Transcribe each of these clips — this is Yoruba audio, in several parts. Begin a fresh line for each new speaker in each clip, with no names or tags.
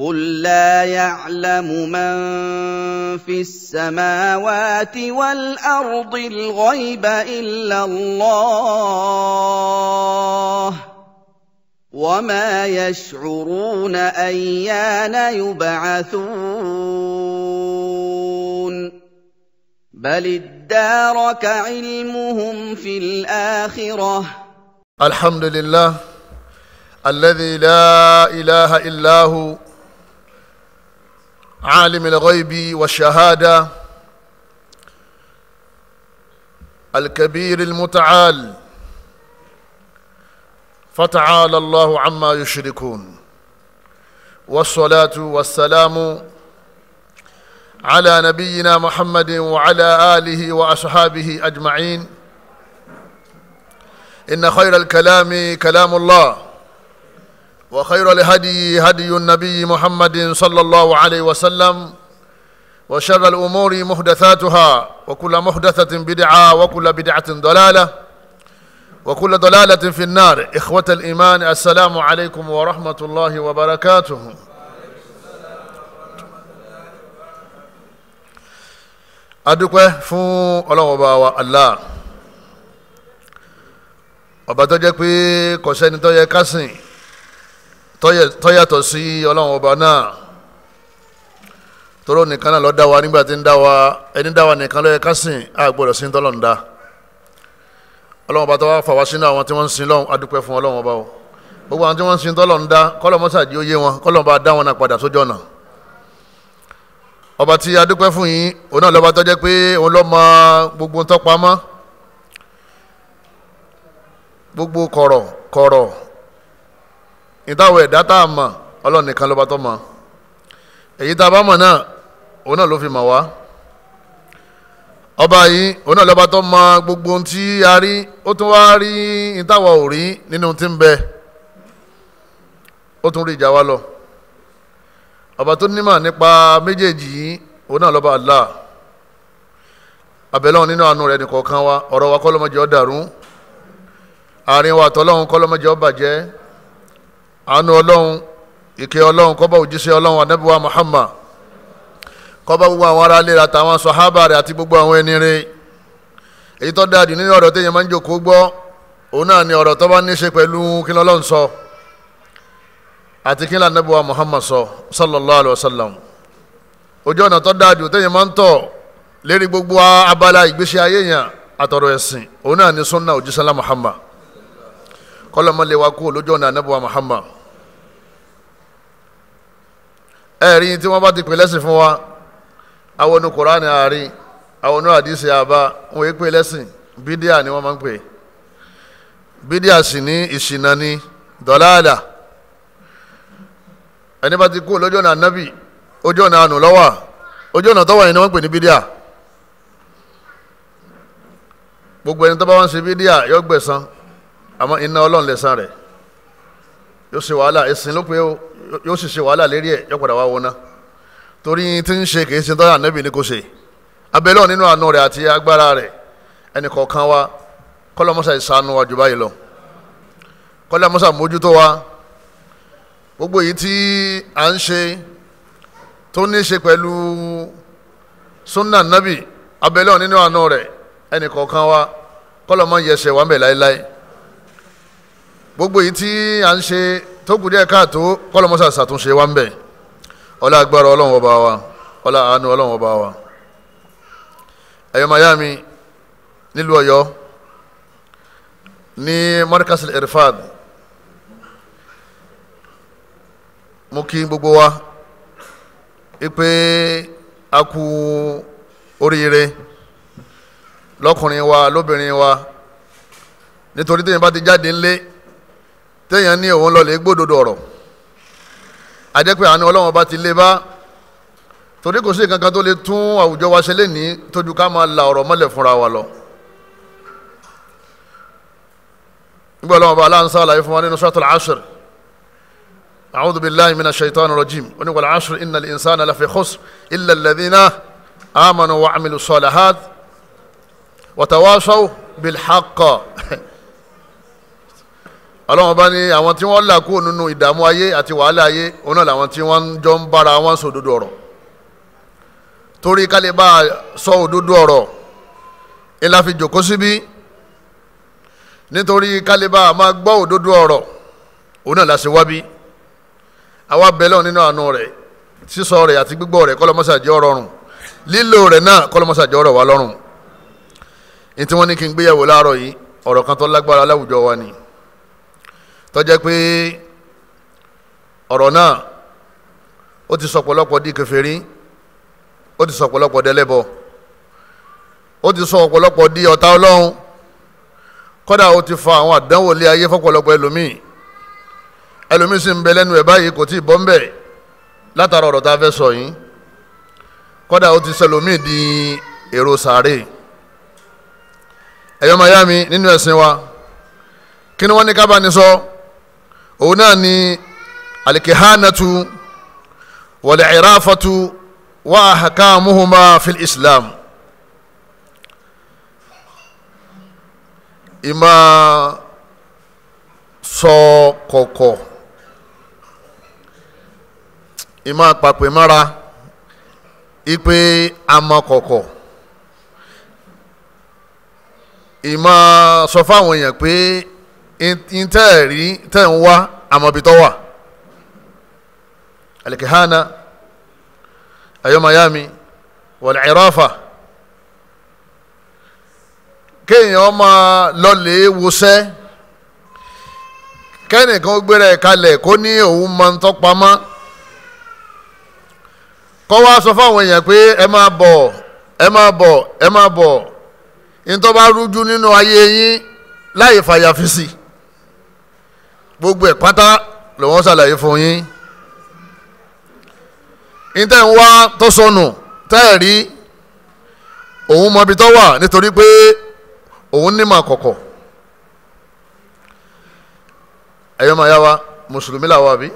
قل لا يعلم من في السماوات والارض الغيب الا الله وما يشعرون ايان يبعثون بل ادارك علمهم في الاخره الحمد لله الذي لا اله الا هو عالم الغيب والشهادة الكبير المتعال فتعالى الله عما يشركون والصلاة والسلام على نبينا محمد وعلى آله وأصحابه أجمعين إن خير الكلام كلام الله وخير الهدي هدي النبي محمد صلى الله عليه وسلم وشر الأمور محدثاتها وكل محدثة بدعة وكل بدعة ضلالة وكل ضلالة في النار إخوة الإيمان السلام عليكم ورحمة الله وبركاته adúpẹ́ fún ọlọ́run ọba wa Allah ọba tó jẹ́ pé kò tó yẹ ká tọ́yàtọ̀ sí ọlọ́run ọba náà tọ́lọ́ nìkan náà ló dá wa nígbà tí ń dá wa ẹni dá wa nìkan ló yẹ ká sìn á gbọ́dọ̀ sí tọ́lọ́ ń dá ọlọ́run ọba tó wá fà wá sínú àwọn tí wọ́n ń sin lọ́hùn adúpẹ́ fún ọlọ́run ọba o gbogbo àwọn tí wọ́n ń sin tọ́lọ̀ ń dá kọ́lọ̀ mọ́sàdí ó yé wọn kọ́lọ̀ bá dá wọn náà padà sójú ọ̀nà ọba tí adúpẹ́ fún yín òun náà lọ́ba tó jẹ́ pé òun ló mọ gbogbo tọ́pamọ́ gbogbo kọ̀rọ̀ kọ̀rọ̀ ìtawọ̀ ẹ̀dá tá a mọ̀ ọlọ́run nìkan ló bá tọ́ mọ̀ èyí tá a bá mọ̀ náà fi mọ̀ wá ọba yìí òun náà lọba tó mọ̀ gbogbo ohun tí a rí ó tún wá rí ìtawọ̀ ò rí nínú tí ń bẹ ó tún rí ìjà wa lọ ọba tó nímọ̀ nípa méjèèjì yìí òun náà lọ́ba Allah abẹ́lọ́run nínú àánú rẹ̀ nìkọ̀ọ̀kan wa ọ̀rọ̀ wa kọ́lọ́mọjọ́ dàrú àárín wa bàjẹ́ àánú ọlọ́run ike ọlọ́run kó bá òjíṣẹ́ ọlọ́run anábíwá Muhammad kó bá gbogbo àwọn aráalé àtàwọn sọ̀hábà rẹ̀ àti gbogbo àwọn ẹni rẹ̀ èyí tó dáa nínú ọ̀rọ̀ téèyàn máa ń jòkó gbọ́ òun náà ni ọ̀rọ̀ tó bá ní í ṣe pẹ̀lú kí sọ àti kí lànàbíwá Muhammad sọ sallallahu alayhi wa ojú ọ̀nà tó máa gbogbo abala ìgbésí ayé yẹn àtọ̀rọ̀ ẹ̀sìn òun náà ni sunna òjíṣẹ́ Muhammad kọ́lọ́mọ́lẹ́wà kú ọ̀nà ẹ̀rí tí wọ́n bá ti pè lẹ́sìn fún wa àwọn onú Kùránì àárín àwọn onú àdìsí àbá wọn pè lẹ́sìn bídíà ni wọ́n máa ń pè bídíà sì ní ìṣìnà ni dọ̀láàdà ẹni bá ti kú lójú ọ̀nà ànábì ojú ọ̀nà àánú lọ́wà ojú ọ̀nà tọ́wà yẹn ni wọ́n ń pè ní bídíà gbogbo ẹni tó bá wọn ṣe bídíà yóò gbẹ̀san àmọ́ iná Ọlọ́run lẹ̀san rẹ̀ yóò ṣe wàhálà ẹ̀sìn ló pé o. yóò sì ṣe wàhálà lérí ẹ̀ yọ padà wá wọná torí tí ń ṣe kìí ṣe tọ́yà nẹ́bì ní kò ṣe abẹ́lẹ́ nínú àánú rẹ̀ àti agbára rẹ̀ ẹnì kọ̀ọ̀kan wa kọ́lọ́mọ́sà ìsànú wa jù báyìí lọ kọ́lọ́mọ́sà mójútó wa gbogbo èyí tí à ń ṣe tó ní ṣe pẹ̀lú sunna nabi abẹ́lẹ́ nínú àánú rẹ̀ ẹnì kọ̀ọ̀kan wa kọ́lọ́mọ́ yẹsẹ̀ wà ń bẹ̀ láéláé gbogbo èyí tí à ń ṣe tó kù díẹ̀ káàtó kọ́lọ́mọ́sà ṣàtúnṣe wa ń bẹ̀ ọlá agbára ọlọ́run ọba wa ọlá àánú ọlọ́run ọba wa ẹ̀yọ́ mayami nílùú ọ̀yọ́ ní markas irfad mo kí gbogbo wa ipe a oríire lọ́kùnrin wa lóbìnrin wa nítorí tẹ́yìn bá ti jáde ńlẹ́ téèyàn ní òun lọ lè gbódodo ọ̀rọ̀ àjẹpẹ́ àánú ọlọ́run bá ti lé bá torí kò sí kankan tó lè tún àwùjọ wa ṣe léni tójú ká máa la ọ̀rọ̀ mọ́lẹ̀ fúnra wa lọ. nígbà ọlọ́run bá aláǹsá àlàyé fún wa nínú suratul Ashr a'udhu billahi minash shaitanir rajim ó ní wal ashr innal insana lafi khusr illa alladhina amanu wa amilu salihat wa tawasaw bil haqq ọlọ́run bá ní àwọn tí wọ́n là kúrò nínú ìdààmú ayé àti wàhálà ayé òun náà làwọn tí wọ́n jọ ń bára wọn sọ òdodo ọ̀rọ̀ torí ká lè bá a sọ òdodo ọ̀rọ̀ ìlà fi jòkó síbí nítorí ká lè bá a máa gbọ́ òdodo ọ̀rọ̀ òun náà làṣẹ wábí àwa bẹ́ẹ̀ lọ́wọ́ nínú àánú rẹ̀ sísọ rẹ̀ àti gbígbọ́ rẹ̀ kọ́lọ́mọ́sà jẹ́ ọ̀rọ̀rùn lílo rẹ̀ náà kọ́lọ́mọ́sà ọ̀rọ̀ wa lọ́rùn ní wọ́n ní kí n gbéyàwó láàárọ̀ yìí ọ̀rọ̀ kan tó lágbára láwùjọ wa nìyí tọ́jẹ́ pé ọ̀rọ̀ náà ó ti sọ pọ̀lọpọ̀ di kèfèrí ó ti sọ pọ̀lọpọ̀ dẹlẹ́bọ ó ti sọ pọ̀lọpọ̀ di ọ̀tá ọlọ́run kódà ó ti fa àwọn àdánwò lé ayé fọ́pọ̀lọpọ̀ ẹlòmíì ẹlòmíì sì ń bẹ lẹ́nu ẹ̀ báyìí kò tí ì bọ́ ń bẹ̀ látara ọ̀rọ̀ tá a fẹ́ sọ yìí kódà ó ti sẹlòmíì di èrò sàárè ẹ̀yọ́ mayami nínú ẹ̀sìn wa kí ni wọ́n ní ká bá ní sọ. So? òun náà ni alikehanatu wàlẹ̀ẹ́ráfatu في الإسلام. إما islam ìmọ̀ sọ kọ̀kọ̀ ìmọ̀ pàpẹ́ mọ́ra ipe àmọ́ kọ̀kọ̀ ìmọ̀ ntẹ́ ẹ̀ rí wa amabitowa wá àmọ̀bìtọ́ alikihana ayomayami wàlẹ́ẹ̀rọ́fà kéèyàn máa lọlé wusẹ́ kẹ́nìkan gbéra ẹ̀ kalẹ̀ kó ní òun máa ń tọ́pamọ́ kọ́ wá sọ fáwọn èèyàn pé ẹ máa bọ ẹ máa bọ ẹ máa bọ ntọ́ bá rújú nínú ayé yín láì fàyàfi sí i. gbogbo ẹ̀ pátá lòun ṣàlàyé fún yín ìtẹ̀ ń wá tó sọnù tẹ́ ẹ̀ rí òun mọbi tó wà nítorí pé òun ní kọ̀kọ̀ ẹ̀yọ́ máa yá wa mùsùlùmí làwọn àbí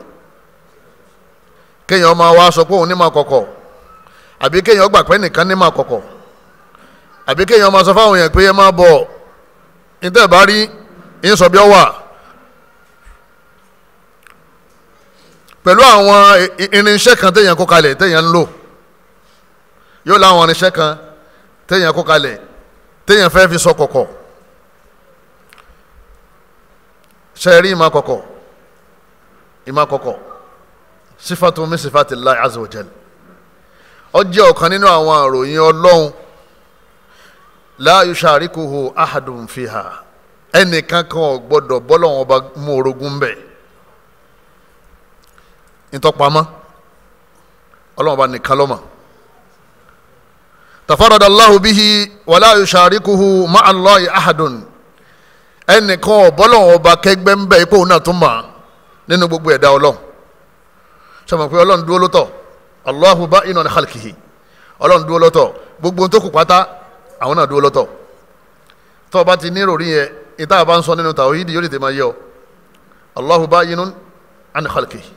kéèyàn máa wá sọ pé òun ní kọ̀kọ̀ àbí kéèyàn gbà pé nìkan ní kọ̀kọ̀ àbí kéèyàn máa sọ fáwọn yẹn pé ẹ máa bọ̀ bá rí ìyẹn sọ ọ wà. pẹ̀lú àwọn irinṣẹ́ kan téèyàn kó kalẹ̀ téèyàn ń lò yóò láwọn irinṣẹ́ kan téèyàn kó kalẹ̀ téèyàn fẹ́ fi sọ kọ̀kọ̀ sẹ́ẹ̀rí ìmọ̀ kọ̀kọ̀ ìmọ̀ kọ̀kọ̀ sífàtú min sífàtí Allah azza wa jal ó jẹ́ ọ̀kan nínú àwọn àròyìn ọlọ́run la yusharikuhu ahadun ẹnìkan kan ò bọ́lọ́wọ́n ọba mú orogún bẹ́ẹ̀ ntọ́pamọ́ ọlọ́run bá nìkan lọ́mọ. tafarada allahu bihi wala yusharikuhu ma'a allahi ahadun ẹnìkan ọ̀bọ́lọ́run ọba kẹgbẹ́ ń bẹ̀ ipò náà tún mọ̀ nínú gbogbo ẹ̀dá ọlọ́run sọmọ pé ọlọ́run dúró lọ́tọ̀ allahu ba'inun khalqihi ọlọ́run dúró lọ́tọ̀ gbogbo tó kù pátá àwọn náà dúró lọ́tọ̀ tó o bá ti ní ìròrí ìta àbá ń sọ nínú tàwídì yóò lè tẹ̀ yẹ ọ allahu ba'inun an khalqihi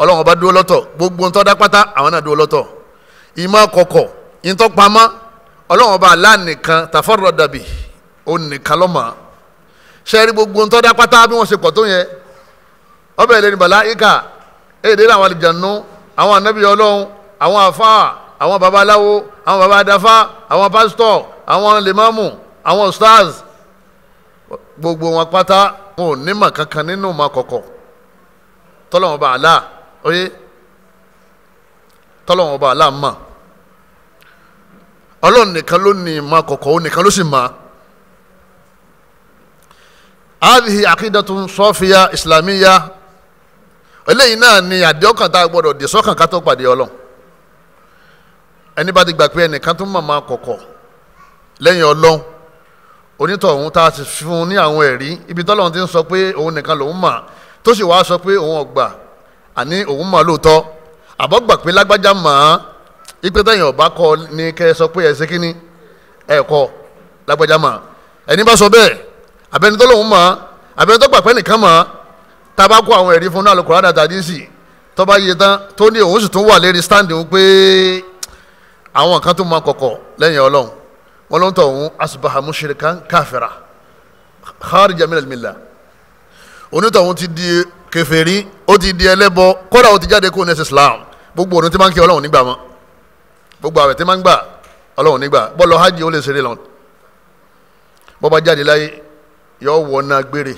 ọlọ́run ọba dúró lọ́tọ̀ gbogbo ntọ́ dá pátá àwọn náà dúró lọ́tọ̀ ìmọ̀ kọ̀kọ̀ ìtọ́ pamọ́ ọlọ́run ọba àlá nìkan tàfọ́rọ̀ dàbí òun nìkan lọ́mọ sẹ́rí gbogbo ntọ́ dá pátá bí wọ́n ṣe pọ̀ tó yẹn ọbẹ̀ ilẹ̀ ní bàláìka èdè làwọn àlìjànú àwọn ànábì ọlọ́run àwọn àfáà àwọn babaláwo àwọn babadáfá àwọn pásítọ̀ àwọn lèmọ́mù àwọn stars gbogbo wọn pátá wọn ò ní mọ̀ kankan nínú mọ̀ kọ̀kọ̀ tọ́lọ́wọ́n bá àlá oye tọ́lọ́wọ́n ọba aláàmà ọlọ́run nìkan ló ní ìmọ̀ kọ̀kọ̀ ó nìkan ló sì mọ̀ àdìhì àkídàtún sọ́fìyà ìsìlámíyà eléyìí náà ni àdéhùkàn tá a gbọ́dọ̀ dì sọ́kàn ká tó pàdé ọlọ́run ẹni bá ti gbà pé ẹnìkan tó mọ̀ máa kọ̀kọ̀ lẹ́yìn ọlọ́run onítọ̀hún tá a ti fún ní àwọn ẹ̀rí ibi tọ́lọ́run ti ń sọ pé òun nìkan lòún mọ̀ tó sì wá sọ pé òun ọ̀gbà àní òun mà lóòótọ́ àbọ̀ gbà pé lágbájá mà á ipe tẹ̀yìn ọ̀bá kọ ni kẹ́ ẹ sọ pé ẹ ṣe kíní ẹ kọ lágbájá mà á ẹni bá sọ bẹ́ẹ̀ àbẹni tó lòun mà á àbẹni tó gbà pé nìkan mà á tá a bá kó àwọn ẹ̀rí fún náà lóko rádà tàdí sí tó bá yẹ tán tó ní òun sì tún wà lérí stand òun pé àwọn kan tó máa kọ̀kọ̀ lẹ́yìn ọlọ́run wọn ló ń tọ̀ òun asbaha mushrikan káfíra kharija min al onítọ̀ òun ti di kèfèrí ó ti di ẹlẹ́bọ kódà ó ti jáde kó nẹ́sì islam gbogbo ọdún tí máa ń kí ọlọ́run nígbà mọ́ gbogbo àwẹ̀ tí máa ń gbà ọlọ́run nígbà bọ́ọ̀lù hajj ó lè ṣeré lọ bọ́ba jáde láyé yọ wọ iná gbére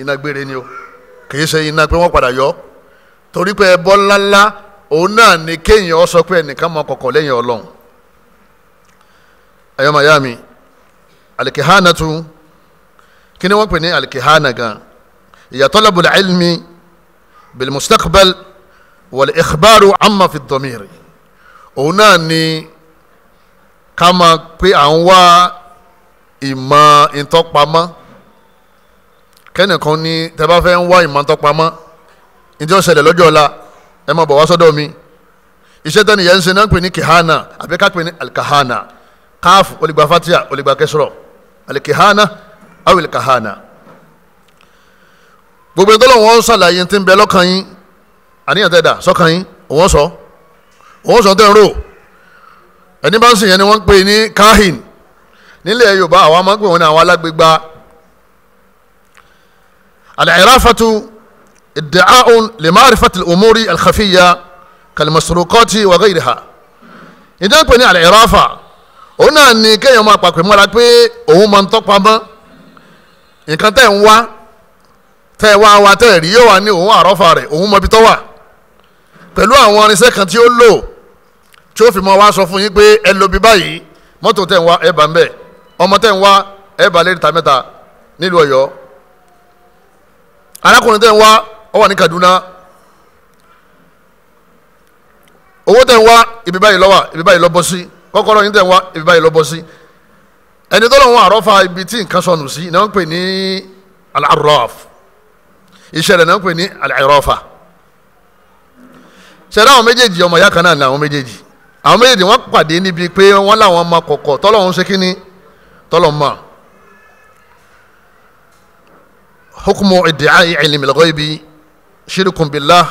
iná gbére ni o kìí ṣe iná pé wọ́n padà yọ torí pé ẹbọ ńláńlá òun náà ni kéèyàn ọ sọ pé ẹnìkan mọ kọ̀kọ̀ lẹ́yìn ọlọ́run ayọ́mayami alikihana tún kí ni wọ́n pè ní alikihana gan-an هي طلب العلم بالمستقبل والإخبار عما في الضمير òun náà ni ká máa pé à ń wá ìmọ̀ ìtọ́pamọ́ kẹ́nìkan ní tẹ́ bá fẹ́ ń wá ìmọ̀ ìtọ́pamọ́ ǹjẹ́ ó ṣẹlẹ̀ lọ́jọ́ ọ̀la ẹ máa bọ̀ wá sọ́dọ̀ mi iṣẹ́ tẹ́ni yẹn ń ṣe náà ń pè ní kihana àbí ká pè ní alikahana káàfù olùgbà fatia olùgbà kẹsìrọ̀ alikihana awil kahana. Al gbogbo ìtọ́lọ̀ wọn ṣàlàyé tí ń bẹ lọ́kàn yín àníyàn tẹ̀dá sọ́kàn yín òun sọ òun sọ tẹ̀ ń rò ẹni bá ń sìn yẹn ni wọ́n ń pè ní kahin nílẹ̀ Yorùbá àwa máa ń pè wọ́n ní àwọn alágbègbà al-irafatu idda'a'un li ma'rifati al-umuri al-khafiyya kal pè ní al òun náà ni kéèyàn máa pàpè mọ́ra pé òun máa ń tọ́pamọ́ nǹkan tẹ̀ ń wá tẹ́ ẹ wá wa tẹ́ ẹ rí yóò wá ní òun àrọ́fà rẹ̀ òun mọbi tó wà pẹ̀lú àwọn irinṣẹ́ kan tí ó lò tí ó fi mọ́ wá sọ fún yín pé ẹ lo bí báyìí mọ́tò tẹ̀ ń wá ẹ bá ń bẹ̀ ọmọ tẹ̀ ń wá ẹ bá lẹ́rìí mẹ́ta nílùú Ọ̀yọ́ arákùnrin tẹ̀ ń wá ọ wà ní Kaduna owó tẹ̀ ń wá ibi báyìí ló ibi báyìí ló sí kọ́kọ́rọ́ yín tẹ̀ ń wá ibi báyìí ló sí ẹni tó lọ́wọ́ àrọ́fà ibi tí nǹkan sọnù sí ni wọ́n ń pè ní al ìṣẹ̀lẹ̀ náà ń pè ní al-irafa ṣẹlẹ̀ àwọn méjèèjì ọmọ ìyá kan náà ni àwọn méjèèjì àwọn méjèèjì wọ́n pàdé níbi pé wọ́n láwọn ọmọ kọ̀kọ̀ tọ́lọ́hún ṣe kínní tọ́lọ́ mọ́ hukumu idda'i ilmi al-ghaybi shirkun billah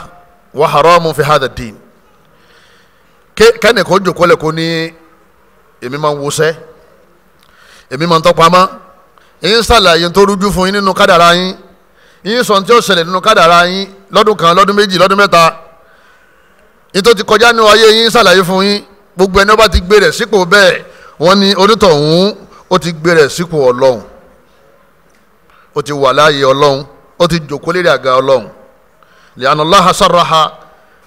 wa haramun fi hadha ad-din kẹ́ni kò jòkó kó ní èmi máa ń wusẹ́ èmi máa ń tọ́pamọ́ èyí ń sàlàyé tó rújú fún yín nínú kádàrá yín yín sọ tí ó ṣẹlẹ̀ nínú kádàrá yín lọ́dún kan lọ́dún méjì lọ́dún mẹ́ta yín tó ti kọjá ní ayé yín ṣàlàyé fún yín gbogbo ẹni ó bá ti gbé rẹ̀ sípò bẹ́ẹ̀ wọ́n ní onítọ̀hún ó ti gbé rẹ̀ sípò ọlọ́run ó ti wà láàyè ọlọ́run ó ti jòkó lérí àga ọlọ́run li'anna Allaha sarraha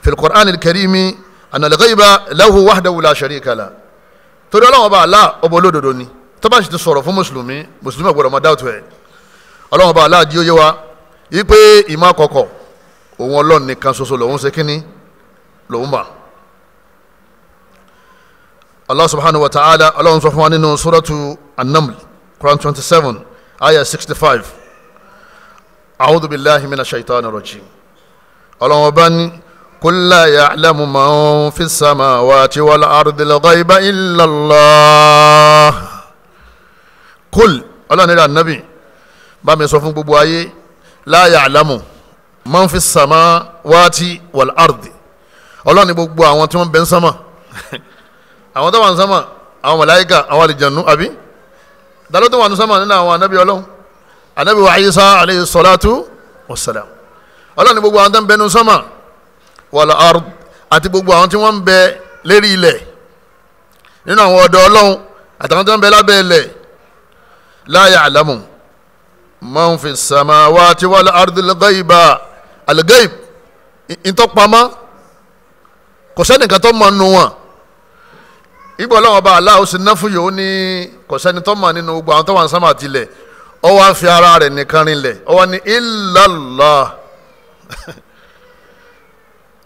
fil Qur'an al-Karimi anna al-ghayba lahu wahdahu la torí ọlọ́run ọba àlá ọba yí pé ìmọ̀ àkọ́kọ́ òun ọlọ́run nìkan ṣoṣo lòun ṣe kínní lòun mà allah subhanahu wa ta'ala ọlọ́run sọ fún wa nínú suratu an-naml quran twenty seven ayah sixty five a'udhu billahi mina shaitan rajim ọlọ́run ọba ní kulla ya'lamu man fi samawati wal ardi al-ghayba illa kul ọlọ́run nílẹ̀ anabi bá mi sọ fún gbogbo ayé la ya'lamu man fi samawati wal ardi ọlọ́run ní gbogbo àwọn tí wọ́n bẹ ń sánmà àwọn tó wà ń sánmà àwọn màláíkà àwọn àlìjànú àbí daló tó wà ń sánmà nínú àwọn anábì ọlọ́run anábì wa Isa alayhi salatu wassalam ọlọ́run ní gbogbo àwọn tó ń bẹ ń sánmà wal ardi àti gbogbo àwọn tí wọ́n ń bẹ lérí ilẹ̀ nínú àwọn ọ̀dọ́ ọlọ́run àtàwọn tó ń bẹ lábẹ́ man fi samawati wal ardi al-ghayba al-ghayb ìtọ́pamọ́ kò sẹ́nìkan tó mọ̀ nù wọn ìgbà ọlọ́run ọba aláwo sì ná fún yòó ní kò sẹ́ni tó mọ̀ nínú gbogbo àwọn tó wà ní sámà tilẹ̀ ọ wá ń fi ara rẹ̀ nìkan rinlẹ̀ ọ wá ní illallah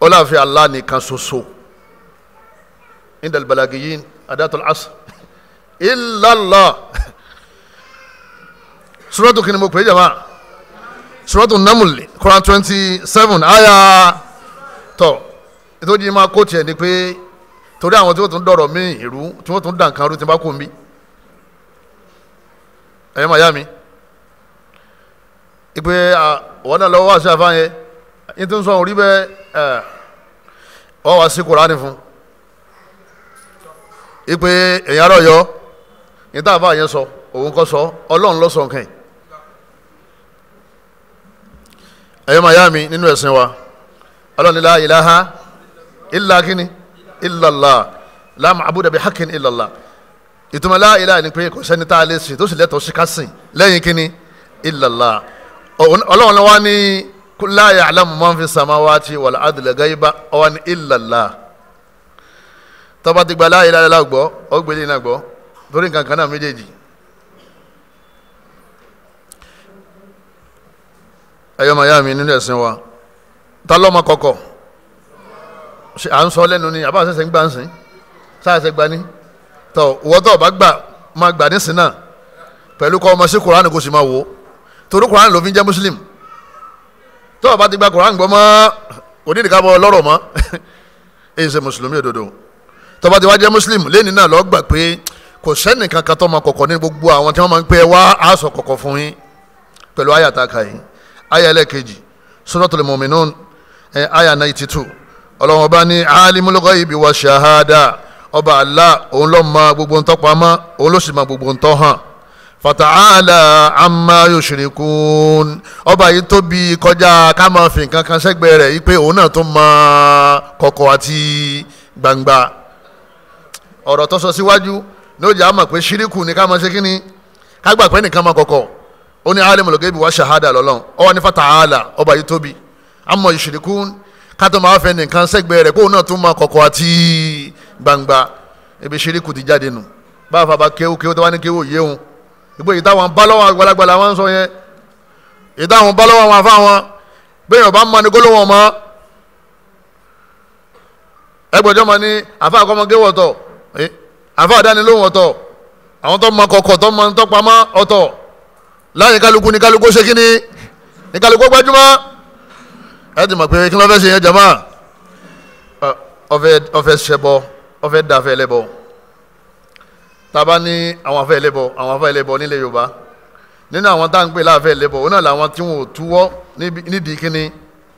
ọ láfi Allah nìkan ṣoṣo adatul asr illallah suratu kí ni mo pè é jàmá suratu namuli Quran twenty seven aya tọ ètò yìí máa kó tiẹ̀ ni pé torí àwọn tí wọ́n tún dọ̀rọ̀ mí ìrú tí wọ́n tún dàn kan rú tí wọ́n bá kó mi ẹ̀yẹ́ màá yá mi ìpè àwọn náà lọ́wọ́ àṣà àfáà yẹn yín tó ń sọ orí bẹ́ẹ̀ ọ wá sí Kùránì fún ìpè èyàn arọ̀ yọ yín tá àfáà yẹn sọ òun kọ́ sọ Ọlọ́run ló sọ nǹkan ẹ̀yọ́ màá yá mi nínú ẹ̀sìn wa ọlọ́ni la ilaha illa kíni illallah la ma'buda bi haqqin illallah ìtumọ̀ la ilaha ni pé kò sẹ́ni tá a lè sìn tó sì lẹ́tọ̀ọ́ sí ká sìn lẹ́yìn kíni illallah ọlọ́run wa ní la ya'lamu man fi samawati wal ardi al-ghayba ọwọ́ ní illallah tọ́ba ti la ilaha gbọ́ ọgbẹ́lẹ́ e náà gbọ́ torí nǹkan kan méjèèjì ẹ̀yọ́ màá yá mi nínú ẹ̀sìn wa ta lọ́mọ kọ̀kọ̀ à ń sọ lẹ́nu ni àbá àṣẹṣẹ ń gbà ń sìn sáàṣẹ gba ní tọ wọ́n tọ̀ bá gbà máa gbà ní sìn náà pẹ̀lú kọ́ ọmọ sí kuraani kò sì máa wò torí kuraani ló fi jẹ́ muslim tọ́ ọba ti gba kuraani gbọ́ mọ́ onídìí ká bọ́ lọ́rọ̀ mọ́ èyí ṣe mùsùlùmí òdodo tọ́ba ti wá jẹ́ muslim lẹ́ni náà lọ́ọ́ gbà pé kò sẹ́nìkan kan tó máa kọ̀kọ̀ ní gbogbo àwọn tí wọ́n máa ń pẹ́ wá aṣọ kọ̀kọ̀ fún yín pẹ̀lú àyàtà kàyín aya ẹlẹ́ẹ̀kejì suratul muminun aya ninety two ọlọ́run ọba ní alimul ghaibi wa shahada ọba ala òun ló mọ gbogbo ntọ́ pamọ́ òun ló sì mọ gbogbo ntọ́ hàn fata'ala amma yushrikun ọba yìí tóbi kọjá ká máa fi nǹkan kan sẹ́gbẹ̀ẹ́ rẹ̀ yìí pé òun náà tó mọ kọ̀kọ̀ àti gbangba ọrọ tó sọ síwájú ní ó jẹ́ àmọ̀ pé ṣíríkù ni ká máa pé nìkan máa kọ̀kọ̀ Oni ní alimul gaibi wa shahada lọ́lọ́run ó wà ní fata'ala ọba yìí tóbi àmọ́ yushrikun kátó máa fẹ́ nìkan sẹ́gbẹ̀ẹ́ rẹ̀ kóun náà tún máa kọ̀kọ̀ àti gbangba ibi ṣíríkù ti jáde nù bá fa ba kéwú kéwú tó wá ní kéwú yéwu ìgbé yìí táwọn balọ́wọ́ àgbàlagbà làwọn ń sọ yẹn yìí táwọn balọ́wọ́ àwọn afá wọn bẹ́ẹ̀ yóò bá ń mani gbólóhùn ọmọ ẹgbẹ̀jọ́ ma ní afá àkọ́mọgé wọ̀tọ̀ afá eh, àdáni lóhùn ọ̀tọ̀ àwọn tó mọ kọ̀kọ̀ tó mọ tó pamọ́ ọ̀tọ̀ láyé kálukú ní kálukú ṣe kíni ní kálukú gbajúmọ̀ ẹ ti mọ̀ pé kí ló fẹ́ ṣe yẹn jama ọfẹ ọfẹ bọ ọfẹ lẹbọ taba ní àwọn afẹ lẹbọ àwọn afẹ lẹbọ Yorùbá nínú àwọn tá à ń pè láàfẹ lẹbọ náà làwọn tí wọn ò nídìí kíni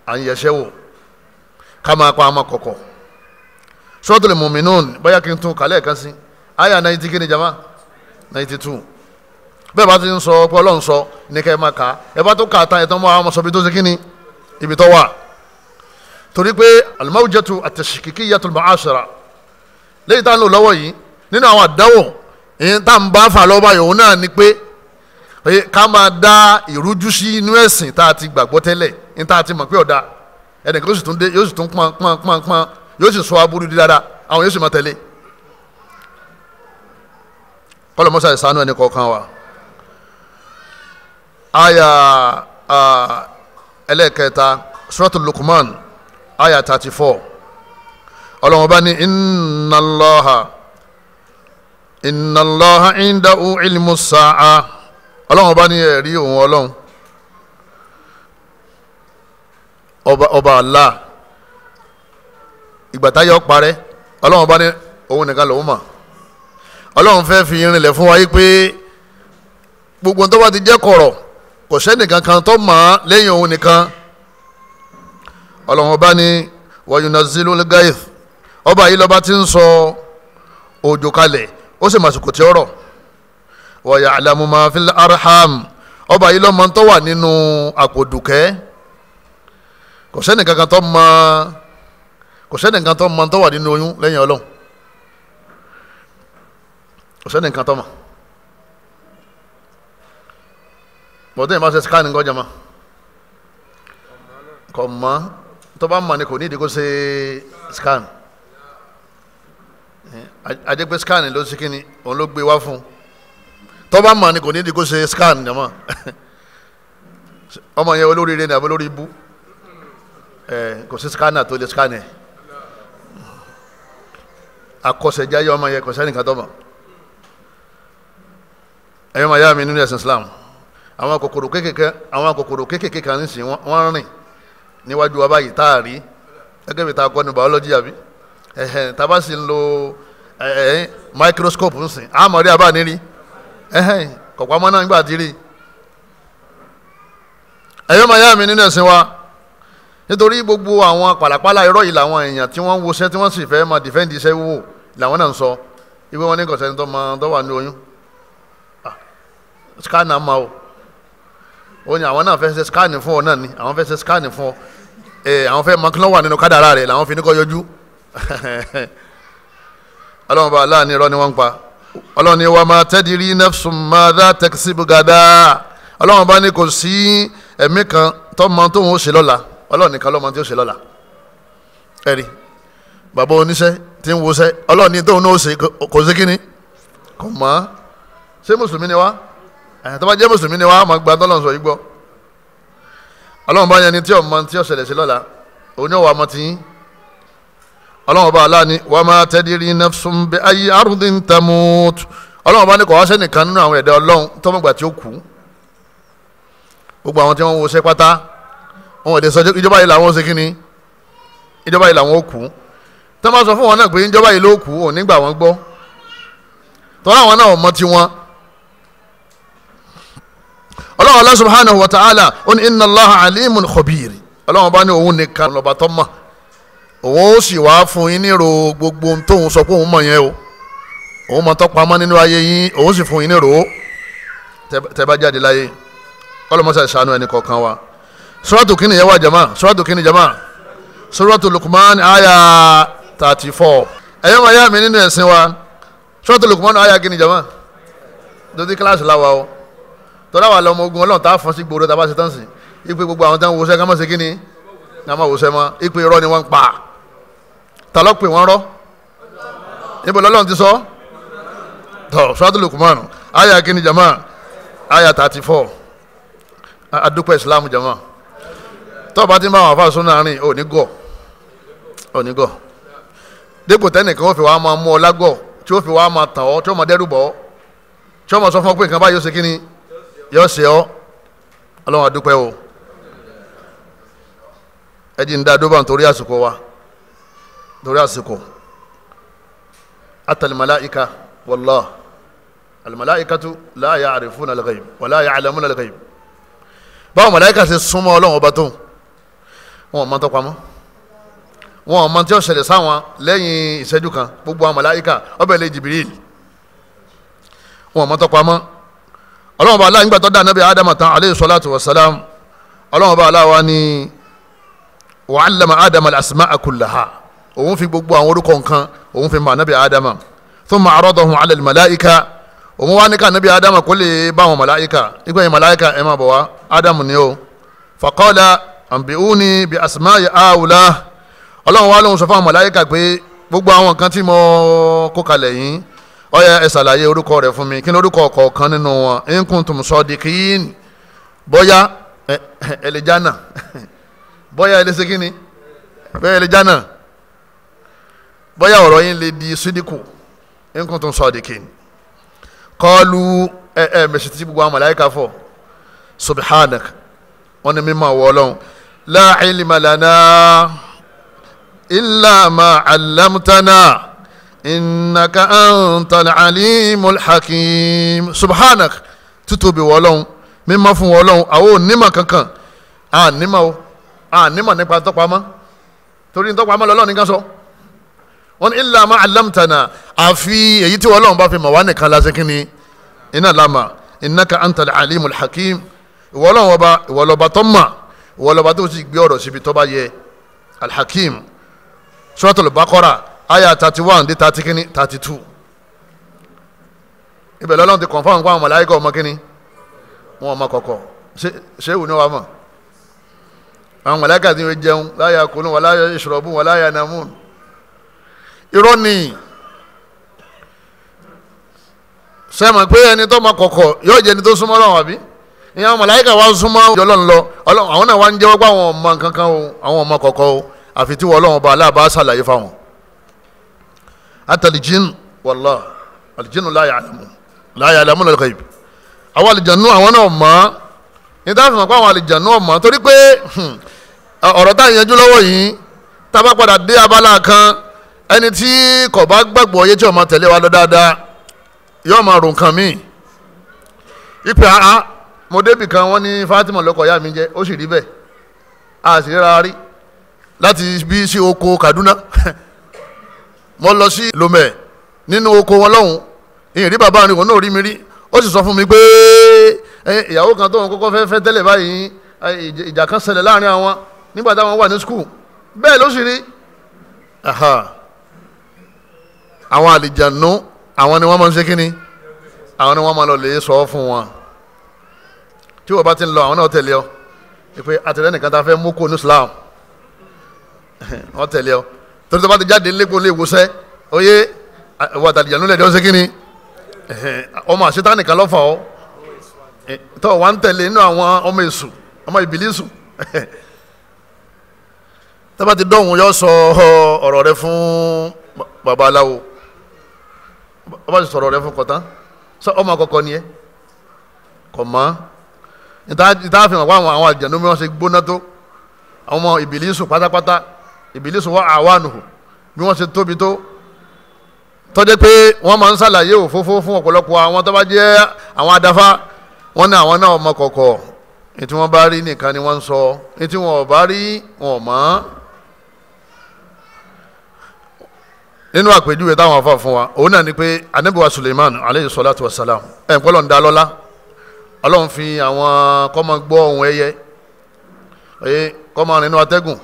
à ń yẹsẹ wò ká máa pa kí jama náà ti bẹ́ẹ̀ bá ti ń sọ pé ọlọ́run sọ ní kẹ́ ẹ máa kà á ẹ bá tó kà á tán ẹ̀tàn máa ma sọ ibi tó ṣe kíni ibi tó wà torí pé alimawujatu àtẹ̀síkìkì yàtọ̀ lọ́mọ àṣàrà lẹ́yìn tá à ń lò lọ́wọ́ yìí nínú àwọn àdánwò èyí tá à ń bá fà lọ́wọ́ báyìí òun náà ni pé ká máa dá ìrújú sí inú ẹ̀sìn tá a ti gbàgbọ́ tẹ́lẹ̀ ní tá a ti mọ̀ pé ọ̀dà ẹnì yóò sì tún aya ẹlẹ́ẹ̀kẹta suratul lukman aya thirty four ọlọ́run bá ní inna Allaha inna ilmu sa'a ọlọ́run bá ní ẹ̀rí òun ọlọ́run ọba ọba Allah ìgbàtáyọ̀ parẹ́ ọlọ́run bá ní òun nìkan lòun mọ̀ ọlọ́run fẹ́ fi irin fún wa yí gbogbo ti jẹ́ kò sẹ́nìkan kan tó mọ̀ ọ́ lẹ́yìn òun nìkan ọlọ́run ọba ni wayunazzilu al-gaith ọba yìí lọ́ba ti ń sọ òjò kalẹ̀ ó sì màsìkò tí ó rọ̀ wa ya'lamu ma fil arham ọba yìí lọ́mọ tó wà nínú àpòdùkẹ́ kò sẹ́nìkan kan tó mọ̀ kò sẹ́nìkan tó mọ̀ tó wà nínú oyún lẹ́yìn ọlọ́run kò sẹ́nìkan tó mọ̀. bọ̀dé yìí máa ṣe scan nǹkan jama kò mọ́ tó bá mọ̀ ni kò ní ìdí kó ṣe scan eh, ajẹ́ pé scan ló ṣe kíni òun ló gbé wá fún tó bá mọ̀ ni kò ní ìdí kó ṣe scan jama ọmọ yẹn olóríire ni àbí olórí ibú eh, kò sí scanner tó lè scan yẹn akọsẹjáyé ọmọ yẹn kò sẹ́nìkan tó mọ̀ ẹ̀yọ́ màá mi nínú ẹ̀sìn Islam àwọn kòkòrò kékèké àwọn kòkòrò kékèké kan sì wọ́n rìn níwájú wa tá a rí gẹ́gẹ́ bí ta kọ́ ni biology àbí ẹ̀hẹ̀n tá a bá sì ń lo ẹ̀hẹ̀n microscope ń sìn á mọ̀ rí abá ní rí ẹ̀hẹ̀n kọ̀pọ̀ ọmọ náà nígbà tí rí ẹ̀yọ́ máa yá mi nínú ẹ̀sìn wa nítorí gbogbo àwọn pàlàpàlà irọ́ yìí làwọn èèyàn tí wọ́n ń woṣẹ́ tí wọ́n sì fẹ́ máa defend iṣẹ́ wò làwọn náà ń sọ ìwé wọn ní kọ̀sẹ́ni tó máa dọ́wà ní oyún ah, scanner máa o ó ní àwọn náà fẹ́ ṣe skáàni fún ọ náà ni àwọn fẹ́ ṣe skáàni fún ọ ẹ àwọn fẹ́ mọ̀kánná wà nínú kádàrá rẹ̀ làwọn fi ní kọ́ yọjú ọlọ́run bá aláàánú irọ́ ni wọ́n ń pa ọlọ́run ni wà máa tẹ́dí rí nẹ́fṣùn máa dá tẹ́kísì bùgàdá ọlọ́run bá ní kò sí ẹ̀mí kan tọ́mọ tóun ó ṣe lọ́la ọlọ́run nìkan lọ́mọ tí ó ṣe lọ́la ẹ̀rí bàbá oníṣẹ́ tí ń wọṣẹ́ ọlọ́run ní tóun ó ṣe kò sí kíni kò mọ́ ṣé mùsùlùmí ni wá. Eh, tó bá jẹ́ mùsùlùmí ni wọ́n á máa gba tọ́lọ́n sọ yìí gbọ́ ọlọ́run bá yẹn ni tí ọmọ tí ọ̀ṣẹ̀lẹ̀ sí lọ́la òun yóò wà mọ́ tiyín ọlọ́run bá aláàní wa ma tadri nafsun bi ayyi ardin tamut ọlọ́run bá ní kò wá sẹ́nìkan nínú àwọn ẹ̀dá ọlọ́run tọ́mọ̀gbà tí ó kú gbogbo àwọn tí wọ́n wo ṣẹ́ pátá wọn ò lè sọ ìjọba yìí làwọn ó ṣe kíni ọlọ́run Allah subhanahu wa ta'ala ó ní inna Allaha alimun khabir ọlọ́run bá ní òun nìkan lọ́ba tó mọ̀ òun ó sì wá fún yín nírò gbogbo tóun sọ pé òun mọ̀ yẹn o òun mọ̀ tọ́pamọ́ nínú ayé yín òun sì fún yín nírò tẹ́ bá jáde láyé kọ́lọ́mọ́sá ìṣàánú ẹnì kọ̀ọ̀kan wa suratu kínní yẹn wà jama suratu kínní jama suratu Luqman aya thirty four ẹ̀yọ́ màá yá mi nínú ẹ̀sìn wa suratu Luqman aya kínní jama dodi kíláàsì láwa o tọ́lá wà lọ́mọ ogun ọlọ́run tá a fọ́n sí gbòòrò tá a bá ṣe tán sí ipe gbogbo àwọn táwọn wòṣẹ́ kámọ́ ṣe kí ni kámọ́ wòṣẹ́ mọ́ ipe irọ́ ni wọ́n ń pa ta ló pè wọ́n rọ́ níbo lọ́lọ́run ti sọ tọ́ Suratul Luqman àyà kíni jama àyà thirty four adúpẹ́ Islam jama tọ́ bá ti ń bá àwọn afáàsùn náà rìn ò ní gọ̀ ò ní gọ̀ dípò tẹ́nìkan ó fi wá máa mú ọ lágọ̀ tí ó fi wá máa tàn ọ́ tí ó máa dẹ́rù bọ́ tí ó máa sọ fún ọ pé nǹkan báyìí ó ṣe kíni yọ ṣe ọ ọlọ́run àdúpẹ́ o ẹ jí ń dá dóbà nítorí àsìkò wa nítorí àsìkò atalimalaika wàllá alimalaikatu láàyè àrífún nàlẹ́gàyìm wàláyè àlẹ́mú nàlẹ́gàyìm báwo màláìka ṣe súnmọ́ ọlọ́run ọba tó wọn ò mọ tó pamọ́ wọn mọ tí ó ṣẹlẹ̀ sáwọn lẹ́yìn ìṣẹ́jú kan gbogbo àwọn màláìka ọbẹ̀ lè jìbìrì wọn mọ tó pamọ́ ọlọ́run bá aláà nígbà tó dá anábì ádámà tán aleyhi salatu wa salam ọlọ́run bá aláà wa ni wa allama ádámà al-asma'a kullaha òun fi gbogbo àwọn orúkọ nǹkan òun fi mọ anábì ádámà thumma aradahum ala al-mala'ika òun wá ní ká anábì ádámà kó lè bá àwọn màláìka nígbà yẹn màláìka ẹ̀ máa bọ̀ wá ádámù ni o faqala anbi'uni bi asma'i haula ọlọ́run wá lóhun sọ fún àwọn màláìka pé gbogbo àwọn nǹkan tí mo kó kalẹ̀ yìí ọyà ẹ ṣàlàyé orúkọ rẹ fún mi kí ni orúkọ kọ̀ọ̀kan nínú wọn in kuntum sadiqin bóyá ẹlẹjánà bóyá ẹlẹsẹkínni bóyá ẹlẹjánà bóyá ọ̀rọ̀ yín lè di sídìkù in kuntum sadiqin qalu ẹ ẹ mẹsì tí gbogbo àwọn màláíkà fọ subhanak wọn ni mímọ wọ Ọlọ́run la ilma lana illa ma innaka antal alimul hakim subhanak títóbi wọlọ́hún mímọ́ fún wọlọ́hún àwọn onímọ̀ kankan ànímọ̀ o ànímọ̀ nípa tọ́pamọ́ torí tọ́pamọ́ lọ́lọ́ nìkan sọ wọn illa ma allamtana àfi èyí tí wọlọ́hún bá fi mọ̀ wá nìkan lásìkò kínní iná lámà innaka antal alimul hakim ìwọlọ́hún ọba ìwọlọ́ba tọ́mà ìwọlọ́ba tó ti gbé ọ̀rọ̀ síbi tọ́ba yẹ alhakim suratul baqara aya thirty one dé thirty kínní thirty two ibẹ̀ lọ́lọ́run ti confam fún àwọn màláíkà ọmọ kínní wọn ọmọ kọ̀kọ̀ ṣéwù ni wàá mọ̀ àwọn màláíkà ti ń jẹun láyà kunu wà láyà ìṣòrọ̀bù wà láyà namun irọ́ ni. sẹ́mi pé ẹni tó ma kọ̀kọ̀ yóò jẹ́ ẹni tó súnmọ́ lọ́wọ́ àbí ìyá màláíkà wa súnmọ́ ọlọ́run lọ ọlọ́run àwọn náà wá ń jẹ́wọ́ pé àwọn ọmọ kankan o àwọn ọmọ kọ̀kọ̀ o àfi tí wọ́n ọlọ́run bá aláàbá ṣàlàyé fáwọn atalijin wàllá alijinu láyà àlàmú láyà àlàmú lọ́lọ́kọ̀ yìí àwọn alìjànú àwọn náà mọ̀ ní táwọn fìmọ̀ pé àwọn alìjànú ọ̀mọ̀ torí pé ọ̀rọ̀ tá à ń yanjú lọ́wọ́ yìí tá a bá padà dé abala kan ẹni tí kò bá gbàgbọ́ yé tí ó máa tẹ̀lé wa lọ dáadáa yóò máa rò nǹkan míì ipe àá mo débì kan wọ́n ní Fatima lọ́kọ̀ ìyá mi jẹ́ ó sì rí bẹ́ẹ̀ a sì ríra rí láti bí sí oko Kaduna mo lọ sí lomẹ nínú oko wọn lọ́hùn ìyìn rí bàbá mi kò náà rí mi rí ó sì sọ fún mi pé ìyàwó kan tóun kọ́kọ́ fẹ́ fẹ́ tẹ́lẹ̀ báyìí ìjà kan ṣẹlẹ̀ láàrin àwọn nígbà táwọn wà ní skul bẹ́ẹ̀ ló sì rí àwọn àlìjànú àwọn ni wọ́n máa ń ṣe kínní àwọn ni wọ́n máa lọ lè sọ fún wọn tí wọ́n bá ti ń lọ àwọn náà tẹ̀lé ọ pé àtẹ̀lẹ́ nìkan tá a fẹ́ mú kó ní Islam wọ́n tẹ̀lé ọ torí tó bá ti jáde lépo lè wosẹ́ oyé wà tàdíjà ló lẹ́jọ́ sí kínni ọmọ àṣetánì kan lọ́fà ọ́ tó wà ń tẹ̀lé nínú àwọn ọmọ èṣù ọmọ ìbílísù tó bá ti dọ̀hún yọ sọ ọ̀rọ̀ rẹ fún babaláwo ọba ti sọ̀rọ̀ rẹ fún kọ̀tán sọ ọmọ àkọ́kọ́ ni ẹ kọ̀ mọ́ ìta fi hàn wá àwọn àjẹnú mi wọ́n ṣe gbóná tó àwọn ọmọ ìbílísù pátápátá ìbílísù wà àwánuhu bí wọ́n ṣe tóbi tó tọ́jẹ́ pé wọ́n máa ń ṣàlàyé òfófó fún ọ̀pọ̀lọpọ̀ àwọn tó bá jẹ́ àwọn adáfá wọ́n ní àwọn náà ọmọ kọ̀ọ̀kọ̀ ètí wọ́n bá rí nìkan ni wọ́n ń sọ ètí wọn ò bá rí wọn ò mọ́ nínú àpèjúwe táwọn afa fún wa òun náà ni pé anabiwa Suleiman aleyhi salatu wa salam ẹ̀ ń pọ́lọ́ ń da lọ́lá ọlọ́run fi àwọn kọ́mọ gbọ́ ohun ẹyẹ kọ́mọ rìn nínú atẹ́gùn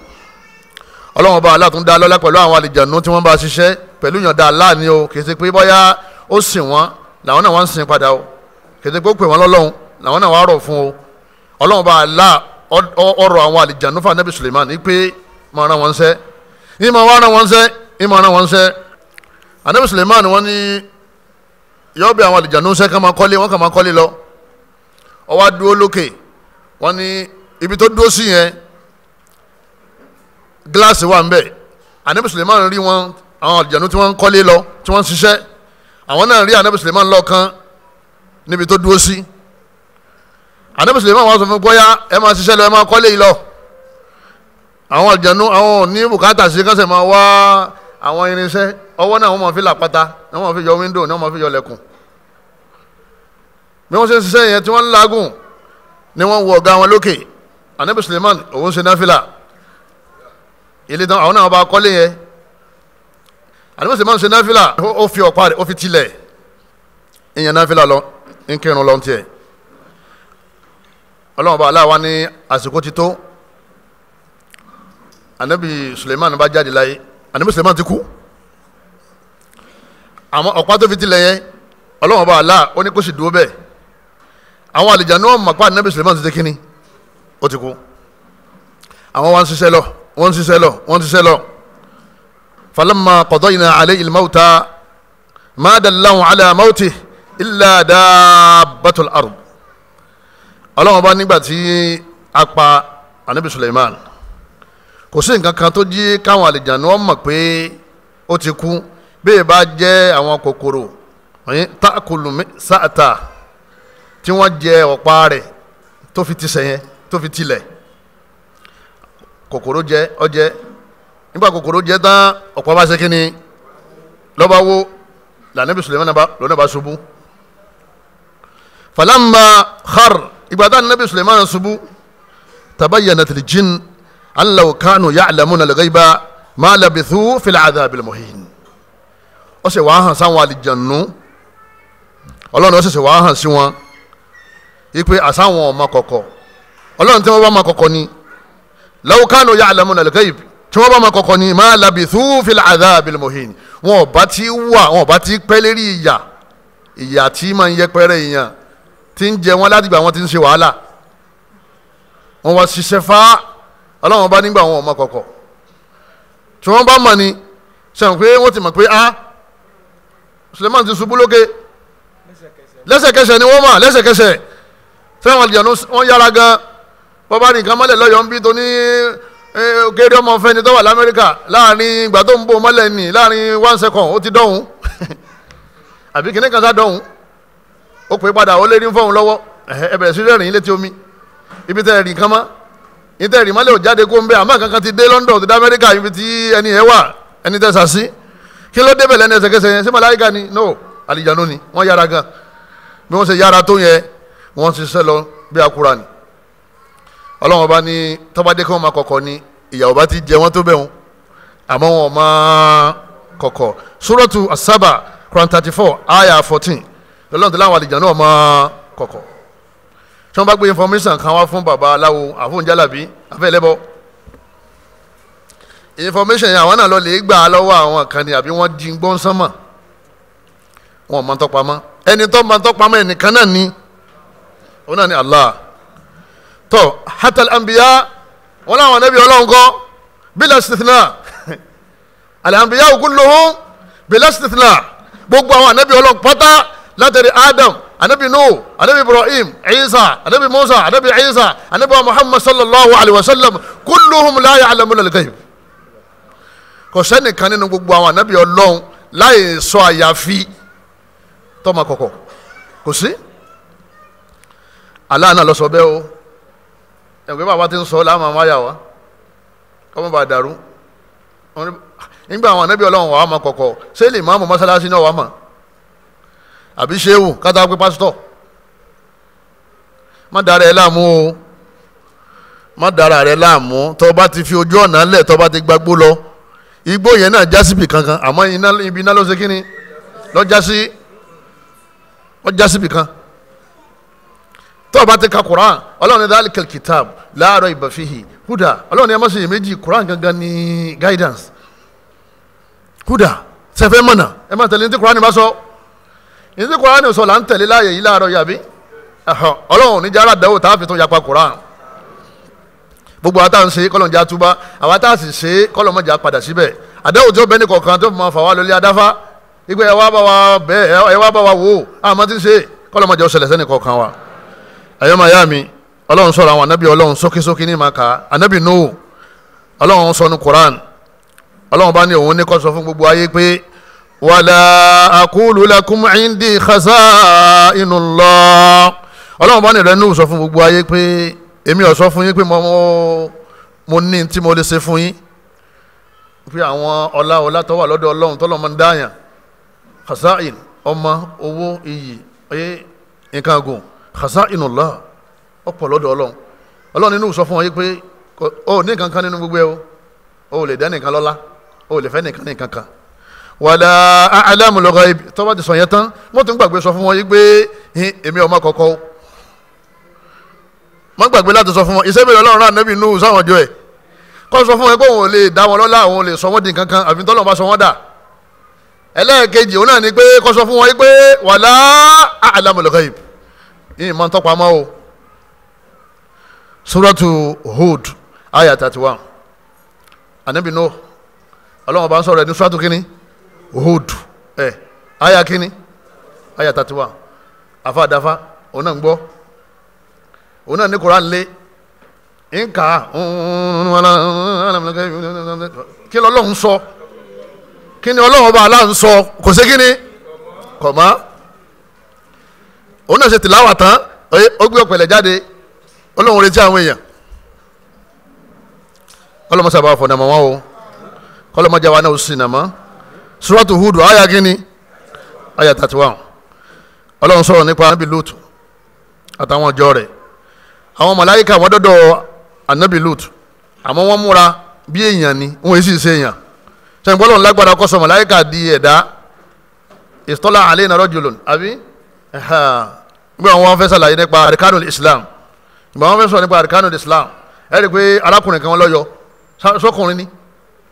ọlọ́run ọba aláàtún dá lọ́lá pẹ̀lú àwọn àlejànú tí wọ́n bá ṣiṣẹ́ pẹ̀lú ìyọ̀ǹda aláàní o kì í ṣe pé bóyá ó sìn wọ́n làwọn náà wá ń sìn padà o kì í ṣe pé ó pè wọ́n lọ́lọ́run làwọn náà wá rọ̀ fún o ọlọ́run ọba alá ọrọ̀ àwọn àlejànú fún anabi Suleiman ní pé máa rán wọn ṣẹ́ ní máa wá wọn ṣẹ́ ní máa rán wọn ṣẹ́ anabi Suleiman wọ́n ní yọ bí àwọn àlejànú ṣẹ́ kàn máa kọ́lé wọ́n kàn máa kọ́lé lọ ó wá lókè wọ́n ní ibi tó dúró sí yẹn gíláàsì wà nbẹ anabi suleiman rí wọn àwọn àjànú tí wọn ń kọ́lé lọ tí wọn ń ṣiṣẹ́ àwọn náà rí anabi suleiman lọ́ọ̀kan níbi tó dúró sí anabi suleiman wá sọ fún gbọ́yà ẹ máa ṣiṣẹ́ lọ ẹ máa kọ́lé yìí lọ àwọn àjànú àwọn ní bùkátà sí kánṣẹ́ máa wá àwọn irinṣẹ́ ọwọ́ náà wọ́n máa fi làpáta wọ́n máa fi yọ wíńdò wọ́n máa fi yọ lẹ́kùn bí wọ́n ṣe ń ṣiṣẹ́ yẹn tí wọ́n ń làágùn ni wọ́n wọ ọ̀gá wọn lókè anabi suleiman òun ṣe náfìlà ilé tán àwọn náà bá kọ́lé yẹn àdìmọ́sí máa ń ṣe náfìlà ó fi ọ̀pá rẹ̀ ó fi tilẹ̀ ìyẹn náfìlà lọ ń kírun lọ tiẹ̀ ọlọ́run bá aláwa ní àsìkò ti tó anabi Suleiman bá jáde láyé anabi Suleiman ti kú àmọ́ ọ̀pá tó fi tilẹ̀ yẹn ọlọ́run bá aláà ó ní kó sì dúró bẹ́ẹ̀ àwọn àlìjánu ọmọ àpá anabi Suleiman ti tẹ́ kínní ó ti kú àwọn wa ń ṣiṣẹ́ lọ wọ́n ń ṣiṣẹ́ lọ wọ́n ń ṣiṣẹ́ lọ. falamma qadayna alayhi al-mawta ma dallahu ala mawtihi illa dabbatul ard. ọlọ́wọ́n bá nígbà tí a pa anabi Suleiman kò sí nǹkan kan tó jí káwọn àlejànú ọmọ pé ó ti kú bẹ́ẹ̀ bá jẹ́ àwọn kòkòrò eh, takulu sáàtà tí wọ́n jẹ ọ̀pá rẹ̀ tó fi ti sẹ́yẹn tó fi tilẹ̀ kòkòrò jẹ ọjẹ nígbà kòkòrò jẹ tán ọ̀pọ̀ bá ṣe kínni lọ́ba wo lànàbí Sulemana bá lọ́nà bá ṣubú falamba har ìgbà tá nàbí Sulemana ṣubú tabayyana tìlì jin alaw kanu ya'lamuna al-ghayba ma labithu fil adhabil muhin ó ṣe wàá hàn sáwọn àlìjànú ọlọ́run ó ṣẹ̀ṣẹ̀ wàá hàn sí wọn ipe àsáwọn ọmọ kọ̀kọ̀ ọlọ́run tí wọ́n bá ma kọ̀kọ̀ ni law kanu ya'lamuna al-ghayb tí wọ́n bá ma kọ̀kọ́ ni ma labithu fil adhabil muhin wọn ò bá ti wà wọn ò bá ti pẹ́ lérí ìyà ìyà tí máa ń yẹpẹrẹ èèyàn tí ń jẹ wọn láti gbà wọn ti ń ṣe wàhálà wọn wá ṣiṣẹ́ fá ọlọ́wọ́n bá nígbà wọn ò mọ kọ̀kọ̀ tí wọ́n bá mọ̀ ni sẹ́wọ̀n pé wọ́n ti mọ̀ pé ah Suleiman ti ṣubú lókè lẹ́sẹ̀kẹsẹ̀ ni wọ́n mọ̀ lẹ́sẹ̀kẹsẹ̀ sẹ́wọ̀n àlìyàn wọn yára gan bọ́bá nìkan mọ́lẹ̀ lọ́yọ̀ ń bí tó ní kéré ọmọ fẹ́ni tó wà lamẹ́ríkà láàrin ìgbà tó ń bò mọ́lẹ̀ nì láàrin one second ó ti dọ̀hún àbí kìnnì kan sá dọ̀hún ó pè padà ó lé ní fọ́hún lọ́wọ́ ẹ bẹ̀rẹ̀ sí rẹ́rìn létí omi ibi tẹ́ rìn kan mọ́ ibi tẹ́ rìn mọ́lẹ̀ ò jáde kó ń bẹ́ àmọ́ kankan ti dé London ti dé Amẹ́ríkà ibi tí ẹni yẹn wà ẹni tẹ́ sàsí kí ló débẹ̀ lẹ́nu ẹsẹ̀kẹsẹ̀ yẹn sí màláyíká ni no àlìjánu ni wọ́n yára gan bí wọ́n ṣe yára tó yẹn wọ́n ṣiṣẹ́ lọ bí akura ni ọlọ́wọ́n bá ní tọ́badé kí wọ́n máa kọ̀kọ̀ ni ìyàwó bá ti jẹ wọ́n tó bẹ̀ àmọ́ wọn máa kọ̀kọ̀ suratu asaba quran thirty four ayah fourteen lọ́lọ́run tó láwọn àlejò náà máa kọ̀kọ̀ tí wọ́n bá gbé information kan wá fún baba aláwo àfọ̀njálàbí àfẹ́lẹ́bọ information yẹn àwọn náà lọ lè gbà á lọ́wọ́ àwọn kan ni àbí wọ́n jí gbọ́n sánmà wọn máa tọ́pamọ́ ẹni tó máa tọ́pamọ́ ẹnìkan náà ni òun náà ni Allah tọ́ hatal anbiya wọn làwọn anabi ọlọ́run kọ́ bila istithna al-anbiya kulluhum bila istithna gbogbo àwọn anabi ọlọ́run pátá látàrí adam anabi nuhu anabi ibrahim isa anabi musa anabi isa anabi muhammad sallallahu alayhi wa sallam kulluhum la ya'lamuna al-ghaib kò sẹ́nìkan nínú gbogbo àwọn anabi ọlọ́run láì sọ àyàfi tọ́mọ kọ̀kọ̀ kò sí aláàánà lọ bẹ́ẹ̀ o ẹgbẹ́ bàbá ti ń sọ láàmú àwọn àyà wa kọ́mọ́ bá dàrú nígbà àwọn anábì ọlọ́run wà á mọ kọ̀kọ̀ ṣé lè máàmù mọ́sálásí náà wà á mọ̀ àbí ṣéwù kátà pé pásítọ̀ má dara ẹ láàmú o má dara rẹ láàmú tó bá ti fi ojú ọ̀nà lẹ̀ tó bá ti gbagbó lọ igbó yẹn náà já síbi kankan àmọ́ ibi iná ló ṣe kí ni lọ́jà sí lọ́jà síbi kan tó o bá ti ka Quran ọlọ́run ní dáhàlì kìtàb láàárọ̀ ìbàfihì húdà ọlọ́run ní ẹ má ṣe iyèméjì Quran gangan ní guidance húdà sẹfẹ mọ̀nà ẹ má tẹ̀lé ní ti Quran bá sọ ní ti Quran sọ là ń tẹ̀lé láàyè yìí láàárọ̀ yàbí ọlọ́run ní jára dáwọ́ tá a fi tó yapa Quran gbogbo àtà ń ṣe kọ́lọ̀ ń já túbá àwọn àtà sì ṣe kọ́lọ̀ mọ̀jà padà síbẹ̀ àdáwò tó bẹ́ẹ̀ ní kọ̀ọ̀kan tó máa fà wá lólé adáfá ìgbé ẹ wá bá wa bẹ́ẹ̀ ẹ wá bá wa wò ó àmọ́ ti ṣe kọ́lọ̀ mọ̀jà ó ṣẹlẹ̀ sẹ́ni kọ̀ọ̀kan wa ẹ̀yọ́ màá mi ọlọ́run sọ̀rọ̀ àwọn anábì ọlọ́run sókésókè ní màkà anábì nóò ọlọ́run sọ ní Quran ọlọ́run bá ní òun ní kó sọ fún gbogbo ayé pé wàlà àkúlù lakum indi khaza'inullah ọlọ́run bá ní ìrẹ́ nóò sọ fún gbogbo ayé pé èmi ò sọ fún yín pé mo ní tí mo lè ṣe fún yín pé àwọn ọlá ọlá tó wà lọ́dọ̀ ọlọ́run tọ́lọ́ máa ń dáyàn khaza'in ọmọ owó iyì ẹ nǹkan gùn khazainullah ọ̀pọ̀ lọ́dọ̀ ọlọ́run ọlọ́run nínú sọ fún ọ yé pé ó ní nǹkan kan nínú gbogbo ẹ o ò lè dá nìkan lọ́lá o ò lè fẹ́ nìkan nìkan kan wàlà a'lamul ghaib tọ́wọ́ ti sọ yẹn tán wọ́n tún gbàgbé sọ fún wọn yí pé èmi ọmọ kọ̀ọ̀kọ́ o wọ́n gbàgbé láti sọ fún wọn iṣẹ́ bẹ̀rẹ̀ ọlọ́run ànábì nù sáwọn ọjọ́ ẹ̀ kọ́ sọ fún wọn pé òun ò lè dá wọn lọ́lá òun lè sọ wọ́n di nǹkan kan àfi tọ́lọ́run bá sọ wọ́n dà ẹlẹ́ẹ̀kejì òun náà ni pé kọ́ sọ fún wọn pé wàlà a'lamul ghaib ìmọ̀ ntọ́pamọ́ o suratu Hud aya thirty one anabi no ọlọ́wọ́n bá ń sọ̀rọ̀ ẹ̀ suratu kínní Hud ẹ̀ aya kínní aya thirty one afa adafa òun náà ń gbọ́ òun náà ní koran lé nka kí sọ ọlọ́wọ́n bá aláǹsọ kò sí kínní òun náà ṣe tìláwà tán ó gbé ọ̀pẹ̀lẹ̀ jáde ọlọ́run retí àwọn èèyàn ọlọ́mọ sábà wà fọ̀nàmọ́ wọn o kọlọ́mọ jáwa náà ó sì nàmọ́ suratu hudu àyà kínní àyà tàti wà ọlọ́run sọ̀rọ̀ nípa anábì Lut àtàwọn ọjọ́ rẹ̀ àwọn màláyíkà wọ́n dọ́dọ̀ anábì Lut àmọ́ wọ́n múra bí èèyàn ni wọ́n sì ṣe èèyàn sẹ́yìn bọ́lọ̀ ńlágbára kọ́sọ̀ màláyíkà di ẹ̀dá ìsọ́lá àlẹ́ ìnáró jùlọ àbí nígbà wọn fẹ́ sàlàyé nípa àríkánù islam nígbà wọn fẹ́ sọ nípa àríkánù islam ẹ rí i pé arákùnrin kan lọ́yọ̀ sọkùnrin ni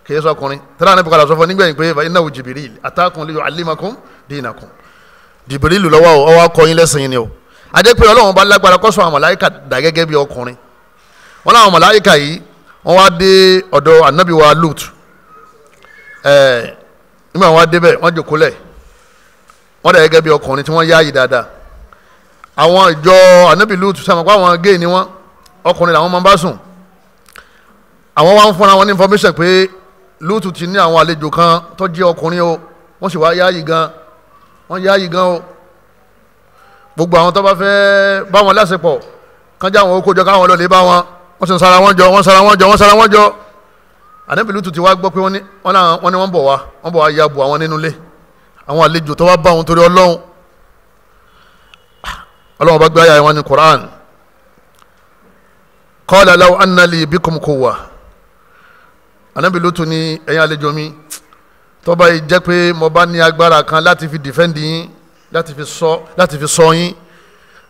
kì í sọkùnrin tẹ́lá ní bukala sọ fún nígbẹ̀yìn pé ináwó jìbìrìl àtàkùn lè yọ alimakun dínàkùn jìbìrìl lọ́wọ́ ọ wá kọyín lẹ́sìn ni o adé pé ọlọ́run bá lágbára kọ́sọ̀ àwọn màláìka dà gẹ́gẹ́ bí ọkùnrin wọn làwọn màláìka yìí wọn wá dé ọ̀dọ̀ anabiwa lut ẹ̀ẹ́ nígbà wọn wá débẹ̀ wọn jòkó lẹ̀ wọ́n dà gẹ́gẹ́ bí ọkùnrin tí wọ́n yáàyè dáadáa àwọn ìjọ anabi lutu sàmùpá àwọn géè ni wọ́n ọkùnrin làwọn máa bá sùn àwọn wá ń fúnra wọn ní information pé lutu ti ní àwọn àlejò kan tó jẹ́ ọkùnrin o wọ́n sì wá yáàyè gan wọ́n yáàyè gan o gbogbo àwọn tó bá fẹ́ bá wọn lásìpọ̀ kánjá àwọn okòjọ káwọn lọ lè bá wọn wọ́n sì ń sara wọn jọ wọ́n sara wọn jọ wọ́n sara wọn jọ anabi lutu ti wá gbọ́ pé wọ́n ní wọ́n ní wá wọ́n bọ̀ wá ya bu àwọn nínú ilé àwọn àlejò tó wá bá wọn torí ọlọ́run ọlọ́run bá gbé ayé wọn ní Quran qala law anna li bikum quwwa anabi lótú ní ẹ̀yin àlejò mi tó bá yìí jẹ́ pé mo bá ní agbára kan láti fi dìfẹ́ǹdì yín láti fi sọ láti fi sọ yín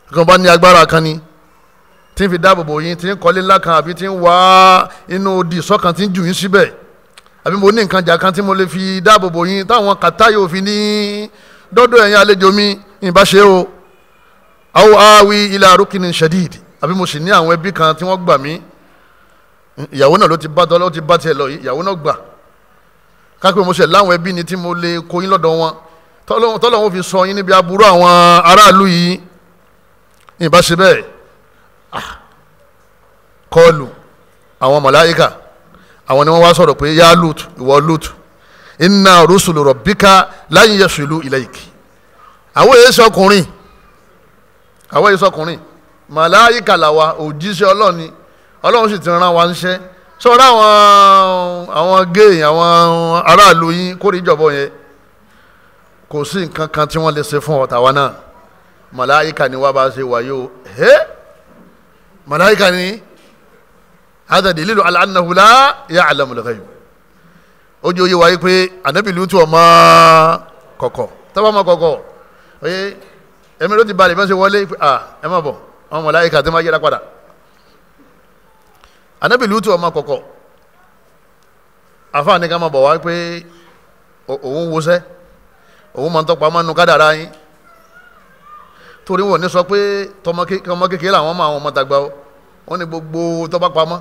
kí mo bá ní agbára kan ni tí ń fi dáàbò bò yín tí ń kọ́lé ńlá kan àbí tí ń wá inú odi sọ́kan tí ń jù yín síbẹ̀ àbí mo ní nǹkan jà kan tí mo lè fi dáàbò bò yín táwọn kàtá yóò fi ní dọ́dọ̀ ẹ̀yin àlejò mi ìbá o àwọn awi ilẹ̀ ni ṣẹ̀díìdì àbí mo sì ní àwọn ẹbí kan tí wọ́n gbà mí ìyàwó náà ló ti bá tọ́lọ́ ti bá tiẹ̀ lọ ìyàwó náà gbà kápẹ́ mo ṣẹ̀ láwọn ẹbí ni tí mo lè kó yín lọ́dọ̀ wọn tọ́lọ́ wọn fi sọ yín níbi aburú àwọn aráàlú yìí ìbá bẹ́ẹ̀ ah, kọlù àwọn màláíkà àwọn ni wọ́n wá sọ̀rọ̀ pé yá lut ìwọ lut inna rusulu rabbika lan yasilu ilayki àwọn èyí sọkùnrin àwọn èyí sọkùnrin màláyíkà làwa òjíṣẹ́ ọlọ́run ọlọ́run sì ti rán wa níṣẹ́ sọ̀rọ̀ àwọn àwọn géè àwọn aráàlú yín kórìíjọ̀bọ yẹn kò sí nǹkan kan tí wọ́n lè ṣe fún ọ̀tàwa náà màláyíkà ni wá bá ṣe wáyé o ẹ́ màláyíkà hada dalilu ala annahu la ya'lamu al-ghayb ojú oyè wáyé pé anabi lutu ọmọ kọ̀kọ̀ tábà ọmọ kọ̀kọ̀ oye ẹ̀mí ló ti balẹ̀ bẹ́ẹ̀ ṣe wọlé ẹ má bọ̀ ọmọ màláíkà tí wọ́n yẹra padà anabi lutu ọmọ kọ̀kọ̀ afa ni ká má bọ̀ wá pé òun wusẹ́ òun máa ń tọ́pọ̀ ọmọ nu kádàrá yín torí wọn ò ní sọ pé tọmọ kékeré làwọn máa wọn ọmọ tàgbà wọn ni gbogbo tọ́pọ̀ pamọ́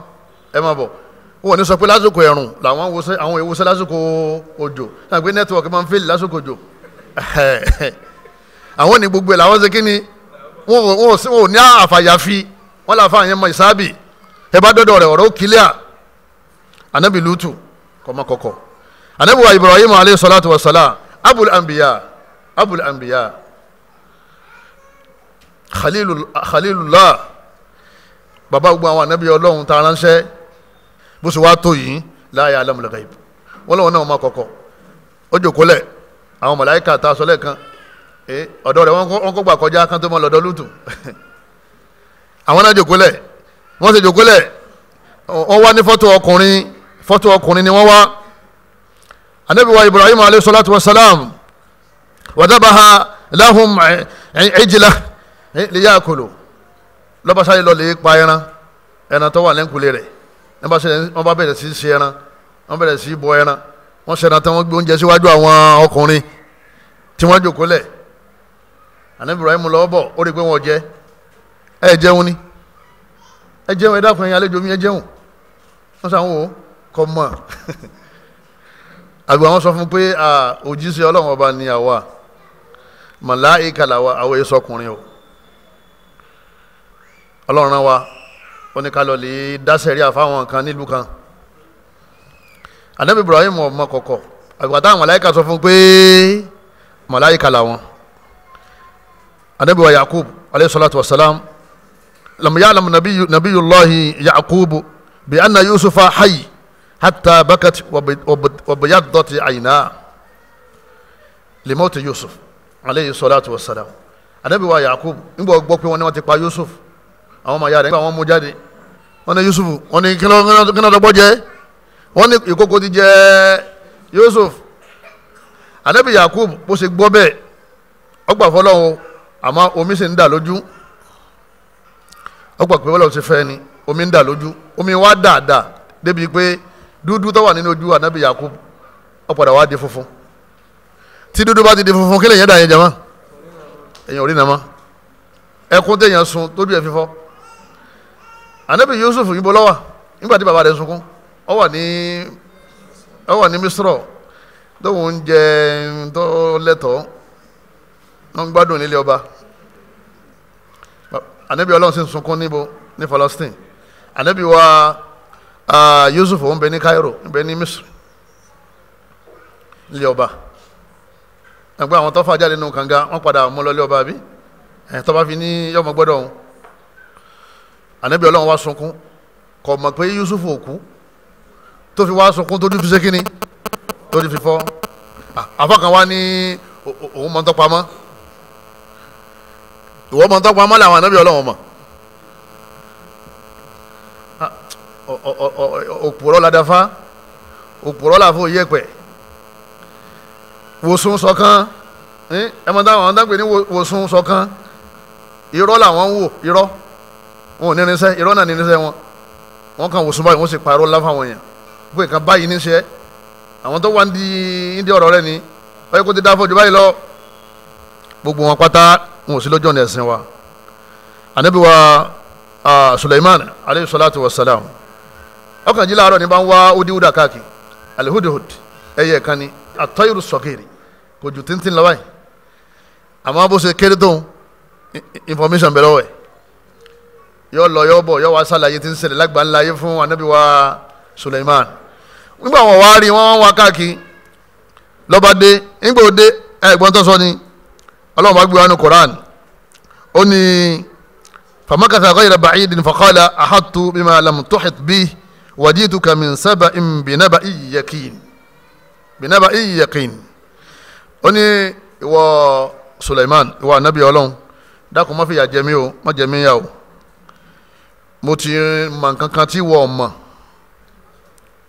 ẹ máa bọ̀ wọn ní sọ pé lásìkò ẹ̀rùn làwọn wọṣẹ àwọn ìwọṣẹ lásìkò òjò náà pé nẹ́tíwọ̀kì máa ń fẹ́lì lásìkò òjò àwọn ní gbogbo ẹ̀ làwọn ṣe kíni wọn ò ní àfàyàfi wọn làfa àyẹn mọ ìsáàbì ẹ bá dọ́dọ̀ rẹ̀ ọ̀rọ̀ ó kílíà anabi lutu kọ́mọ wa ibrahim alayhi salatu wa salam abul anbiya abul anbiya khalilullah baba gbogbo àwọn anabi ọlọ́run tá a ránṣẹ́ bó ṣe wá tó yìí la ya'lamul ghaib wọ́n lọ́wọ́ náà ọmọ kọ̀kọ̀ ó jòkó lẹ̀ àwọn màláíkà tá a sọ lẹ́ẹ̀kan ọ̀dọ́ rẹ̀ wọ́n kó gbà kọjá kan tó mọ lọ́dọ́ lùtù àwọn náà jòkó lẹ̀ wọ́n ṣe jòkó lẹ̀ wọ́n wá ní fọ́tò ọkùnrin fọ́tò ọkùnrin ni wọ́n wá anabi wa ibrahim alayhi salatu lọ lè pa ẹran ẹran tó wà lẹ́ńkulé rẹ̀ nígbà tí wọ́n bá bẹ̀rẹ̀ sí í ṣe ẹran wọ́n bẹ̀rẹ̀ sí í bọ ẹran wọ́n ṣẹran tán wọ́n gbé oúnjẹ síwájú àwọn ọkùnrin tí wọ́n jòkó lẹ̀ ànábì Ibrahim lọ́wọ́ bọ̀ ó rí i pé wọ́n jẹ ẹ jẹun ni ẹ jẹun ẹ dákun ẹ̀yin àlejò mi ẹ jẹun wọ́n sàn wò ó kọ́ mọ́ àgbà wọn sọ fún pé òjíṣẹ́ ọlọ́run ọba ni àwa màláìka làwa àwọn èso ọkùnrin o ọlọ́run náà wa ó ní ká lọ lè dáṣẹ̀rí àfáwọn kan nílùú kan anabi ibrahim ọmọ kọ̀kọ̀ àgbàtà àwọn màláìka sọ fún pé màláìka làwọn anabi wa yakub alayhi salatu wa salam lam ya'lam nabiyullahi yakubu bi anna yusufa hayy hatta bakat wabiyaddat ayna limauti yusuf alayhi salatu wa salam anabi wa yakub nígbà gbọ́ pé wọ́n ní wọ́n ti pa yusuf àwọn ọmọ ìyá rẹ̀ nígbà wọn mú jáde wọn ní Yusuf wọn ní kí náà dọ́gbọ́ wọn ìkókó ti jẹ Yusuf anabi Yakub bó ṣe gbọ́ bẹ́ẹ̀ ọgbà fọlọ́wọ́ àmọ́ omi sì ń dà lójú ọgbà pé omi ń dà lójú omi wa dáadáa débi pé dúdú tó wà nínú ojú anabi Yakub wa di funfun ti di funfun kí dà yẹn jẹ mọ́ nà sun ẹ̀ anabi yusuf yìí bọ́ lọ́wọ́ nígbà tí bàbá rẹ̀ sunkún ọ wà ní ọ wà ní misrọ̀ tóun ń jẹ tó lẹ́tọ̀ọ́ wọn gbádùn nílé ọba anabi ọlọ́run sì ń sunkún níbo ní falastin anabi wa yusuf ń bẹ ní cairo ń bẹ ní misr nílé ọba ẹgbẹ́ àwọn tó fà jáde nínú kànga wọ́n padà mú lọ lé ọba bí ẹ̀ tó fi ní yọmọ gbọ́dọ̀ ọ̀hún ànábì ọlọ́run wá sunkún kò mọ̀ pé Yusuf ò kú tó fi wá sunkún tó dúdú ṣe kínní tó di fífọ́ ah, àfọkàn wá ní òun mọ̀ ń tọ́pamọ́ ìwọ mọ̀ ń tọ́pamọ́ làwọn ànábì ọlọ́run mọ̀ òpùrọ̀ ah, ladafa òpùrọ̀ làfọ̀ yẹpẹ̀ wòsùn sọ̀kan ẹ mọ̀ táwọn àwọn dágbé ní wòsùn sọ̀kan irọ́ làwọn ń wò irọ́ wọn ò ní irinṣẹ́ irọ́ náà ní irinṣẹ́ wọn wọn kàn wòsàn báyìí wọn sì parọ́ ńlá fáwọn èèyàn pé nǹkan báyìí níṣẹ́ àwọn tó wá ń di ìdí ọ̀rọ̀ rẹ ni báyìí kó ti dáfọ́ ju báyìí lọ gbogbo wọn pátá wọn ò sí lọ́jọ́ ní ẹ̀sìn wa anabi wa Sulaiman aleyhi salatu wa salam ọkàn jí láàárọ̀ ní bá ń wá odiwuda káàkiri alihudihud ẹyẹ kan ni atọ́yìrù sọ̀kìrì kò ju tíntín lọ́wọ́ yìí àmọ́ bó ṣe kéré tó information bẹ̀rẹ̀ wẹ̀ yọ lọ yọ bọ̀ yọ wá sàlàyé tí ń ṣẹlẹ̀ lágbàńlá yé fún anabi wa Suleiman nígbà wọn wá rí wọn wá káàkiri lọ́ba dé nígbà òde ẹ̀gbọ́n tó sọ ni ọlọ́run bá gbé wa ní Quran ó ní famakata ghayra ba'idin faqala ahatu bima lam tuhit bi wajituka min saba'in binaba iyakin binaba iyakin ó ní ìwọ Suleiman ìwọ anabi ọlọ́run dákun má fi yà jẹ mí o má jẹ mí yà o mo ti mọ nǹkan kan tí wọ́n mọ̀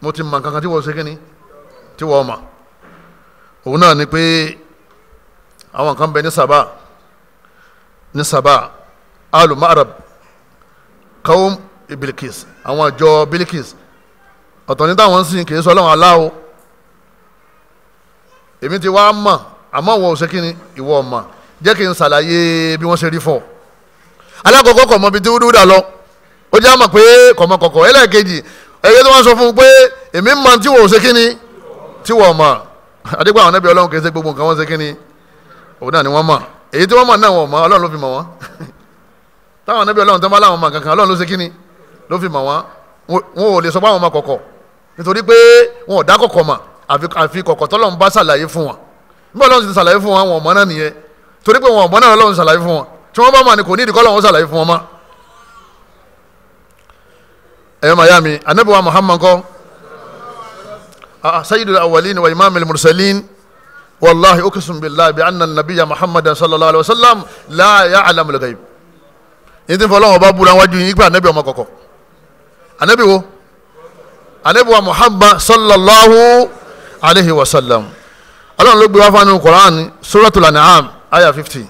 mo ti mọ nǹkan kan tí wọ́n ṣe kí ni tí wọ́n mọ̀ òun náà ni pé àwọn kan bẹ ní sábà ní sábà alùmọ́ arab kawum bilikis àwọn àjọ bilikis ọ̀tọ̀ ní táwọn ń sìn kì í sọ ọlọ́run aláwo èmi ti wá mọ̀ àmọ́ wọn ò ṣe kí ni ìwọ mọ̀ jẹ́ kí n ṣàlàyé bí wọ́n ṣe rí fọ́ alákọ̀ọ́kọ́ kọ̀ mọ́ bí tí wúdúwúdà lọ ó jẹ́ àmọ̀ pé kọ̀mọkọ̀kọ̀ ẹlẹ́ẹ̀kejì ẹ̀yẹ́ tó wọ́n sọ fún un pé èmi ń mọ tí wọ́n ò ṣe kíni tí wọ́n mọ̀ àdégbò àwọn ẹbí ọlọ́run kì í ṣe gbogbo nǹkan wọ́n ṣe kíni òun náà ni wọ́n mọ̀ èyí tí wọ́n mọ̀ náà wọ́n mọ̀ ọlọ́run ló fi mọ̀ wọ́n táwọn ẹbí ọlọ́run tó bá láwọn mọ̀ kankan ọlọ́run ló ṣe kíni ló fi mọ̀ wọ́n wọn ò lè sọ pé àwọn ọmọ kọ̀kọ̀ nítorí pé wọn ò dá kọ̀kọ̀ mọ̀ àfi kọ̀kọ̀ tọ́lọ́run bá ṣàlàyé fún wọn nígbà ọlọ́run ti ṣàlàyé fún wọn wọn ò mọ̀ náà nìyẹn torí pé wọn ò mọ̀ náà ọlọ́run ṣàlàyé fún wọn tí wọ́n bá mọ̀ ni kò ní ìdíkọ́ ọlọ́run ṣàlàyé fún wọn mọ́ ẹ̀yọ́ mayami anabi wa muhammad kọ́ ah, sayyidul awwalin wa imam al-mursalin wallahi uqsimu billahi bi anna nabiyya muhammad sallallahu alaihi wa sallam la ya'lamu al-ghaib yìí ti fọlọ́wọ́n bá búra wájú yìí pé anabi ọmọ kọ̀kọ̀ anabi wo anabi wa muhammad sallallahu alaihi wa sallam ọlọ́run ló gbé wá fún Qur'an suratul an'am aya fifty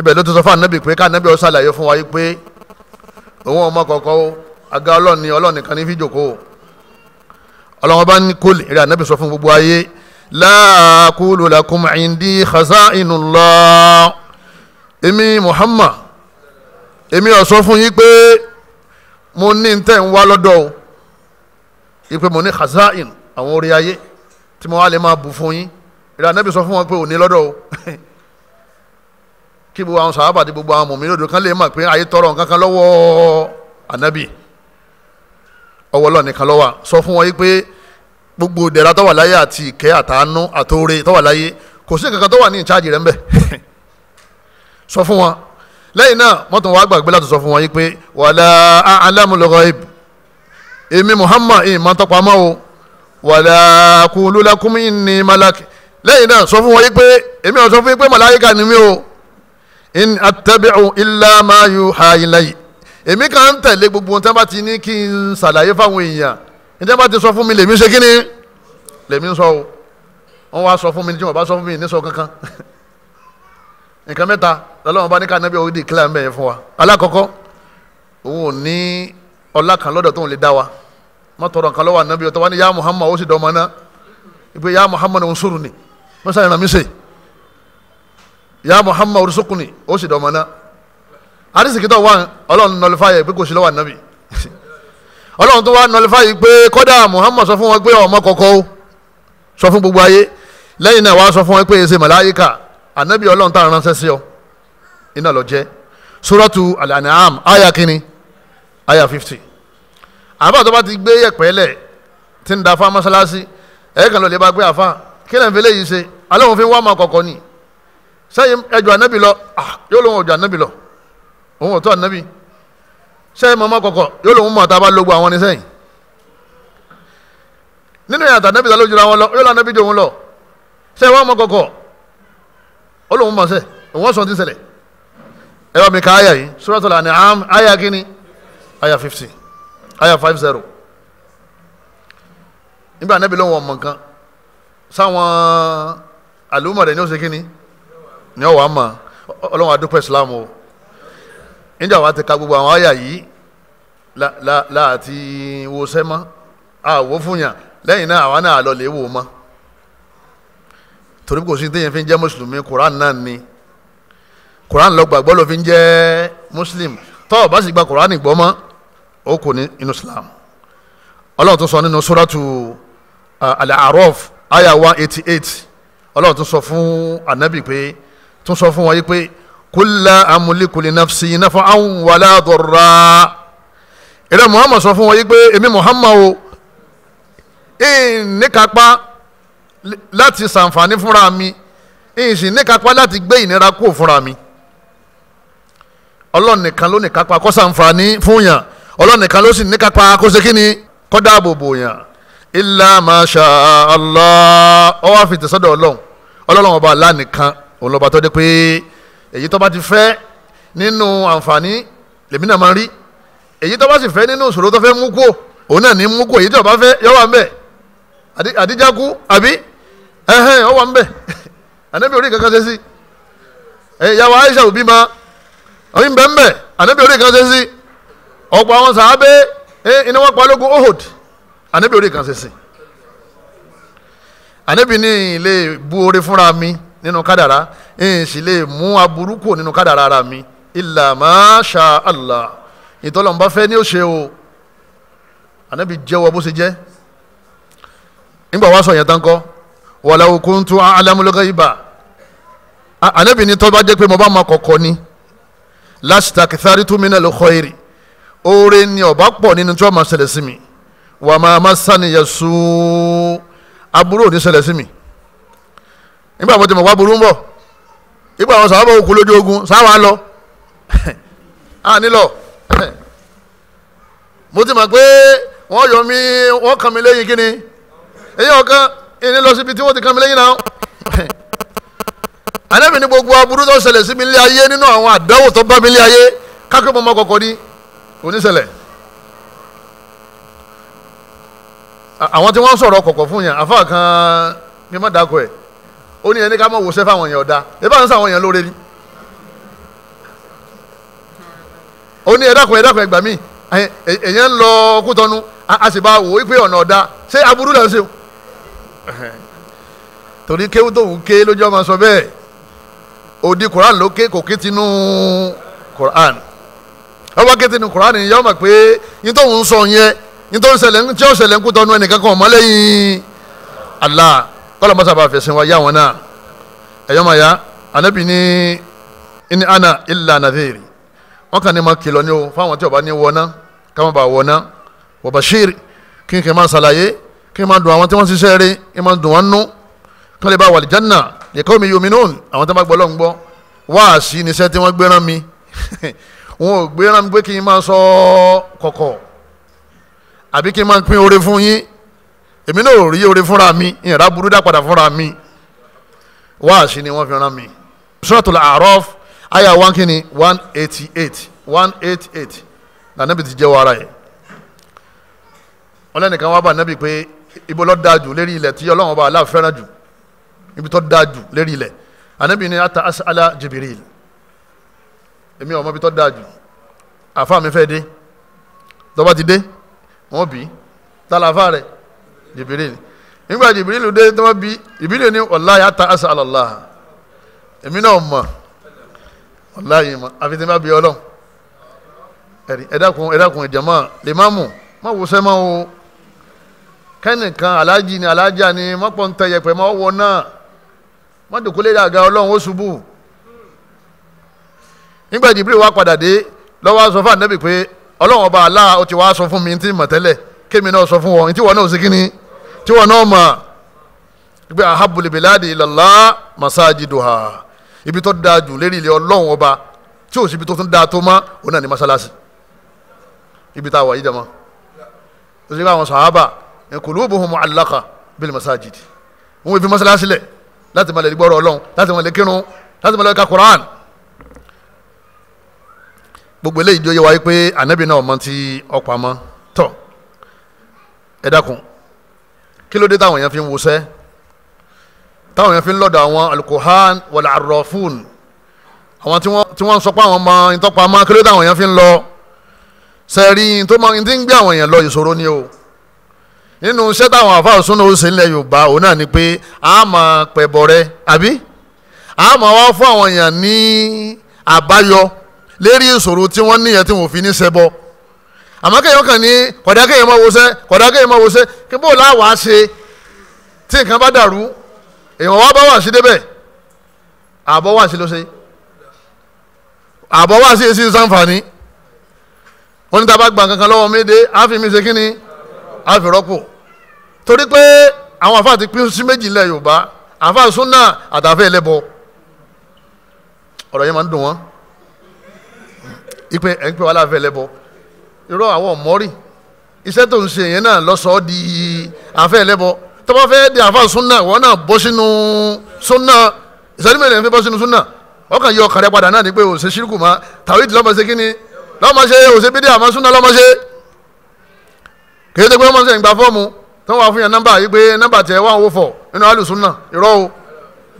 ibẹ̀ ló ti sọ fún anabi pé ká anabi ó ṣàlàyé fún wa yìí pé òun ọmọ kọ̀kọ̀ o àga ọlọ́run ni ọlọ́run nìkan ní fi jókòó ọlọ́run bá ní kólé eré ànábì sọ fún gbogbo ayé la aqulu lakum indi khaza'inullah èmi Muhammad èmi ò sọ fún yín pé mo ní tẹ̀ ń wá lọ́dọ̀ o ìpè mo ní khaza'in àwọn orí ayé tí mo wá lè máa bù fún yín ìrìn ànábì sọ fún wọn pé ò ní lọ́dọ̀ o kí gbogbo àwọn sàábà gbogbo àwọn mòmí lòdò kan lè mọ̀ pé ayé tọrọ nǹkan kan lọ́wọ́ ànábì ọwọ́ Ọlọ́run nìkan ló wà sọ fún wọn yìí pé gbogbo ìdẹ̀ra tó wà láyé àti ìkẹ́ àtàánú àtòrè tó wà láyé kò sí kankan tó wà ní ìcháàjì rẹ̀ ńbẹ̀ sọ fún wọn lẹ́yìn náà wọ́n tún wá gbàgbé láti sọ fún wọn yìí pé wàlá alámúlò ghaib èmi Muhammad ìmọ̀ tọpamọ́ o wàlá kúlúlákúmí ní malak lẹ́yìn náà sọ fún wọn yìí pé èmi ò sọ fún yín pé màláyíkà ni mí o in attabi'u illa ma yuha ilayya èmi kàn ń tẹ̀lé gbogbo ohun tí wọ́n bá ti ní kí n ṣàlàyé fáwọn èèyàn ní tí wọ́n bá ti sọ fún mi lèmi ṣe kí ni lèmi ń sọ o wọ́n wá sọ fún mi tí wọ́n bá sọ fún mi ní sọ kankan nǹkan mẹ́ta lọ́lọ́wọ́n bá ní ká nábì òwúdi kílà mẹ́yẹ fún wa alákọ̀ọ́kọ́ òun ò ní ọlá kan lọ́dọ̀ tóun lè dá wa má tọrọ nǹkan lọ́wọ́ ànábì ọ̀tọ̀ wa ní yá Muhammad ó sì dọ̀ ọmọ ìpè yá Muhammad ń sùrù ni mọ́sá ìrànmísè yá Muhammad ó sì dọ̀ ọmọ àdìsíkì tó wà ọlọ́run nọlifáyà pé kò sí lọ́wọ́ ànábì ọlọ́run tó wà nọlifáyà pé kọ́dà Muhammad sọ fún wọn pé ọmọ kọ̀kọ́ o sọ fún gbogbo ayé lẹ́yìn náà wàá sọ fún wọn pé èsè màláyíkà ànábì ọlọ́run tá à ń ránṣẹ́ sí ọ iná lọ jẹ́ suratu al-an'am aya kínní aya fifty àbá tó bá ti gbé yẹ̀pẹ̀ lẹ̀ tí ń da fa mọ́sálásí ẹ̀ kàn lọ lè bá gbé àfa kí lẹ́yìn fi léyìí ṣe alẹ́ òun fi wá ọmọ kọ̀kọ́ ni sẹ́yìn ẹjọ́ ànábì lọ ah, yóò lóun ọjọ́ ànábì lọ òun ò tọ́ ànábì sẹ́yìn mọ́mọ́ kọ̀kọ̀ yóò lòun mọ̀ tá a bá lógo àwọn ni sẹ́yìn nínú ìyàtọ̀ ànábì tá lójú ra wọn lọ yóò lọ ànábì jò wọn lọ sẹ́yìn wọ́n mọ̀ kọ̀kọ̀ ó lòun mọ̀ sẹ́ òun ọ̀sán ti ṣẹlẹ̀ ẹ bá mi ka àyà yìí Suratul An'am àyà kínní àyà fifty àyà five zero nígbà ànábì lóun ọmọ nǹkan sáwọn àlùmọ̀ rẹ̀ ó ṣe kínní ni ọ̀wà mọ̀ ọlọ́run adúpẹ́ Islam o. níjà wa ti ka gbogbo àwọn àyà yìí láti wo sẹ́mọ́ àwọ̀ fún yàn lẹ́yìn náà àwa náà lọ lè wò mọ́ torí kò sí fi ń jẹ́ mùsùlùmí koran náà ni koran lọ gbàgbọ́ fi ń jẹ́ muslim tó o gba koran gbọ́ mọ́ ó kò ní inú islam ọlọ́run sọ nínú al aya one eighty eight ọlọ́run tó sọ fún anabi pé fún yìí kulla amuliku li nafsi nafa'an wala darra ìrẹ muhammad sọ fún wọn yìí pé èmi muhammad o ìyìn níkapá láti ṣàǹfààní fúnra mi ìyìn sì níkapá láti gbé ìnira kó fúnra mi ọlọ́run nìkan ló níkapá kó ṣàǹfààní fún yàn ọlọ́run nìkan ló sì níkapá kó ṣe kíni kó dáàbò bò yàn illa masha Allah ọwọ́ àfitẹ̀sọ́dọ̀ ọlọ́run ọlọ́run ọba alá nìkan òun lọ́ba tó dé pé èyí tó bá ti fẹ́ nínú àǹfààní lèmi náà máa rí èyí tó bá sì fẹ́ nínú ìṣòro tó fẹ́ mú kó òun náà ní mú kó èyí tó bá fẹ́ yọ wà ń bẹ̀ àdíjà kú àbí ẹ̀hẹ́n ọ wà ń bẹ̀ ànábì orí kankan ṣe sí ìyàwó Aisha òbí ma ọyìn bẹ́ẹ̀ bẹ́ẹ̀ ànábì orí kankan ṣe sí ọ̀pọ̀ àwọn sàábé iná wọn pa ológun Ohud ànábì orí kankan ṣe sí ànábì ní ilé bu orí fúnra mi nínú kádàrá ẹ̀yìn sì lè mú aburú kù nínú kádàrá ara mi illa ma sha Allah ìtọ́lọ́mbà fẹ́ ni ó ṣe o ànábì jẹ́wọ́ bó ṣe jẹ́ nígbà wá sọ yẹn tán kọ́ walau kuntu a'lamul ghaiba ànábì ni tó bá jẹ́ pé mo bá ma kọ̀kọ́ ni lastakthartu minal khairi oore ni ọba pọ̀ nínú tí wọ́n máa ṣẹlẹ̀ sí mi wa ma massani yasu aburú ò ṣẹlẹ̀ sí mi nígbà wọn ti mọ̀ wá burú ń bọ̀ nígbà wọn sàwọn bọ̀ kú lójú ogun sáwà lọ a nílọ mo ti mọ̀ pé wọ́n yọ mí wọ́n kàn mí lẹ́yìn kí ni èyí ọ̀kan ìní lọ síbi tí wọ́n ti kàn mí lẹ́yìn náà ànábì ní gbogbo aburú tó ṣẹlẹ̀ sí mi ilé ayé nínú àwọn àdáwò tó bá mi ilé ayé kákẹ́ mọ́ ọmọ kọ̀ọ̀kan oníṣẹ̀lẹ̀. àwọn tí wọ́n sọ̀rọ̀ kọ̀kọ̀ fún yẹn àfa kan mímọ́ dákọ̀ ẹ̀ ó ní ẹni ká mọ̀ wòṣẹ́ fáwọn èèyàn ọ̀dà ẹ̀bá ń sàwọn èèyàn lóore ni ó ní ẹ̀dàkùn ẹ̀dàkùn ẹ̀gbà mí èèyàn ń lọ kútọ́nu a sì bá wò ó pé ọ̀nà ọ̀dà ṣé aburú là ń ṣe torí kéwú tóun ké lójú ọmọ sọ bẹ́ẹ̀ òdi Quran ló ké kò ké tinú Quran ọba ké tinú Quran yìí yọ ọmọ pé yín tóun sọ yẹn yín tó ń ṣẹlẹ̀ ń tí ó ṣẹlẹ̀ ń kútọ́nu ẹnìkan kan ọmọ Allah kọ́lọ́ mọ́sá bá fẹ̀sìn wa yá wọn náà ẹ̀yọ́ ya anabi ní ní ana illa nadhiri wọn kàn ní ma kìlọ̀ ní o fáwọn tí o bá ní wọ́n náà káwọn bá wọ́n náà wa bashir kí n kì í máa ṣàlàyé kí n máa dùn àwọn tí wọ́n ṣiṣẹ́ rí kí n máa dùn wọn nú kí wọ́n lè bá wà lìjánà li qawmi yu'minun àwọn tí wọ́n bá gbọ́ lọ́n wáàsí níṣẹ́ tí wọ́n gbéra mi wọn ò gbéra mi pé kí n máa sọ kọ̀kọ̀ àbí kí n máa pín oore fún yín èmi náà ò rí oore fúnra mi ìyàrá burú dá padà fúnra mi wáàsí ni wọ́n fi rán mi. suratul A'raf àyà one kìíní one eighty eight one eight eight nànàbì ti jẹ́ wàrà yẹn. ọlọ́nìkan wá bá nàbì pé ibo ló dáa jù lérí ilẹ̀ tí ọlọ́run bá aláà fẹ́ràn jù ibi tó dáa jù lérí ilẹ̀ ànábì ni ata asala Jibril èmi ọmọ ibi tó dáa jù àfa mi fẹ́ dé dọ́ba ti dé wọ́n bì í tálàfà rẹ̀ jibiril nígbà jibiril dé tí wọ́n bí jibiril ní wallahi hatta as'al Allah èmi náà mọ̀ wallahi mọ̀ àfi tí n bá bí ọlọ́run ẹ̀rí ẹ̀dákun ẹ̀dákun ìjàmọ́ lèmámù má wò sẹ́ máa kẹ́nìkan aláàjì ni aláàjà ni mọ́pọ̀ ń tẹ yẹpẹ̀ mọ́ wọ náà má dòkúlé àga ọlọ́run ó ṣubú nígbà jibiril wá padà dé lọ́wọ́ sọ fún ànábì pé ọlọ́run ọba Allah ó ti wá sọ fún mi ní ti mọ̀ tẹ́lẹ̀ kémi náà sọ fún wọn ní wọn náà ó ṣe ni tí wọn náà mọ̀ gbé ahabul biladi ilallah masajiduha ibi tó dáa jù lérí ilé ọlọ́run ọba tí ò sí ibi tó tún dáa tó mọ́ òun náà ní masalasi ibi tá a wà yìí dama ó sì bá àwọn sàhábà kulubuhum mu'allaqa bil masajid wọn fi masalasi lẹ̀ láti máa lè gbọ́rọ̀ ọlọ́run láti máa lè láti máa lè ka gbogbo eléyìí jọ yẹ wáyé pé ànábì náà mọ ti ọ̀pọ̀ àmọ́ ẹ dákun kí ló dé táwọn yẹn fi ń wusẹ́ táwọn yẹn fi ń lọ́dọ̀ àwọn alukohan wàlẹ̀ arọ́fún àwọn tí wọ́n ń sọ pé àwọn ọmọ ìtọ́pamọ́ kí ló dé táwọn yẹn fi ń lọ sẹ́ẹ̀rí tó máa ń gbé àwọn yẹn lọ ìṣòro ni o nínú iṣẹ́ táwọn àfáà súnú ṣe ńlẹ̀ Yorùbá òun náà ni pé a máa pẹ̀bọ̀ rẹ àbí a máa wá fún àwọn èèyàn ní àbáyọ lérí ìṣòro tí wọ́n níyẹn tí wọ́n fi ní ṣẹbọ àmọ́ kéèyàn kàn ní kọ̀dá kéèyàn máa wọṣẹ́ kọ̀dá kéèyàn máa wọṣẹ́ kí bó láwàá ṣe tí nǹkan bá dàrú èèyàn wá bá wà sí débẹ̀ àbọ̀ wà sí ló ṣe àbọ̀ wà sí èsì sanfàní wọ́n ní tábà gba kankan lọ́wọ́ méde àfi mi ṣe kí ni àfi rọ́pò torí pé àwọn àfa àti pín sí méjì ilẹ̀ Yorùbá àfa súnà àtàfẹ́ ẹlẹ́bọ ọ̀rọ̀ yẹn máa ń dùn wọ́n ipe ẹ̀ ń pè wá láàfẹ́ ẹlẹ́bọ irọ́ àwọn mọ́rì iṣẹ́ tó ń ṣe yẹn náà lọ́sọ̀ọ́ di àfẹ́ ẹlẹ́bọ tó bá fẹ́ di àfa súnà wọn náà bọ́ sínú súnà ìsọdí mẹ́rin fi bọ́ sínú súnà ọkàn yọ ọkàn rẹ padà náà ni pé òṣè ṣírkù má tàwí ti lọ́mọ ṣe kíni lọ́mọ ṣe òṣè bídí àmọ́ súnà lọ́mọ ṣe kìí ṣe pé wọ́n ṣe ń gba fọ́ọ̀mù tó wà fún yàn nọ́mbà yìí pé nọ́mbà tẹ̀ wọ́n wò fọ̀ nínú alùsùnà irọ́ o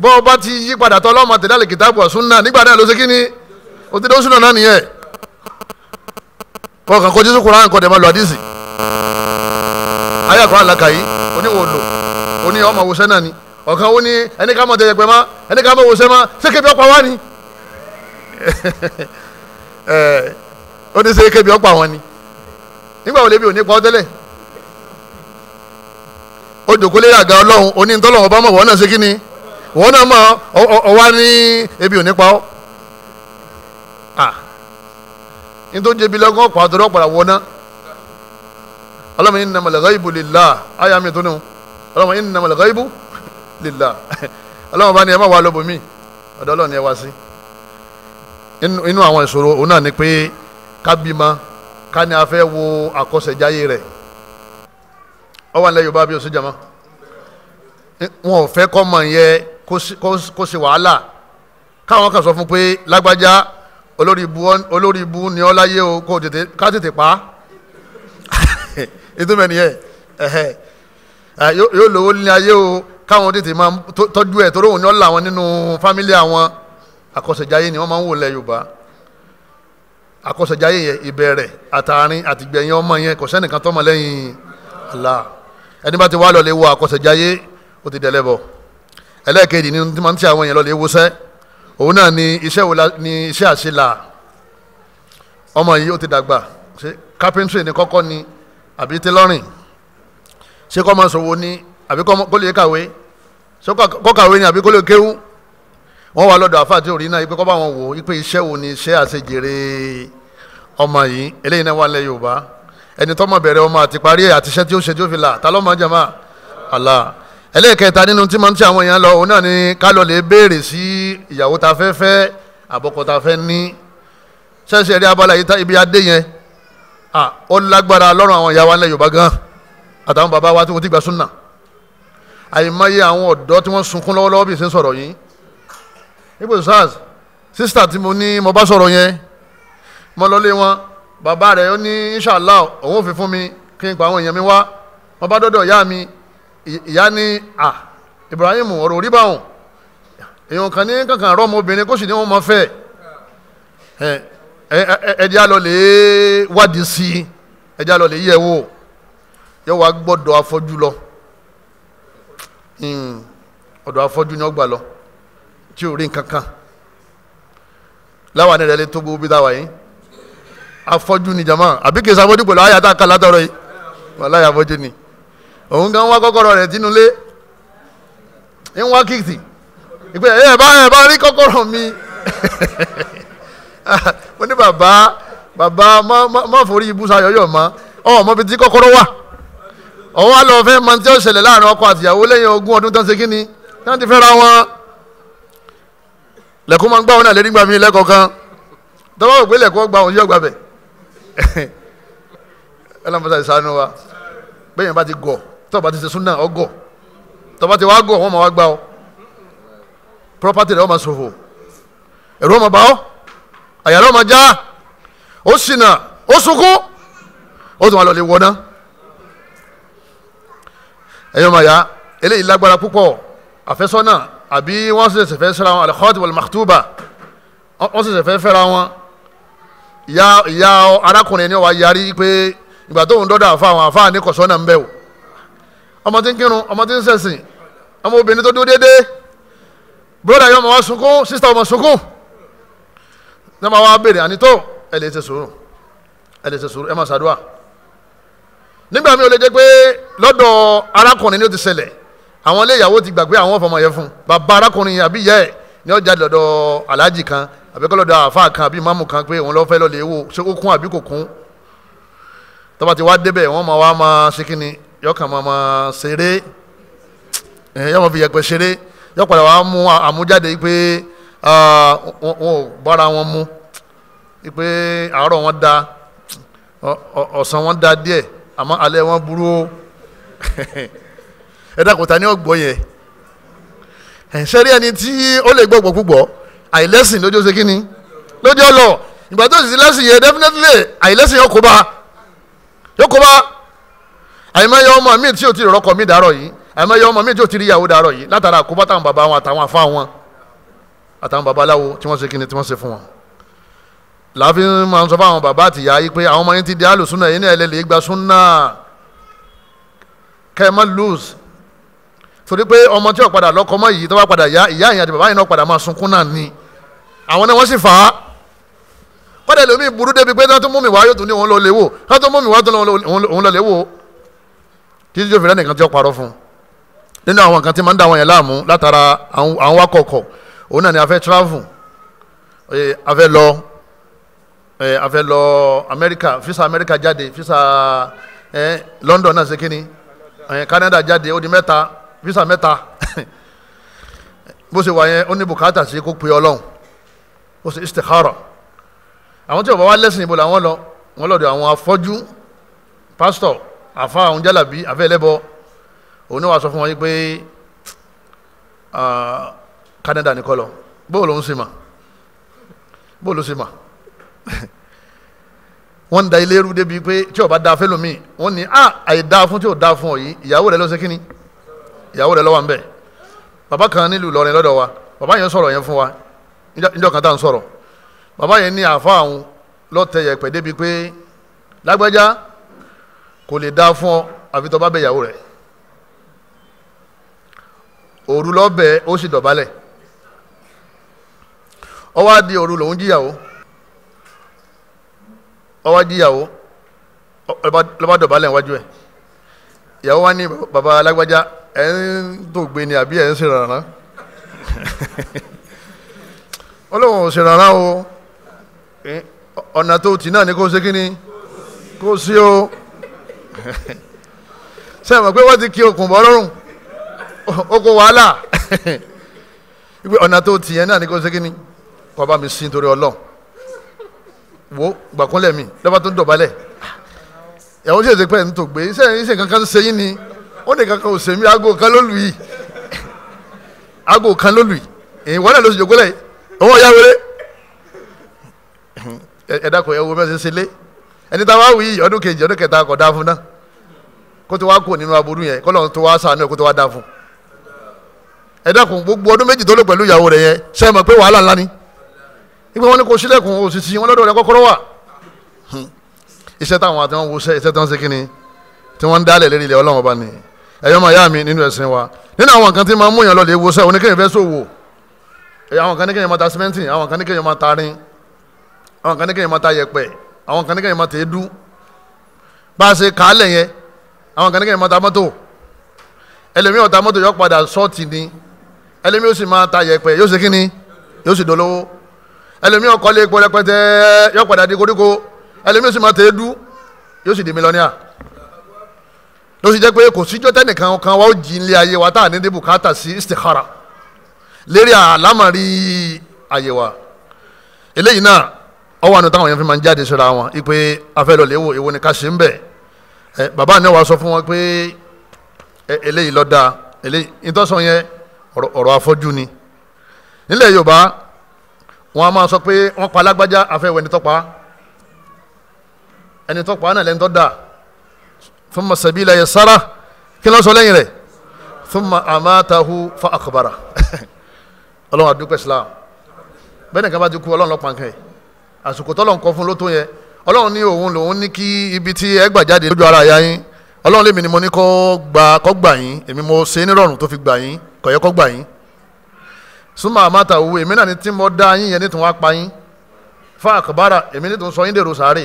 bọ́ ọ bá ti yí padà tọ́ lọ́mọ tẹ̀dálẹ̀ kìtàbù àsùnà nígbà náà ló ṣe kíni òtítọ́ súnà náà nìyẹn kọ̀ọ̀kan kó jésù kúrò àǹkọ̀ dẹ̀mọ́ lọ àdìsí ayé àkọ́ àlàkà yìí oníwòlò oní ọmọ òwòsàn náà ni ọ̀kan ó ní ẹni ká mọ̀ tẹ̀yẹ̀pẹ̀ má ẹni ká mọ̀ òwòsàn má ṣé kébi ọ̀pá wá ni ó ní ṣé kébi ọ̀pá wọn ni nígbà wo lébi òní pa tẹ́lẹ̀ ó dòkúlé àga ọlọ́run oní ntọ́lọ́run ọba mọ̀ wọ́n náà ṣe ni wọ́n náà mọ̀ ọ wá ní ebi òní pa ah nítorí jẹbi lọ́gán ọ̀pọ̀ àtọ́rọ́ padà wọná ọlọ́mọ innamal ghaibu lillah àyà mi tó ní o ọlọ́mọ innamal ghaibu lillah ọlọ́mọ bá ní ẹ má wà lóbo mi ọ̀dọ̀ ọlọ́run ni ẹ wá sí inú àwọn ìṣòro òun náà ni pé kábímọ ká ní a fẹ́ wo àkọsẹ̀jáyé rẹ̀ ọ wà lẹ́yìn Yorùbá bí o wọn ò fẹ́ kọ́ mọ̀ yẹ kó ṣe wàhálà káwọn kan sọ fún pé lágbájá olórí ibu ni ọ láyé o kó tètè ká tètè pa á ìtumọ̀ nìyẹn yóò lówó ní ayé o káwọn tètè máa tọ́jú ẹ̀ torí òun ni ọ là wọn nínú fámílì àwọn akọ̀sẹ̀jáyé ni wọ́n máa ń wò lẹ̀ Yorùbá akọ̀sẹ̀jáyé yẹn ìbẹ̀rẹ̀ àtàrin àtìgbẹ̀yìn ọmọ yẹn kò sẹ́nìkan tọ́mọ lẹ́yìn Allah ẹni bá ti wá lọ lè wo akọ̀sẹ̀jáyé ó ti dẹ̀lẹ́bọ̀ ẹlẹ́ẹ̀kejì ni tí wọ́n ti àwọn yẹn lọ lè wo sẹ́ẹ́ òun náà ni iṣẹ́ wo la ni iṣẹ́ àṣelà ọmọ yìí ó ti dàgbà ṣe carpentry ni kọ́kọ́ ni àbí tailoring ṣé kọ́ máa ṣòwò ni àbí kó lè kàwé ṣé kọ́ kàwé ni àbí kó lè kéwú wọ́n wà lọ́dọ̀ àfáà tí ò rí náà ipe kọ́ bá wọn wò ipe iṣẹ́ wo ni iṣẹ́ àṣejèrè ọmọ yìí eléyìí náà wà lẹ́ Yorùbá ẹni tọ́mọ bẹ̀rẹ̀ ọmọ àti parí àtiṣẹ́ tí ó ṣe tí ó fi là ta ló mọ̀ jàmá Allah ẹlẹ́ẹ̀kẹta nínú tí máa ń tí àwọn èèyàn lọ òun náà ni ká lọ lè béèrè sí ìyàwó ta fẹ́ fẹ́ àbọ̀kọ ta fẹ́ ní ṣẹ́ṣẹ́ rí abala yìí ibi adé yẹn ó lágbára lọ́rùn àwọn ìyá wa ńlẹ̀ Yorùbá gan àtàwọn bàbá wa tí wọ́n ti gba súnà àyèmáyé àwọn ọ̀dọ́ tí wọ́n sunkún lọ́wọ́lọ́wọ́ bí ṣe ń sọ̀rọ̀ yìí ibo sars sísítà tí mo ní mo bá sọ̀rọ̀ yẹn mo lọ lé wọn bàbá rẹ̀ ó ní inṣàlá òun ò fi fún mi kí n pa àwọn èèyàn mi wá mo bá dọ́dọ̀ ìyá mi ìyá ní à Ibrahim ọ̀rọ̀ orí báwọn èèyàn kan ní kankan rọ́ọ̀mù obìnrin kó sì ní wọn mọ fẹ́ ẹ ẹ ẹdí àlọ́ lè wádìí sí i ẹdí àlọ́ lè yẹ̀ wò yẹ wàá gbọ́dọ̀ afọ́jú lọ hmm, ọ̀dọ̀ afọ́jú ni ó gbà lọ tí ò rí nǹkan kan láwa ní ìrẹ̀lẹ̀ tó gbogbo bí táwa yìí afọ́jú ni jama àbí kìí sáfọ́jú pẹ̀lú àyàtà kan látọ̀rọ̀ yìí wàláyà afọ́jú ni òun gan wá kọ́kọ́rọ́ rẹ̀ tínú lé ń wá kìkì ìpè ẹ bá ẹ bá rí kọ́kọ́rọ́ mi mo ah, ní bàbá bàbá má forí ibú sayọ̀yọ̀ mọ́ ọ̀ mọ́ bí tí kọ́kọ́rọ́ wà ọ̀wọ́ àlọ́ fẹ́ máa tí ó ṣẹlẹ̀ láàrin ọkọ àtìyàwó lẹ́yìn ogún ọdún tán ṣe kí ni tán ti fẹ́ ra wọn lẹ́kọ́ máa ń gbà wọn náà lé nígbà míì lẹ́kọ̀ọ́ kan tọ́wọ́ òpè lẹ́kọ́ gba òun yọ̀ gbàbẹ̀ ẹ lọ́mọ sáà ìsánú wa bẹ́ẹ̀ yẹn bá ti gọ̀ tọ́ba ti ṣe súnà ọgọ́ tọ́ba ti wá gọ̀ wọ́n máa wá gbá ọ property rẹ̀ wọ́n máa ṣòfò ẹ̀rọ ọmọ bá ọ àyàrá ọmọ já ó ṣìnà ó sunkún ó tún wà lọ́ọ́ lè wọ́ná ẹ̀yọ́ máa yá eléyìí lágbára púpọ̀ àfẹ́sọ́nà àbí wọ́n sì ṣẹ̀fẹ́ sẹ́ra wọn al-khatib wal-makhtuba wọ́n sì ṣẹ̀fẹ́ fẹ́ra wọn ìyá arákùnrin ni wọ́n wá yarí pé ìgbà tóun dọ́dọ̀ àfa àwọn àfa ní kọ̀sọ́nà ń bẹ̀ wò ọmọ tí ń kírun ọmọ tí ń sẹ̀sìn ọmọ obìnrin tó dúró déédéé broda yóò mọ wá sunkún sista ọmọ sunkún ní ọmọ wa béèrè ànító ẹ lè ṣe sùúrù ẹ lè ṣe sùúrù ẹ máa ṣàdúrà nígbà míì ó lè jẹ́ pé lọ́dọ̀ arákùnrin ni ó ti ṣẹlẹ̀ àwọn ilé ìyàwó ti gbàgbé àwọn fọmọ yẹn fún bàbá arákùnrin àbí yẹ ẹ ni ó jáde lọ́dọ̀ aláàjì kan àbí kọ́ lọ́dọ̀ àáfàá kan àbí máàmù kan pé òun lọ́ọ́ fẹ́ lọ́ọ́ lè wo ṣé ó kún àbí kò kún tó ti wá débẹ̀ wọ́n máa wá máa ṣe kí ni yọkàn máa ma ṣeré yọ máa fi yẹpẹ ṣeré yọ wàá mú àmújáde pé wọn ò bára wọn mu pé àárọ̀ wọn da ọ̀sán wọn da díẹ̀ àmọ́ alẹ́ wọn burú o ẹ dákun ta ni ọgbọ́ yẹn ṣẹ́rí ẹni tí ó lè gbọ́ gbọ́gbọ́ àìlẹ́sìn lójó ṣe kí ni lójó lọ ìgbà tó sì ti lẹ́sìn yẹn definitely àìlẹ́sìn yóò kó bá yóò kó bá àyèmáyé ọmọ mi tí o ti rọkọ mi dàrọ yìí àyèmáyé ọmọ mi tí o ti rí ìyàwó dàrọ yìí látara àkóbá táwọn baba wọn àtàwọn afá wọn àtàwọn babaláwo tí wọ́n ṣe kíni tí wọ́n ṣe fún wọn. láàfin máa ń sọ fáwọn baba àti ìyá yìí pé àwọn ọmọ yín ti di àlùsúnà yìí ní ẹlẹ́lẹ́ gba súnà kẹ́ ẹ má lose torí pé ọmọ tí ó padà lọ́kọ mọ́ yìí tó bá padà yá ìyá yìí àti ni àwọn náà wọ́n sì fà á kọ́dà lómi burú débi pé tó tún mú mi wá yóò tún ní òun lọ léwò tó mú mi wá tó òun lọ léwò títí tó fi rẹ́ nìkan tí ó parọ́ fún nínú àwọn nǹkan tí máa ń da àwọn yẹn láàmú látara àwọn wakọ̀kọ̀ òun náà ni a fẹ́ travel a fẹ́ lọ a fẹ́ lọ Amẹ́ríkà fisa Amẹ́ríkà jáde fisa London náà ṣe kínní Canada jáde ó di mẹ́ta fisa mẹ́ta bó ṣe wà yẹn ó ní bùkátà sí kó pe Ọlọ́run ó ṣe istikhara àwọn tí ó bá wá lẹ́sìn ìbò làwọn lọ wọn lọ́dọ̀ àwọn afọ́jú pásítọ̀ àfa àwọn jálàbí àfẹ́ ẹlẹ́bọ òun náà wàá sọ fún wọn yìí pé Canada ní kọlọ bóòlù ń sè mà bóòlù sè mà wọ́n ń da ilé rú débi pé tí o bá da fẹ́ lómi wọ́n ní a àyè da fún tí o da fún ọ yìí ìyàwó rẹ ló ṣe kíni ìyàwó rẹ lọ́wọ́ à ń bẹ̀ bàbá kan nílùú lọ́rin lọ́dọ̀ wa bàbá yẹn sọ̀rọ̀ yẹn fún wa níjọ́ kan tá à ń sọ̀rọ̀ yẹn ní àfa àwọn lọ́tẹ̀ yẹpẹ̀ débi pé lágbájá kò lè dá fún ọ àfi tó bá bẹ ìyàwó rẹ̀ òru lọ́bẹ̀ ó sì dọ̀bálẹ̀ ó wá di òru lòún jíyàwó ó wá jíyàwó lọ́ba dọ̀bálẹ̀ wájú ẹ̀ ìyàwó wa ní baba alágbájá ẹ̀ ń tó gbé ni àbí ẹ̀ ń ṣe rànràn ọlọ́wọ́n ò ṣe rànràn o ọ̀nà tó tì náà ni kò ṣe kí kò sí o. ṣé ẹ mọ̀ pé wọ́n ti kí okùn bọ́ lọ́rùn oko wàhálà ibi ọ̀nà tó tiẹ̀ náà ni kò ṣe bá mi sin torí wo gbàkúnlẹ̀ mi lọ́ba tó ń dọ̀bálẹ̀ ìyàwó ṣe ṣe pẹ́ ń tó gbé iṣẹ́ iṣẹ́ kankan ṣe yín ni ó ní kankan ò sèmi aago kan ló yìí aago kan yìí náà ẹni tá a wá wí ọdún kejì ọdún kẹta kò dá fún náà kó tó wá kó nínú aburú yẹn kó lọ́n tó wá sànú ẹ̀ kó tó wá dá fún. ẹ dákun gbogbo ọdún méjì tó lò pẹ̀lú ìyàwó rẹ̀ yẹn ṣe é mọ̀ pé wàhálà ńlá ni ipe wọn ni kò sílẹ̀kùn òṣìṣì wọn lọ́dọ̀ rẹ̀ kọ́kọ́rọ́ wà. Hmm. iṣẹ́ táwọn àti wọn wo iṣẹ́ tí wọ́n ṣe kíni tí wọ́n ń dálẹ̀ lérí ilẹ̀ ọlọ́run ọba ni ẹ̀yọ́ máa yá mi nínú ẹ̀sìn wa nínú àwọn nǹkan tí máa mú yàn lọ́lẹ̀ ìwòsàn oníkẹ́yìn fẹ́ sòwò àwọn kan ní kẹ́yìn máa ta simẹ́ntì àwọn kan ní máa ta rin àwọn kan ní máa ta yẹ̀pẹ̀ àwọn kan ní kẹ́yìn máa tẹ̀ é dú bá a ṣe kàálẹ̀ yẹn àwọn kan ní kẹ́yìn máa ta mọ́tò ẹlẹ́mi ọ̀tá mọ́tò yọ padà sọ́ọ̀tì ni ẹlẹ́mi ó sì máa ta yẹ̀pẹ̀ yóò ṣe kí ni yóò sì dolówó ẹlẹ́mi ọkọ̀ lé epo rẹpẹtẹ yọ padà di koríko ẹlẹ́mi ó sì máa tẹ̀ dú yóò sì di mílíọ̀nìyà ló sì jẹ́ pé kò síjọ́ tẹ́nìkan kan wá ó jí ilé ayé wa tá ní dé bùkátà sí istikhara lérí àlámàrí àyè wa eléyìí náà ọwọ́ àná táwọn èèyàn fi máa ń jáde síra wọn ipe afẹ́lọ́ léwo èwo ni ká ṣe ń bẹ̀ ẹ bàbá àná wa sọ fún wọn pé e, eléyìí lọ́dà eléyìí ìtọ́sọ yẹn ọ̀rọ̀ afọ́jú ni nílẹ̀ Yorùbá wọn a máa sọ pé wọ́n pa alágbájá afẹ́wọ̀ ẹni tọ́pa ẹni tọ́pa náà lẹ́ni tọ́ da fún masabila yẹ sára kí ló sọ lẹ́yìn rẹ̀ fún ma amátahu fa akabara ọlọ́run adúpẹ́ Islam bẹ́ẹ̀ ni kí wọ́n bá ti kú ọlọ́run lọ́pàá nǹkan yìí àsìkò tọ́lọ̀ nǹkan fún ló tó yẹn ọlọ́run ní òun lòun ní kí ibi tí ẹ gbà jáde lójú ara ya yín ọlọ́run lèmi ni mo ní kó gbà kó gbà yín èmi mo ṣe é nírọ̀rùn tó fi gbà yín kò yẹ kó gbà yín súnmọ́ àmàtà òwe èmi náà ni tí mo dá yín yẹn ní tí wọ́n á pa yín fún àkàbàrà èmi ní tí wọ́n sọ yín dèrò sàárè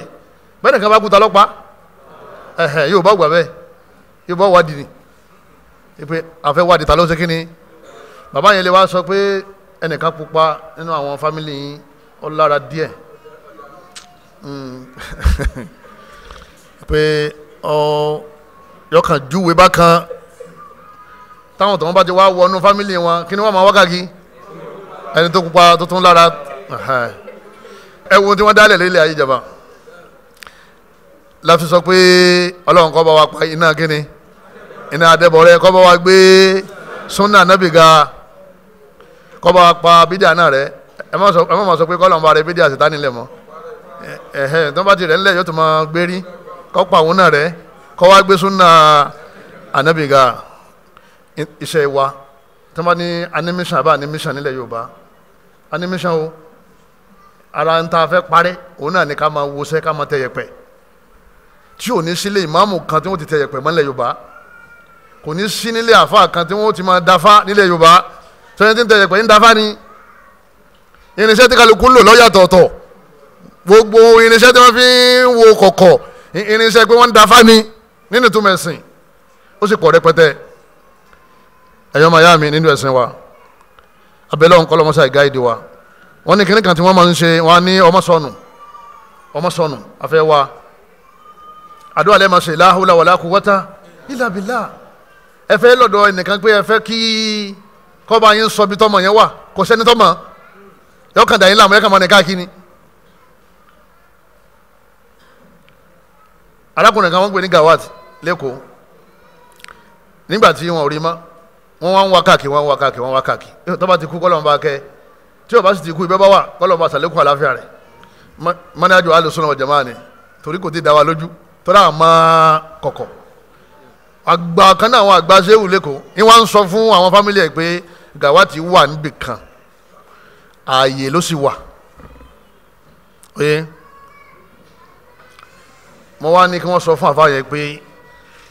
bẹ́ẹ̀ nìkan bá kú ta lọ́pàá ẹ̀hẹ̀ yóò bá gbà bẹ́ẹ̀ yóò bá wádìí ni pé àfẹ́ wádìí ta ló ni bàbá yẹn lè wá sọ pé ẹnìkan pupa nínú àwọn fámìlì yín pé ọ yọkàn júwe bákan táwọn tó wọn bá ti wá wọnú fámìlì wọn kí ni wọn máa wákàkí ẹni tó pupa tó tún lára ẹ wo tí wọn dálẹ̀ lélẹ̀ ayé ìjọba láti sọ pé ọlọ́run kọ́ bá wa pa iná kíni iná adébọ̀rẹ́ kọ́ bá wa gbé sunna nábìga kọ́ bá wa pa bídíà náà rẹ ẹ má sọ pé kọ́ rẹ bídíà sí tánilẹ̀ mọ́. ẹ̀hẹ́n tó bá ti yóò tó máa gbérí kọ́ pa òun náà rẹ̀ kọ́ wá gbé súnà ànábìgà iṣẹ́ wa tó bá ní animation àbá animation nílẹ̀ Yorùbá o ara ń ta fẹ́ parẹ́ òun náà ni ká máa wọṣẹ́ ká máa tẹ tí ò ní sílé ìmáàmù kan tí wọ́n ti tẹ mọ́lẹ̀ Yorùbá kò ní sí nílé kan tí wọ́n ti máa dafa nílẹ̀ Yorùbá tí ni irinṣẹ́ tí kálukú gbogbo irinṣẹ́ tí wọ́n fi ń wo kọ̀kọ̀ irinṣẹ́ pé wọ́n ń dafa ni nínú ìtumọ̀ ẹ̀sìn ó sì pọ̀ rẹpẹtẹ ẹ̀yọ́ màyá mi nínú ẹ̀sìn wa abẹ́lẹ́ ọ̀hún kọ́lọ́mọṣá ìgá ìdí wa wọ́n ní kíní kan tí wọ́n máa ń ṣe wọ́n ní ọmọ sọnù ọmọ sọnù afẹ́ wa àdúrà lẹ́ẹ̀ máa ṣe la hawla wala quwwata illa billah ẹ fẹ́ lọ́dọ̀ ẹnìkan pé ẹ fẹ́ kí kọ́ba yín sọ bí tọ́mọ yẹn wà kò sẹ́ni tọ́mọ yọkàn dà láàmú yọkàn máa ní káàkiri arákùnrin kan wọ́n ń pè ní Gawat lẹ́kọ̀ọ́ nígbà tí wọn ò rí mọ́ wọ́n wá ń wá káàkiri wọ́n ń wá káàkiri wọ́n ń wá káàkiri tó bá ti kú kọ́lọ́n bá kẹ́ tí o bá sì ti kú ibẹ́ bá wà kọ́lọ́n bá sàlékún àlàáfíà rẹ̀ mọ́nájú alùsùn náà jẹ̀máà ni torí kò ti dá wa lójú tọ́lá àmọ́ kọ̀kọ̀ àgbà kan náà àwọn àgbà sẹ́wù lẹ́kọ̀ọ́ ni wọ́n ń sọ fún àwọn fámìlì ẹ̀ pé Gawat wà níbì kan ààyè ló sì wà mo wá ní kí wọ́n sọ fún àfáà yẹn pé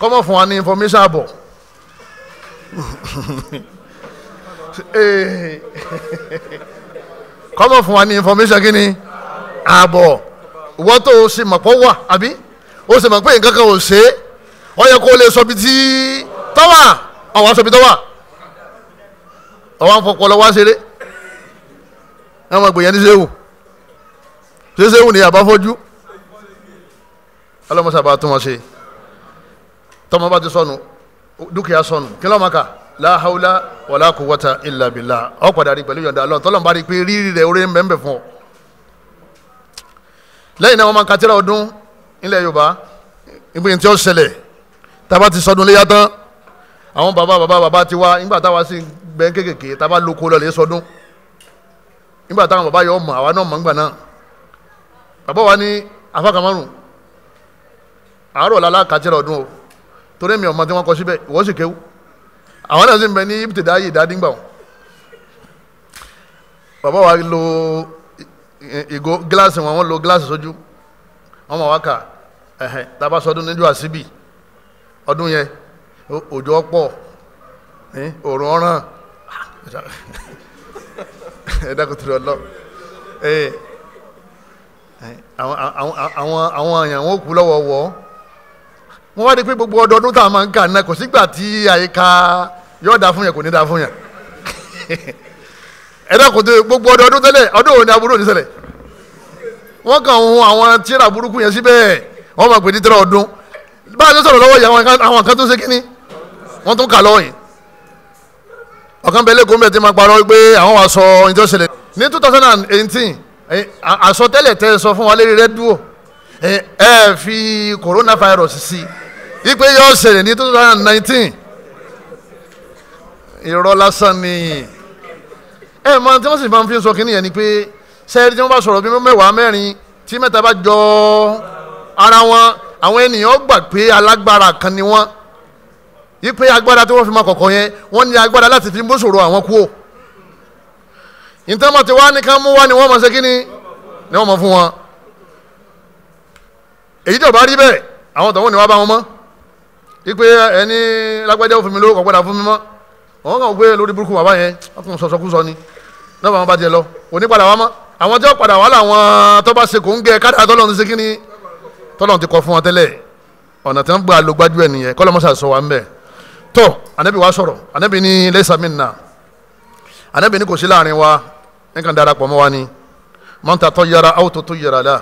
kọ́mọ̀ fún wa ní information àbọ̀ eh, kọ́mọ̀ fún wa ní information kí ni àbọ̀ wọ́n tó ṣe mọ̀pọ̀ wà àbí ó ṣe mọ̀ pé nǹkan kan ò ṣe é ó yẹ kó lè sọ bí tí tọ́wà ọ̀wá sọ bí tọ́wà ọ̀wá fọpọ̀ lọ́wọ́ ṣeré ẹ̀ máa gbìyànjú ṣéwù ṣéṣéwù ni àbá fọ́jú ọlọ́mọṣà bá tún wọn ṣe tọmọ bá ti sọnù dúkìá sọnù kí lọ́ọ́ máa kà la hawla wala quwwata illa billah ọ padà rí pẹ̀lú yọ̀ǹda ọlọ́run tọ́lọ́run bá rí i pé rírì rẹ̀ orí ń bẹ fún ọ. lẹ́yìn náà wọ́n máa ń katira ọdún nílẹ̀ yorùbá ibi tí ó ṣẹlẹ̀ tába ti sọdún léyà tán àwọn bàbá bàbá bàbá ti wá nígbà táwa sì gbẹ kékèké tába lóko lọ lè sọdún nígbà táwọn bàbá yọ ọmọ àwa náà mọ̀ ń gbà náà bàbá wa ní afákàmárùn àárọ̀ lálá kàtẹ́rẹ̀ ọdún o torí mi ọmọ tí wọ́n kọ síbẹ̀ ìwọ sì kéwú àwọn náà sì ń bẹ ní ibùdó ayé ìdádíngbà wọn. bàbá wa lo ìgò gíláàsì wọn lo gíláàsì sójú ọmọ kà tábà ọdún yẹn mo wá di pé gbogbo ọdọọdún tá a máa ń kà náà kò sígbà tí àyíká yóò dáa fún yẹn kò ní dáa fún yẹn ẹ dákun tó gbogbo ọdọọdún tẹ́lẹ̀ ọdún òní aburú òní ṣẹlẹ̀ wọ́n kàn ń àwọn tíra burúkú yẹn síbẹ̀ wọ́n máa pè ní tíra ọdún bá a sọ̀rọ̀ lọ́wọ́ yìí àwọn kan tó ṣe kínní wọ́n tún kà lọ́wọ́ yìí ọ̀kan bẹ́ẹ̀ lẹ́kọ̀ọ́ mẹ́tẹ́ máa parọ́ pé àwọn wa sọ ohun tó ṣẹlẹ̀ ní two thousand and eighteen àsọtẹ́lẹ̀ tẹ́ sọ fún wa lérí rẹ́díò ẹ fi coronavirus sí i wípé yóò ṣẹlẹ̀ ní two thousand nineteen irọ́ lásán ni ẹ mọ tí wọ́n sì máa ń fi sọ kínní yẹn ni pé sẹ́ẹ̀rì tí wọ́n bá sọ̀rọ̀ bí mẹ́wàá mẹ́rin tí mẹ́ta bá jọ ara wọn àwọn ènìyàn gbà pé alágbára kan ni wọ́n wípé agbára tí wọ́n fi máa kọ̀kọ̀ yẹn wọ́n ní agbára láti fi bóṣòro àwọn kú o ìtẹ́mọ̀ tí wàá ní ká mú wá ni wọ́n mọ̀ ṣe kínní ni wọ́n mọ̀ fún wọn èyí tó bá rí bẹ́ẹ̀ àwọn tọ̀wọ́n ni wàá bá wọn mọ́ ipe ẹni lágbájá òfin mi lówó kọ̀ padà fún mi mọ́ àwọn kan gbé lórí burúkú bàbá yẹn wọn kàn sọsọkú sọ ni náà bàbá bá tiẹ̀ lọ òní padà wá mọ́ àwọn tí wọ́n padà wá làwọn tó bá ṣe ń gẹ kádà tọ́lọ̀ ń ṣe kí ni tọ́lọ̀ ti kọ fún wọn tẹ́lẹ̀ ọ̀nà tí wọ́n gbà ló gbájú nìyẹn kọ́lọ́ mọ́sà sọ wa ń bẹ̀ tọ́ anabi wa sọ̀rọ̀ anabi ni laysa minna anabi ni kò sí láàrin wa nǹkan darapọ̀ mọ́ wa ni man tatayyara aw tutayyara la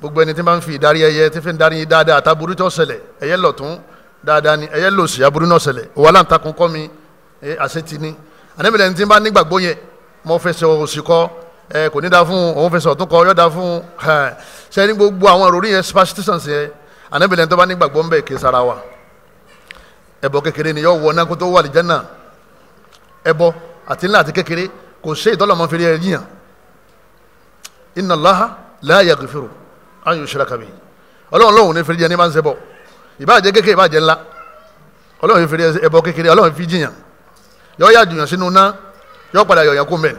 gbogbo ẹni tí wọ́n fi ìdarí ẹyẹ tí fi ń darí dáadáa àtàbùrú tó ṣẹlẹ̀ ẹyẹ lọ̀tún dáadáa ni ẹyẹ lòsì aburú náà ṣẹlẹ̀ wàhálà ń takùn kọ́ mi ẹ àṣẹ ti ní ànẹ́bìlẹ̀ ní ti bá nígbàgbọ́ yẹn mo fẹsẹ̀ òsì kọ́ ẹ kò ní da fún òun fẹsẹ̀ ọ̀tún kọ́ yọ̀ da fún ẹ ṣe ní gbogbo àwọn ìròrí yẹn superstitions yẹn ànẹ́bìlẹ̀ ní tó bá nígbàgbọ́ ń bẹ̀ kí sara wa ẹbọ kékeré ni yọ wọ náà kó tó wà lìjánà ẹbọ àti ńlá àti kékeré kò ṣe ìtọ́lọ́mọ fi rí ẹ yíyàn inna Allaha la yaghfiru an yushraka bihi ọlọ́run ìbáàjẹ́ kékeré ìbáàjẹ́ ńlá ọlọ́run fi fèrè ẹbọ kékeré ọlọ́run fi jiyàn yọ ya jiyàn sínú ná yọ padà yọ̀yàn kú mẹ́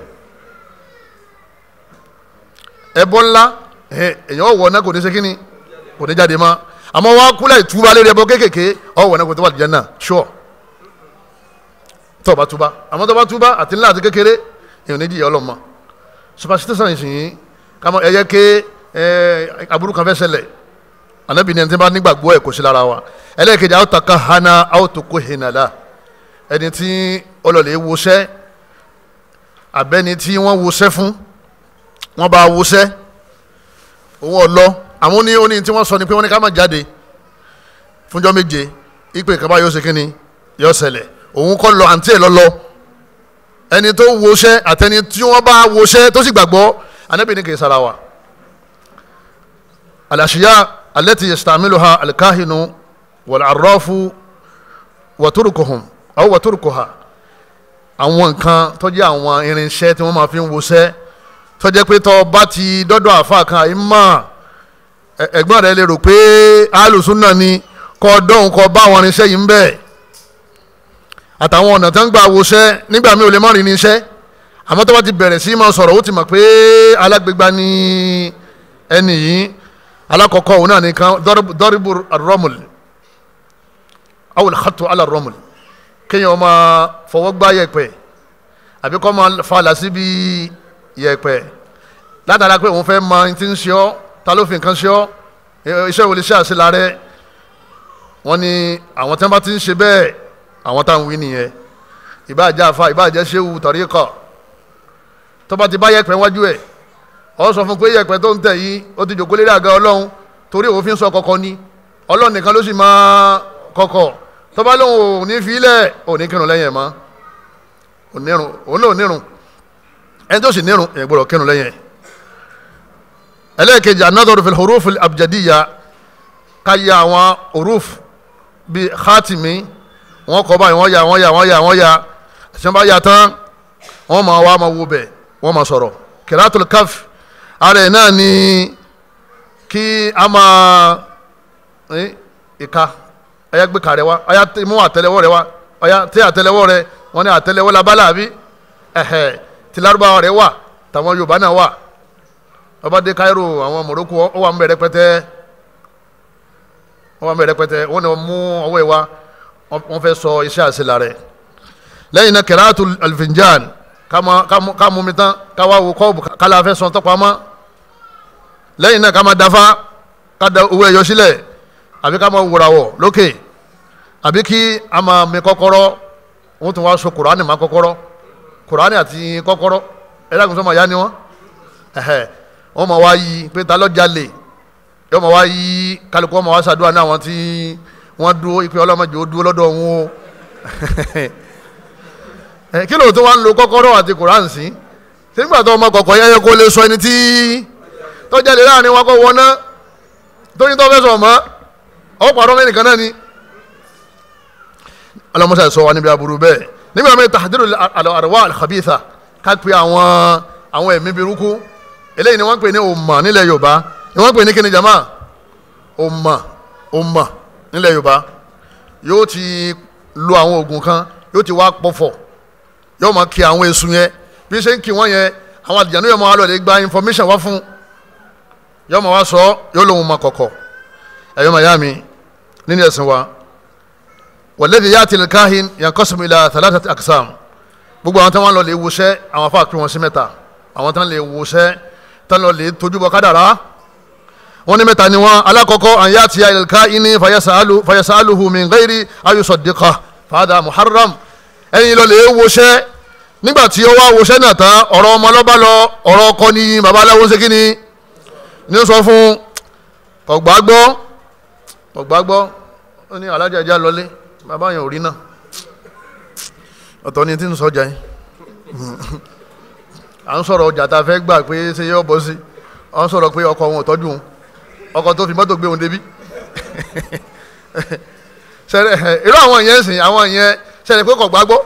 ẹbọ ńlá èyàn ọ̀wọ̀ náà kò ní sékíní kò ní jáde mọ́ àmọ́ wá kúlẹ̀ ìtúbà lórí ẹbọ kékèké ọ̀wọ̀ náà kò tó wà lìjẹ́ náà sure tọ́ba túbá àmọ́ tọ́ba túbá àti ńlá àti kékeré èyàn ní jìyà ọlọ́mọ superstition yìí ká ẹyẹ ké aburú kan fẹ́ ṣẹlẹ̀ anabi ní ẹni tí bá nígbàgbọ́ ẹ̀ kò sí lára wa ẹlẹ́ẹ̀kejì àwọn taka hana àwọn tó kó hinala ẹni tí ọlọ́lẹ̀ wọṣẹ́ abẹ́ni tí wọ́n wọṣẹ́ fún wọ́n bá wọṣẹ́ òun ọ̀lọ́ àwọn oní oní tí wọ́n sọ ni pé wọ́n ní ká má jáde fúnjọ́ méje ìpè kaba yóò ṣe kínni yóò ṣẹlẹ̀ òun kọ́ lọ àǹtí ẹ̀ lọ́lọ́ ẹni tó wọṣẹ́ àtẹni tí wọ́n bá wọṣẹ́ tó sì gbàgbọ́ anabi ní kì í sara wa àlàṣíyá التي يستعملها الكاهن والعراف وتركهم أو وتركها àwọn nǹkan tó jẹ́ àwọn irinṣẹ́ tí wọ́n máa fi ń wọṣẹ́ tó jẹ́ pé tó bá ti dọ́dọ̀ àfa kan àìmọ̀ ẹ̀gbọ́n rẹ̀ lè rò pé alùsùnà ni kọ́ dọ́hùn kọ́ bá àwọn irinṣẹ́ yìí ń bẹ̀ àtàwọn ọ̀nà tó ń gbà wọṣẹ́ nígbà míì ò lè má rìn irinṣẹ́ àmọ́ tó bá ti bẹ̀rẹ̀ sí máa sọ̀rọ̀ ó ti mọ̀ pé alágbègbà ni ẹni yìí alakọkọ òun náà nìkan dọribu rọmùl awul hatu ala rọmùl kéèyàn máa fọwọ́ gbá yẹ̀pẹ̀ àbí kọ́ máa falà síbi yẹ̀pẹ̀ látara pé òun fẹ́ máa ti ń ṣe ọ́ ta ló fi nǹkan ṣe ọ́ iṣẹ́ wo lè ṣe àṣìlá rẹ̀ wọ́n ní àwọn tí wọ́n bá ti ń ṣe bẹ́ẹ̀ àwọn tá à ń wí nìyẹn ìbáàjẹ́ àfa ìbáàjẹ́ ṣéwu tọ̀ríkọ̀ tó ti bá yẹ̀pẹ̀ wájú ẹ̀ ọ sọ fún pé yẹ̀pẹ̀ tó ń tẹ̀ yìí ó ti jòkó lérí àga ọlọ́run torí òfin sọ kọ̀kọ̀ ni ọlọ́run nìkan ló sì máa kọ̀kọ̀ tọ́ba lóhùn ò ní filẹ̀ ò ní kírun lẹ́yìn ẹ̀ mọ́ onírun òun náà onírun ẹni tó sì nírun ẹ̀ gbọ́dọ̀ kírun lẹ́yìn ẹ̀ ẹlẹ́ẹ̀kejì anadọ́rọ̀ fil huruf abjadiya ká ya àwọn huruf bíi khatimi wọ́n kọ́ báyìí wọ́n ya wọ́n ya wọ́n ya wọ́n ya àti wọ́n tán wọ́n máa wá máa wo bẹ̀ wọ́n máa sọ̀rọ̀ kìrátùl káfí ara ẹ̀ náà ni kí a máa ìka ọ̀yá gbé ka rẹ wá ọ̀yá mú àtẹlẹwọ́ rẹ wá ọ̀yá tí àtẹlẹwọ́ rẹ wọ́n ní àtẹlẹwọ́ la bala àbí ẹ̀hẹ̀ tí Lárúbáwá rẹ wà tàwọn Yorùbá náà wà ọba dé Cairo àwọn Morocco ó wà ń bẹ̀rẹ̀ pẹ́tẹ́ ó wà ń bẹ̀rẹ̀ pẹ́tẹ́ wọ́n ní mú ọwọ́ ẹ̀ wá wọ́n fẹ́ sọ iṣẹ́ àṣìlá rẹ̀ lẹ́yìn náà kẹ̀rẹ́ àtúnfinjan ká mú mi tán ká wá wo kọ́ọ̀bù ká la fẹ́ sọ tọ́pamọ́ lẹ́yìn náà ká máa dáfá ká da owó ẹ̀yọ sílẹ̀ àbí ká máa wùràwọ̀ lókè àbí kí a máa mi kọ́kọ́rọ́ wọ́n tún wá so kùránì má kọ́kọ́rọ́ kùránì àti kọ́kọ́rọ́ ẹ̀rọ àgùntàn máa yá ni wọ́n wọ́n máa wá yí pé ta lọ́jà lè yọ́ máa wá yí kálukú wọ́n máa wá ṣàdúrà ní àwọn tí wọ́n dúró ìpè ọlọ́mọdé ó dúró lọ́dọ̀ wọn o. kí ló tó wá ń lo kọ́kọ́rọ́ àti koran sí nígbà tó ọmọ kọ̀ọ̀kan yẹ́yẹ́ kó lè sọ ẹni tí tó jáde láàrin wọn kó wọná tó ní tó fẹ́ sọ mọ́ ọ́ pàrọ̀ mẹ́rin kan náà ni alamusa sọ wa níbi aburú bẹ́ẹ̀ nígbà mi tahadiru alawa alhabitha ká pe àwọn àwọn ẹ̀mí burúkú eléyìí ni wọ́n pè ní òmà nílẹ̀ yorùbá ni wọ́n pè ní kíni jama òmà òmà nílẹ̀ yorùbá yóò ti lo àwọn oògùn kan yóò ti wá pọ̀fọ̀ yóò máa kí àwọn èṣù yẹn bí ṣe ń kí wọ́n yẹn àwọn àdìjànú yóò máa lọ lè gba information wá fún yóò máa wá sọ yóò lóun máa kọ̀kọ̀ ẹ̀yọ́ màá yá mi nínú ẹ̀sìn wa walladhi ya'ti al-kahin yanqasimu ila thalathati aqsam gbogbo àwọn tí wọ́n lọ lè wọṣẹ́ àwọn afá pín wọn sí mẹ́ta àwọn tí wọ́n lè wọṣẹ́ tí wọ́n lọ lè tójú bọ kádàrá wọ́n ní mẹ́ta ni wọ́n alákọ̀ọ́kọ́ an ya'tiya ila al fayasaluhu min ghairi ayusaddiqa fada muharram ẹ̀yin lọ lè woṣẹ́ nígbà tí ó wá woṣẹ́ náà tán ọ̀rọ̀ ọmọ lọ́ba lọ ọ̀rọ̀ ọkọ ni babaláwo ń ṣe kí ni ní sọ fún ọ̀gbágbọ́ ọ̀gbágbọ́ ó ní alájà ìjà lọlé bàbá yẹn ò rí náà ọ̀tọ̀ ni tí ń sọjà yẹn à ń sọ̀rọ̀ ọjà tá a fẹ́ gbà pé ṣe yọ bọ́ sí à ń sọ̀rọ̀ pé ọkọ wọn ò tọ́jú wọn ọkọ tó fi mọ́tò gbé wọn débí ṣẹlẹ̀ irú àwọn yẹn sìn àwọn yẹn sẹ́ni pé kò gbàgbọ́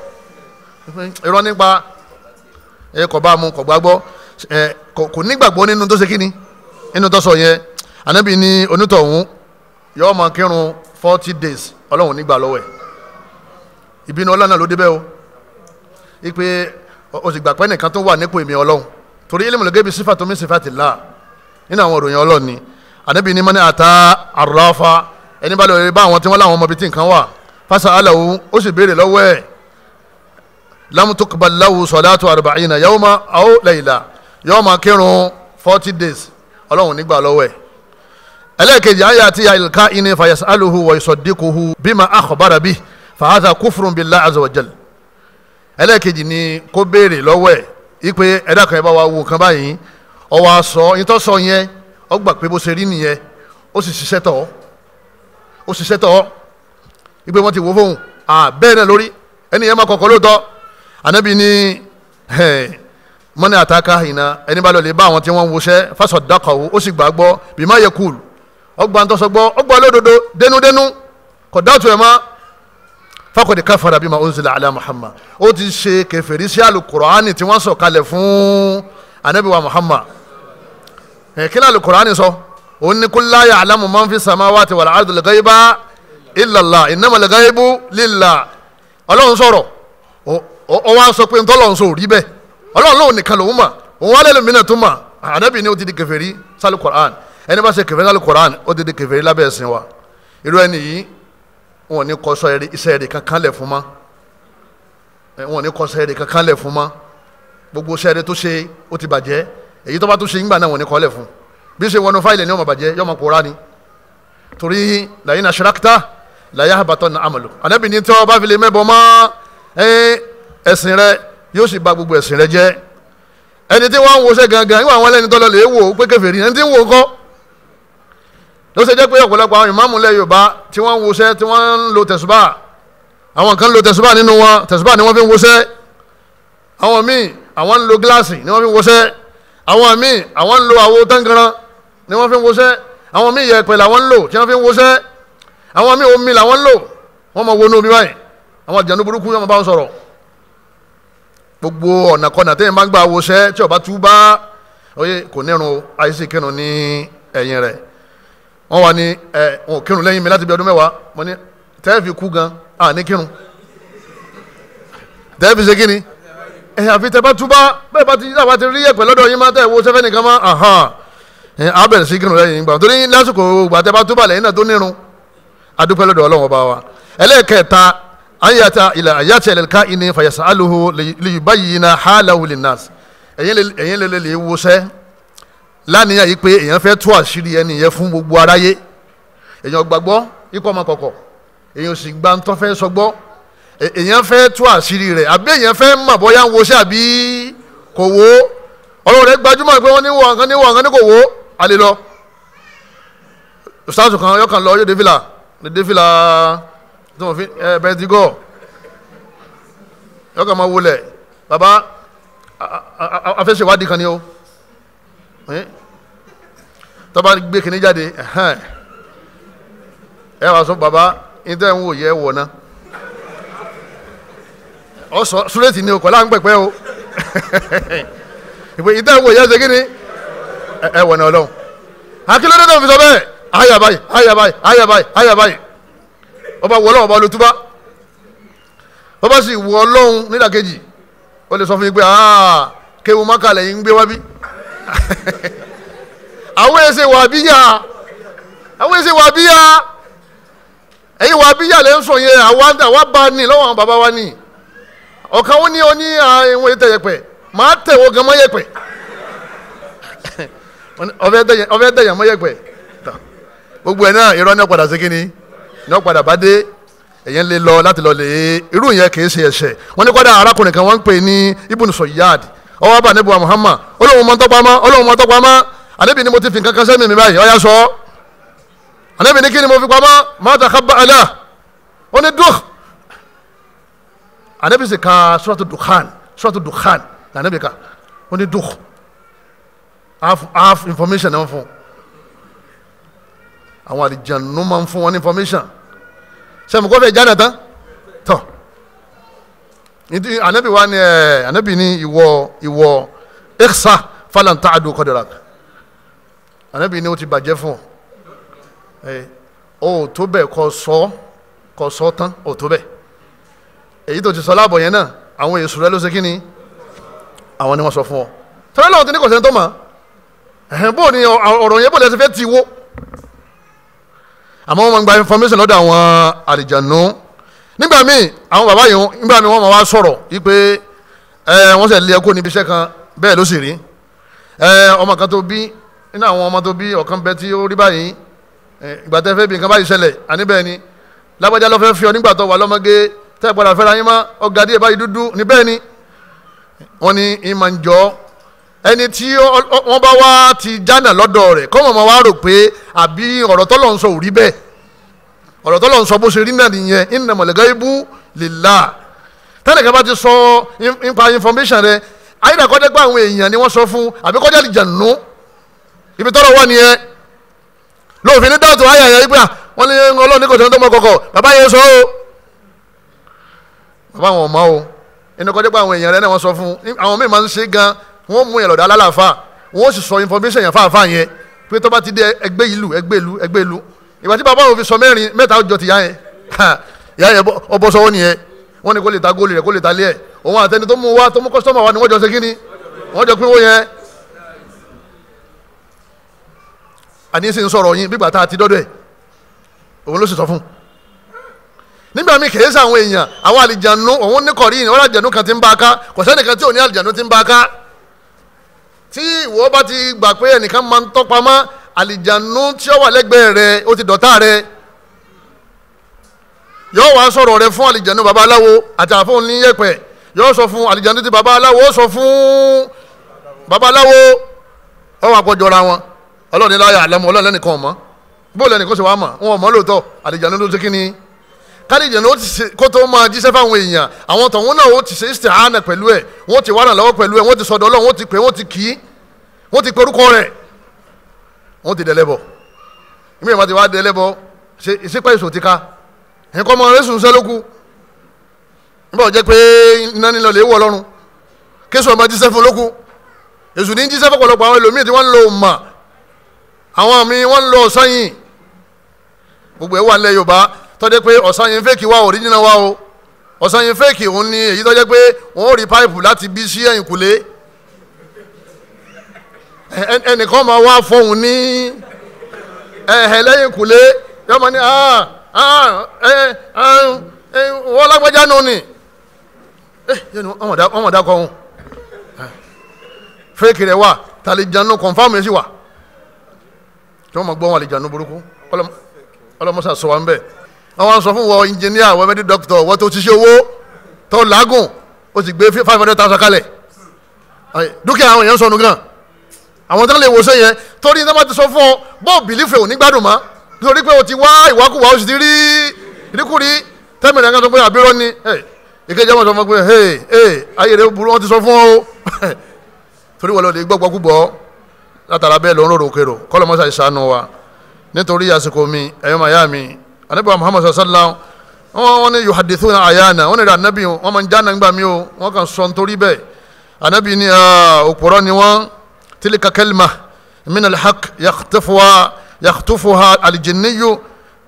irọ́ nípa ẹ kò bá mu kò gbàgbọ́ ẹ kò nígbàgbọ́ nínú tó ṣe kí nínú tó sọ yẹn ànábì ní onítọ̀hún yóò máa kírun forty days ọlọ́run nígbà lọ́wọ́ ẹ̀ ìbínú ọlọ́run náà ló débẹ̀ o ipe o sì gbàgbọ́ ẹnìkan tó wà nípò èmi ọlọ́run torí ilé mọ̀lẹ́gẹ́ bí sífà tó mí sífà ti là nínú àwọn òròyìn ọlọ́run ni ànábì ní mọ́ni àtà àrùláfà ẹni bá lọ rí bá àwọn tí wọ́n láwọn ọmọ bíi tí nǹkan wà fasa alahu ó sì béèrè lọ́wọ́ ẹ̀ lamutukubalahu sọláàtù arba'ina yawma aw layla yawma kírun forty days ọlọ́run nígbà lọ́wọ́ ẹ̀ ẹlẹ́ẹ̀kejì ayé àti àyíká iná fayas aluhu wa isodikuhu bima akhbara bi fahadha kufrun billahi azza ẹlẹ́ẹ̀kejì ni kó béèrè lọ́wọ́ ẹ̀ ipe ẹ̀dá kan yẹn bá wa wo nǹkan báyìí ọwọ́ aṣọ ìtọ́ sọ yẹn ó pé bó ṣe rí nìyẹn ó sì ṣiṣẹ́ tọ̀ ó ṣiṣẹ́ tọ̀ ọ́ ipe wọn ti wo fóun bẹ́ẹ̀ náà lórí ẹni yẹn máa kọ̀kọ́ lóòótọ́ ànábì ní mọ́ni àtàkà ìná ẹni bá lọ lè bá àwọn tí wọ́n ń woṣẹ́ fásọ̀ dákọ̀wó ó sì gbàgbọ́ bí má yẹ kúl ọgbà ń tọ́sọ gbọ́ ọgbà lódodo dénúdénú kò dáàtú ẹ̀ má fakọ̀dé káfàrà bí ma ó ń zilẹ̀ alẹ́ Muhammad ó ti ṣe kẹfẹ́rí sí alukur'ani tí wọ́n sọ kalẹ̀ fún ànábì wa Muhammad kí ni alukur'ani sọ òun ni kúláyà alámù máa ti wàlá àdùlẹ̀ gáyé bá ilàlá innamal ghaibu lillah ọlọ́run sọ̀rọ̀ ọ wá sọ pé ntọ́ lọ́run sọ rí bẹ́ẹ̀ ọlọ́run lóun nìkan lòun mà òun wálé lómi náà tó mà ànábì ni ó ti di kèfèrí sálù koran ẹni bá ṣe kèfèrí sálù koran ó ti di kèfèrí lábẹ́ ẹ̀sìn wa irú ẹni yìí wọn ní kọ́ sọ́yẹ́rì iṣẹ́ rẹ̀ kankan lẹ̀ fún ma wọn ní kọ́ sọ́yẹ́rì kankan lẹ̀ fún ma gbogbo sẹ́ẹ̀rẹ́ tó ṣe ó ti bàjẹ́ èyí tó bá tó ṣe ń gbà náà wọn ní kọ́ lẹ̀ fún bí ṣe wọnú fáìlì ni ó bàjẹ́ yó pòórá ni torí làyín àṣírákítà làyà àbàtọ̀ ní amalu ànábì ní tí wọ́n bá fi lè yóò sì ba gbogbo ẹ̀sìn rẹ jẹ́ ẹni tí wọ́n ń wọṣẹ́ gangan níwọ̀n àwọn ẹlẹ́ni tọ́lọ lè wò ó pé kèfèrí ẹni tí ń wò ó kọ́ ló ṣe jẹ́ pé ọ̀pọ̀lọpọ̀ àwọn ìmáàmù ilẹ̀ Yorùbá tí wọ́n ń wọṣẹ́ tí wọ́n ń lo tẹ̀sùbà àwọn kan lo tẹ̀sùbà nínú wọn tẹ̀sùbà ni wọ́n fi ń wọṣẹ́ àwọn míì àwọn lo gíláàsì ni wọ́n fi ń wọṣẹ́ àwọn míì àwọn lo àwo tangaran ni wọ́n fi ń wọṣẹ́ àwọn míì yẹ̀pẹ̀ làwọn ń lò tí wọ́n fi ń wọṣẹ́ àwọn míì omi làwọn ń lò wọ́n máa wọnú omi báyìí àwọn àjànú burúkú yẹn máa bá wọn sọ̀rọ̀ gbogbo ọ̀nà kọ́nà téèyàn bá ń gbà wọṣẹ́ tí ó bá tú bá oyè kò nírun àìsí kírun ní ẹ̀yìn rẹ̀ wọ́n wà ní ẹ̀ wọn ò kírun lẹ́yìn mi láti bí ọdún mẹ́wàá mo ní tẹ́ẹ̀fì kú gan à ní kírun tẹ́ẹ̀fì ṣe kíni ẹ̀ àfi tẹ́ bá tú bá bẹ́ẹ̀ bá ti yí àwa ti rí ẹ̀pẹ̀ lọ́dọ̀ yín máa tẹ́ wo sẹ́fẹ́ nìkan máa àhàn sí kírun lẹ́yìn gbà torí lásìkò gbà tẹ́ bá tú bá lẹ́yìn náà tó nírun adúpẹ́ lọ́dọ̀ ọlọ́run ọba wa ẹlẹ́ẹ̀kẹta ayata ila ayati ẹlẹ́ka ìní fàyàsá aluhu liyubayina halahu linnas ẹ̀yin lè lè wọṣẹ́ lánìyàn yìí pé èèyàn fẹ́ tú àṣírí ẹni yẹn fún gbogbo aráyé èèyàn gbàgbọ́ ikú ọmọ kọ̀kọ̀ èèyàn sì gba ntọ́ fẹ́ sọgbọ́ èèyàn fẹ́ tú àṣírí rẹ̀ àbí èèyàn fẹ́ mọ̀ bóyá ń wọṣẹ́ àbí kò wo ọ̀rọ̀ rẹ̀ gbajúmọ̀ pé wọ́n ní wọ̀ nǹkan ní wọ̀ nǹkan kò wo àlè lọ kan yọkàn lọ yóò dé fìlà dédé fìlà tí wọ́n fi ẹ bẹ́ẹ̀ ti gọ̀ yọkàn máa wọlé a afẹ́sẹ̀wádìí kan ni o tọ́ba gbé kínní jáde ẹ wàá sọ baba ní tẹ́ ń wò yẹ wọ̀ náà ọsọ súrẹ́tì ni o kọ́lá ń pẹ̀pẹ́ o ìpè ìtẹ́wò yẹn ṣe kí ni ẹ̀wọ̀n náà lọ́wọ́ akílódé tó fi sọ bẹ́ẹ̀ àyà báyìí àyà báyìí àyà báyìí àyà báyìí ọba wọ ọlọ́run ọba olùtúbá ọba sì wọ ọlọ́run nídàkejì ó lè sọ fún yín pé kéwu mákàlẹ̀ yín ń gbé wá bí àwọn èsè wà bíyà àwọn èsè wà bíyà ẹ̀yin wà bíyà lẹ́ ń sọ yẹn àwa bá ní lọ́wọ́ àwọn bàbá wa ní ọ̀kan ó ní ó ní àwọn ètò yẹpẹ̀ màá tẹ̀wọ́ gan mọ́ yẹpẹ̀ ọ̀fẹ́ tẹ̀yàn mọ́ yẹpẹ̀ gbogbo ẹ̀ náà irọ́ ní ọ̀padà sí kínní ní ọ̀padà bá dé èyàn lè lọ láti lọ lè e. irú yẹn kì í ṣe ẹ̀ṣẹ̀ wọ́n ní kọ́dà arákùnrin kan wọ́n ń pè ní ibùn sọ̀yáàdì ọwọ́ abà níbu Muhammad olóhùn mọ́tọ́ pamọ́ olóhùn mọ́tọ́ pamọ́ ànábì ni mo ti fi nǹkan kan sẹ́mi mi báyìí ọ̀yá sọ ànábì ni kí ni mo fi pamọ́ mọ́tà kábà ẹ̀là ó ní dùk ànábì sì ka suratu dukhan suratu dukhan ànábì ka ó ní dùk half half information náà fún un àwọn àlìjànú máa ń fún wọn information sẹ́mi kọ́fẹ́ jáde tán tọ̀ anabi wa ni ẹ anabi ni ìwọ ìwọ ẹ̀ṣà falanta adu a dùn kọ́dọ̀rà anabi ni o ti bàjẹ́ fún ẹ o tó bẹ́ẹ̀ kọ́ sọ kọ́ sọ tán o tó bẹ́ẹ̀ èyí tó ti sọ láàbọ̀ yẹn náà àwọn èso rẹ ló ṣe kí ni àwọn ni wọ́n sọ fún ọ tọ́lá làwọn ti ní kọ̀sẹ̀ tó mọ̀ ẹ̀hẹ́n bó ni ọ̀rọ̀ yẹn bó lẹ́sẹ̀ fẹ́ ti wó àmọ́ wọ́n máa gba information lọ́dọ̀ àwọn àlìjànú nígbà míì àwọn bàbá yìí nígbà míì wọ́n máa wá sọ̀rọ̀ wípé ẹ wọ́n sẹ̀ lé ẹkọ́ níbi iṣẹ́ kan bẹ́ẹ̀ ló sì rí ẹ ọmọ kan tó bí nínú àwọn ọmọ tó bí ọ̀kan bẹ tí ó rí báyìí ìgbà tẹ́ fẹ́ bí nǹkan báyìí ṣẹlẹ̀ àní ni lágbájá ló fẹ́ fi ọ nígbà tó wà lọ́mọge tẹ́ ẹ̀ padà fẹ́ra yín mọ́ ọ̀gá díẹ̀ báyìí dúdú ní ni wọ́n ní ìmọ̀ ń jọ́ ẹni tí wọ́n bá wá ti jánà lọ́dọ̀ rẹ̀ kọ́ mọ̀mọ́ wá rò pé àbí ọ̀rọ̀ tọ́lọ̀ ń sọ ò rí bẹ́ẹ̀ ọ̀rọ̀ tọ́lọ̀ ń sọ bó ṣe rí náà nìyẹn innamal ghaibu lillah tẹ́nìkan bá ti sọ nípa information rẹ̀ àyìnbá kọjá pé àwọn èèyàn ni wọ́n sọ fún àbí kọjá àlìjànú ibi tọ́rọ̀ wà nìyẹn lóòfin ní dáàtò ayà yẹn gbà wọ́n ní ọlọ́run wọ́n mú ìrọ̀dá lálàáfà wọ́n sì sọ information yẹn fáfá yẹn pé tó bá ti dé ẹgbẹ́ ìlú ẹgbẹ́ ìlú ẹgbẹ́ ìlú ìgbà tí bàbá òun fi sọ mẹ́rin mẹ́ta ọjọ́ ti yá yẹn ìyá yẹn ọbọ sọ́wọ́ nìyẹn wọ́n ní kó lè ta góòlù rẹ̀ kó lè ta lé ẹ̀ òun àtẹni tó mú wa tó mú kọ́sítọ́mà wa ni wọ́n jọ ṣe kí ni wọ́n jọ pín owó yẹn. àní sì ń sọ̀rọ̀ yín bígbà tá a ti dọ́dọ̀ ẹ̀ òun ló sì sọ fún un nígbà míì kìí sàwọn èèyàn àwọn àlìjànú òun ní kọ̀rí ìyẹn wọ́n àlìjànú kan ti ń bá a ká kọ̀sẹ́nìkan tí ò ní àlìjànú ti ń bá a ká tí ìwọ bá ti gbà pé ẹnìkan máa ń tọ́pamọ́ àlìjànú tí ó wà lẹ́gbẹ̀ẹ́ rẹ ó ti dọ̀tá rẹ yọ wá sọ̀rọ̀ rẹ fún àlìjànú babaláwo àti àfọ̀ oníyẹ̀pẹ̀ yọ sọ fún àlìjànú ti babaláwo sọ fún babaláwo ọwọ́ àpọ̀jọra wọn ọlọ́ọ̀ni láyà àlẹ́mọ ọlọ́ọ̀ni lẹ́nìkan ọ̀mọ́ bóòlù ẹnìkan sì wá mọ̀ wọn ọ̀mọ́ lóòótọ́ àlìjànú ló ti kí ni kádìjà náà ó ti ṣe kó tó máa jíṣẹ́ fáwọn èèyàn àwọn tọ̀hún náà ó ti ṣe istihana pẹ̀lú ẹ̀ wọ́n ti wá ìrànlọ́wọ́ pẹ̀lú ẹ̀ wọ́n ti sọ̀dọ̀ ọlọ́run wọ́n ti pè wọ́n ti kì í wọ́n ti perúkọ rẹ̀ wọ́n ti dẹ̀lẹ́bọ̀ ìmí ìmọ̀ ti wá dẹ̀lẹ́bọ̀ ṣe ìṣípẹ́ ìṣò ká nǹkan ọmọ rẹ̀ sùn sẹ́lókù nígbà wọ́n jẹ́ pé iná nílò lè wọ̀ lọ́rùn kéṣù ọmọ jíṣẹ́ fún tọ́jẹ́ pé ọ̀sán yẹn fẹ́ẹ̀kì wá òríjìnà wá o ọ̀sán yẹn fẹ́ẹ̀kì òun ni èyí tọ́jẹ́ pé wọ́n ó rí páìpù láti bí sí ẹ̀yìn kùlé ẹnìkan máa wá fọhùn ní ẹ̀hẹ̀ lẹ́yìn kùlé yọmọ ní ah, ah, wọ́n lágbájá nù ni eh, ọmọ dákọ̀ ọ̀hún eh, fẹ́ẹ̀kì rẹ̀ wà tàlejànú kọ̀ǹfàmù yẹn sì wà tí wọ́n máa gbọ́ wọn àlejànú burúkú ọlọ́mọṣà sọ wa ń bẹ́ẹ̀ àwọn sọ fún wọ engineer wọ mẹ́dí doctor wọ́n tó ti ṣe owó tó làágùn ó sì gbé five hundred thousand kalẹ̀ dúkìá àwọn èèyàn sọnù gan àwọn tó lè wò sẹ́yìn yẹn torí nígbà tó sọ fún ọ bọ́ọ̀ bìlífẹ̀ ò ní gbádùn mọ́ nítorí pé o ti wá ìwákùwà o sì ti rí ìdíkùrí tẹ́mìnì àgbà pé àbírọ́ ni ìkejì àwọn sọ fún ọ pé ayé rẹ burú wọn ti sọ fún ọ torí wọn lọ lè gbọ́gbọ́ gbúgbọ́ látara bẹ́ẹ̀ lọ́n rò rò kérò kọ́lọ́mọ́sà ìṣàánú wa nítorí àsìkò mi ẹ̀yọ́ màyá mi anabiwa muhammadu sallallahu wọn ni yuhadithuna ayana wọn ni ra anabi wọn ma ń jáná gbà mí o wọn kàn sọ nítorí bẹ́ẹ̀ anabi ni ah, òpùrọ́ ni wọn tilka kalima min alhaq yakhtufuha yakhtufuha aljinniyu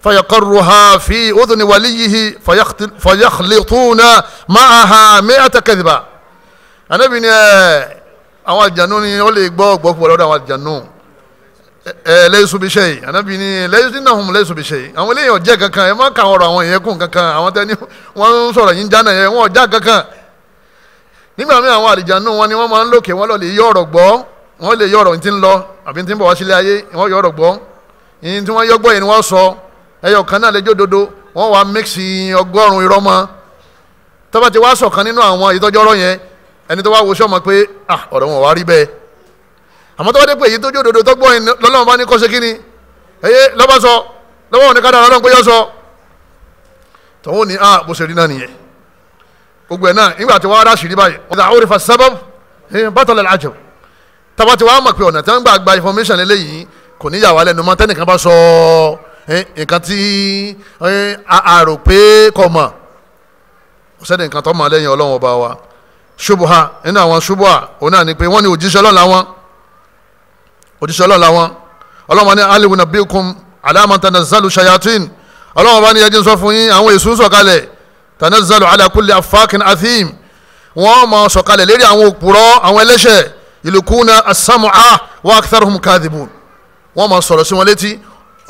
fayaqarruha fi udhuni waliyihi fayakhlituna ma'aha mi'ata kadhiba anabi eh, ni àwọn àjànú ni wọn lè gbọ́ gbọ́ púpọ̀ lọ́dọ̀ àwọn lẹ́yìísù bí sẹ́yìn ànábì ní lẹ́yìísù náà hùm lẹ́yìísù kankan ẹ ka ọ̀rọ̀ àwọn èèyàn kún kankan àwọn tẹ́ni wọ́n ń sọ̀rọ̀ yín àwọn àlìjánu wọn ni wọ́n máa ń lòkè lọ lè yọ ọ̀rọ̀ gbọ́ wọ́n lè yọ ọ̀rọ̀ tí ń lọ àbí tí ń bọ̀ wá sílé ayé wọn yọ ọ̀rọ̀ gbọ yìí tí wọ́n yọgbọ́ yìí ni wọ́n sọ ẹyọ kan náà lẹ́jọ́ dodo wọ́n wá mixi ọgọ́rùn-ún irọ́ mọ́ tọ́ba ti wá sọ̀kan nínú àwọn ìtọ́jọ́rọ́ yẹn ẹni tó wá wo pé ah àmọ́ tó bá dé pé èyí tó jó òdodo tó gbọ́n lọ́lọ́run bá ní kó ṣe kí ni ẹyẹ lọ́bọ̀ sọ lọ́wọ́ òní kádàrá lọ́run pé yọ sọ tòun ni ah bó ṣe rí náà nìyẹn gbogbo ẹ̀ náà nígbà tí wọ́n ará ṣì rí báyìí ọ̀dà àwọn òrìfà sábàbù bàtà lẹ́la àjọ tàbá tí wọ́n á mọ̀ pé ọ̀nà tí wọ́n gbà gba information eléyìí kò ní yà wá lẹ́nu mọ́ tẹ́nìkan bá sọ eh, nǹkan tí àrò eh, pé kò mọ̀ kò sẹ́ni nǹkan tó mọ̀ lẹ́yìn ọlọ́run ọba wa ṣubuha nínú àwọn ṣubuha òun náà ni pé wọ́n ní òjíṣẹ́ ọlọ́run làwọn òjíṣẹ́ ọlọ́run làwọn ọlọ́run bá ní aliwu na bíkun alamata nazalu shayatin ọlọ́run bá ní ẹjẹ́ ń sọ fún yín àwọn èṣù ń sọ̀kalẹ̀ tanazalu ala kulli afakin athim wọ́n máa sọ̀kalẹ̀ lérí àwọn òpùrọ́ àwọn ẹlẹ́ṣẹ̀ ìlùkúna asamu'a wa aktharuhum kadhibun wọ́n máa sọ̀rọ̀ sí wọn létí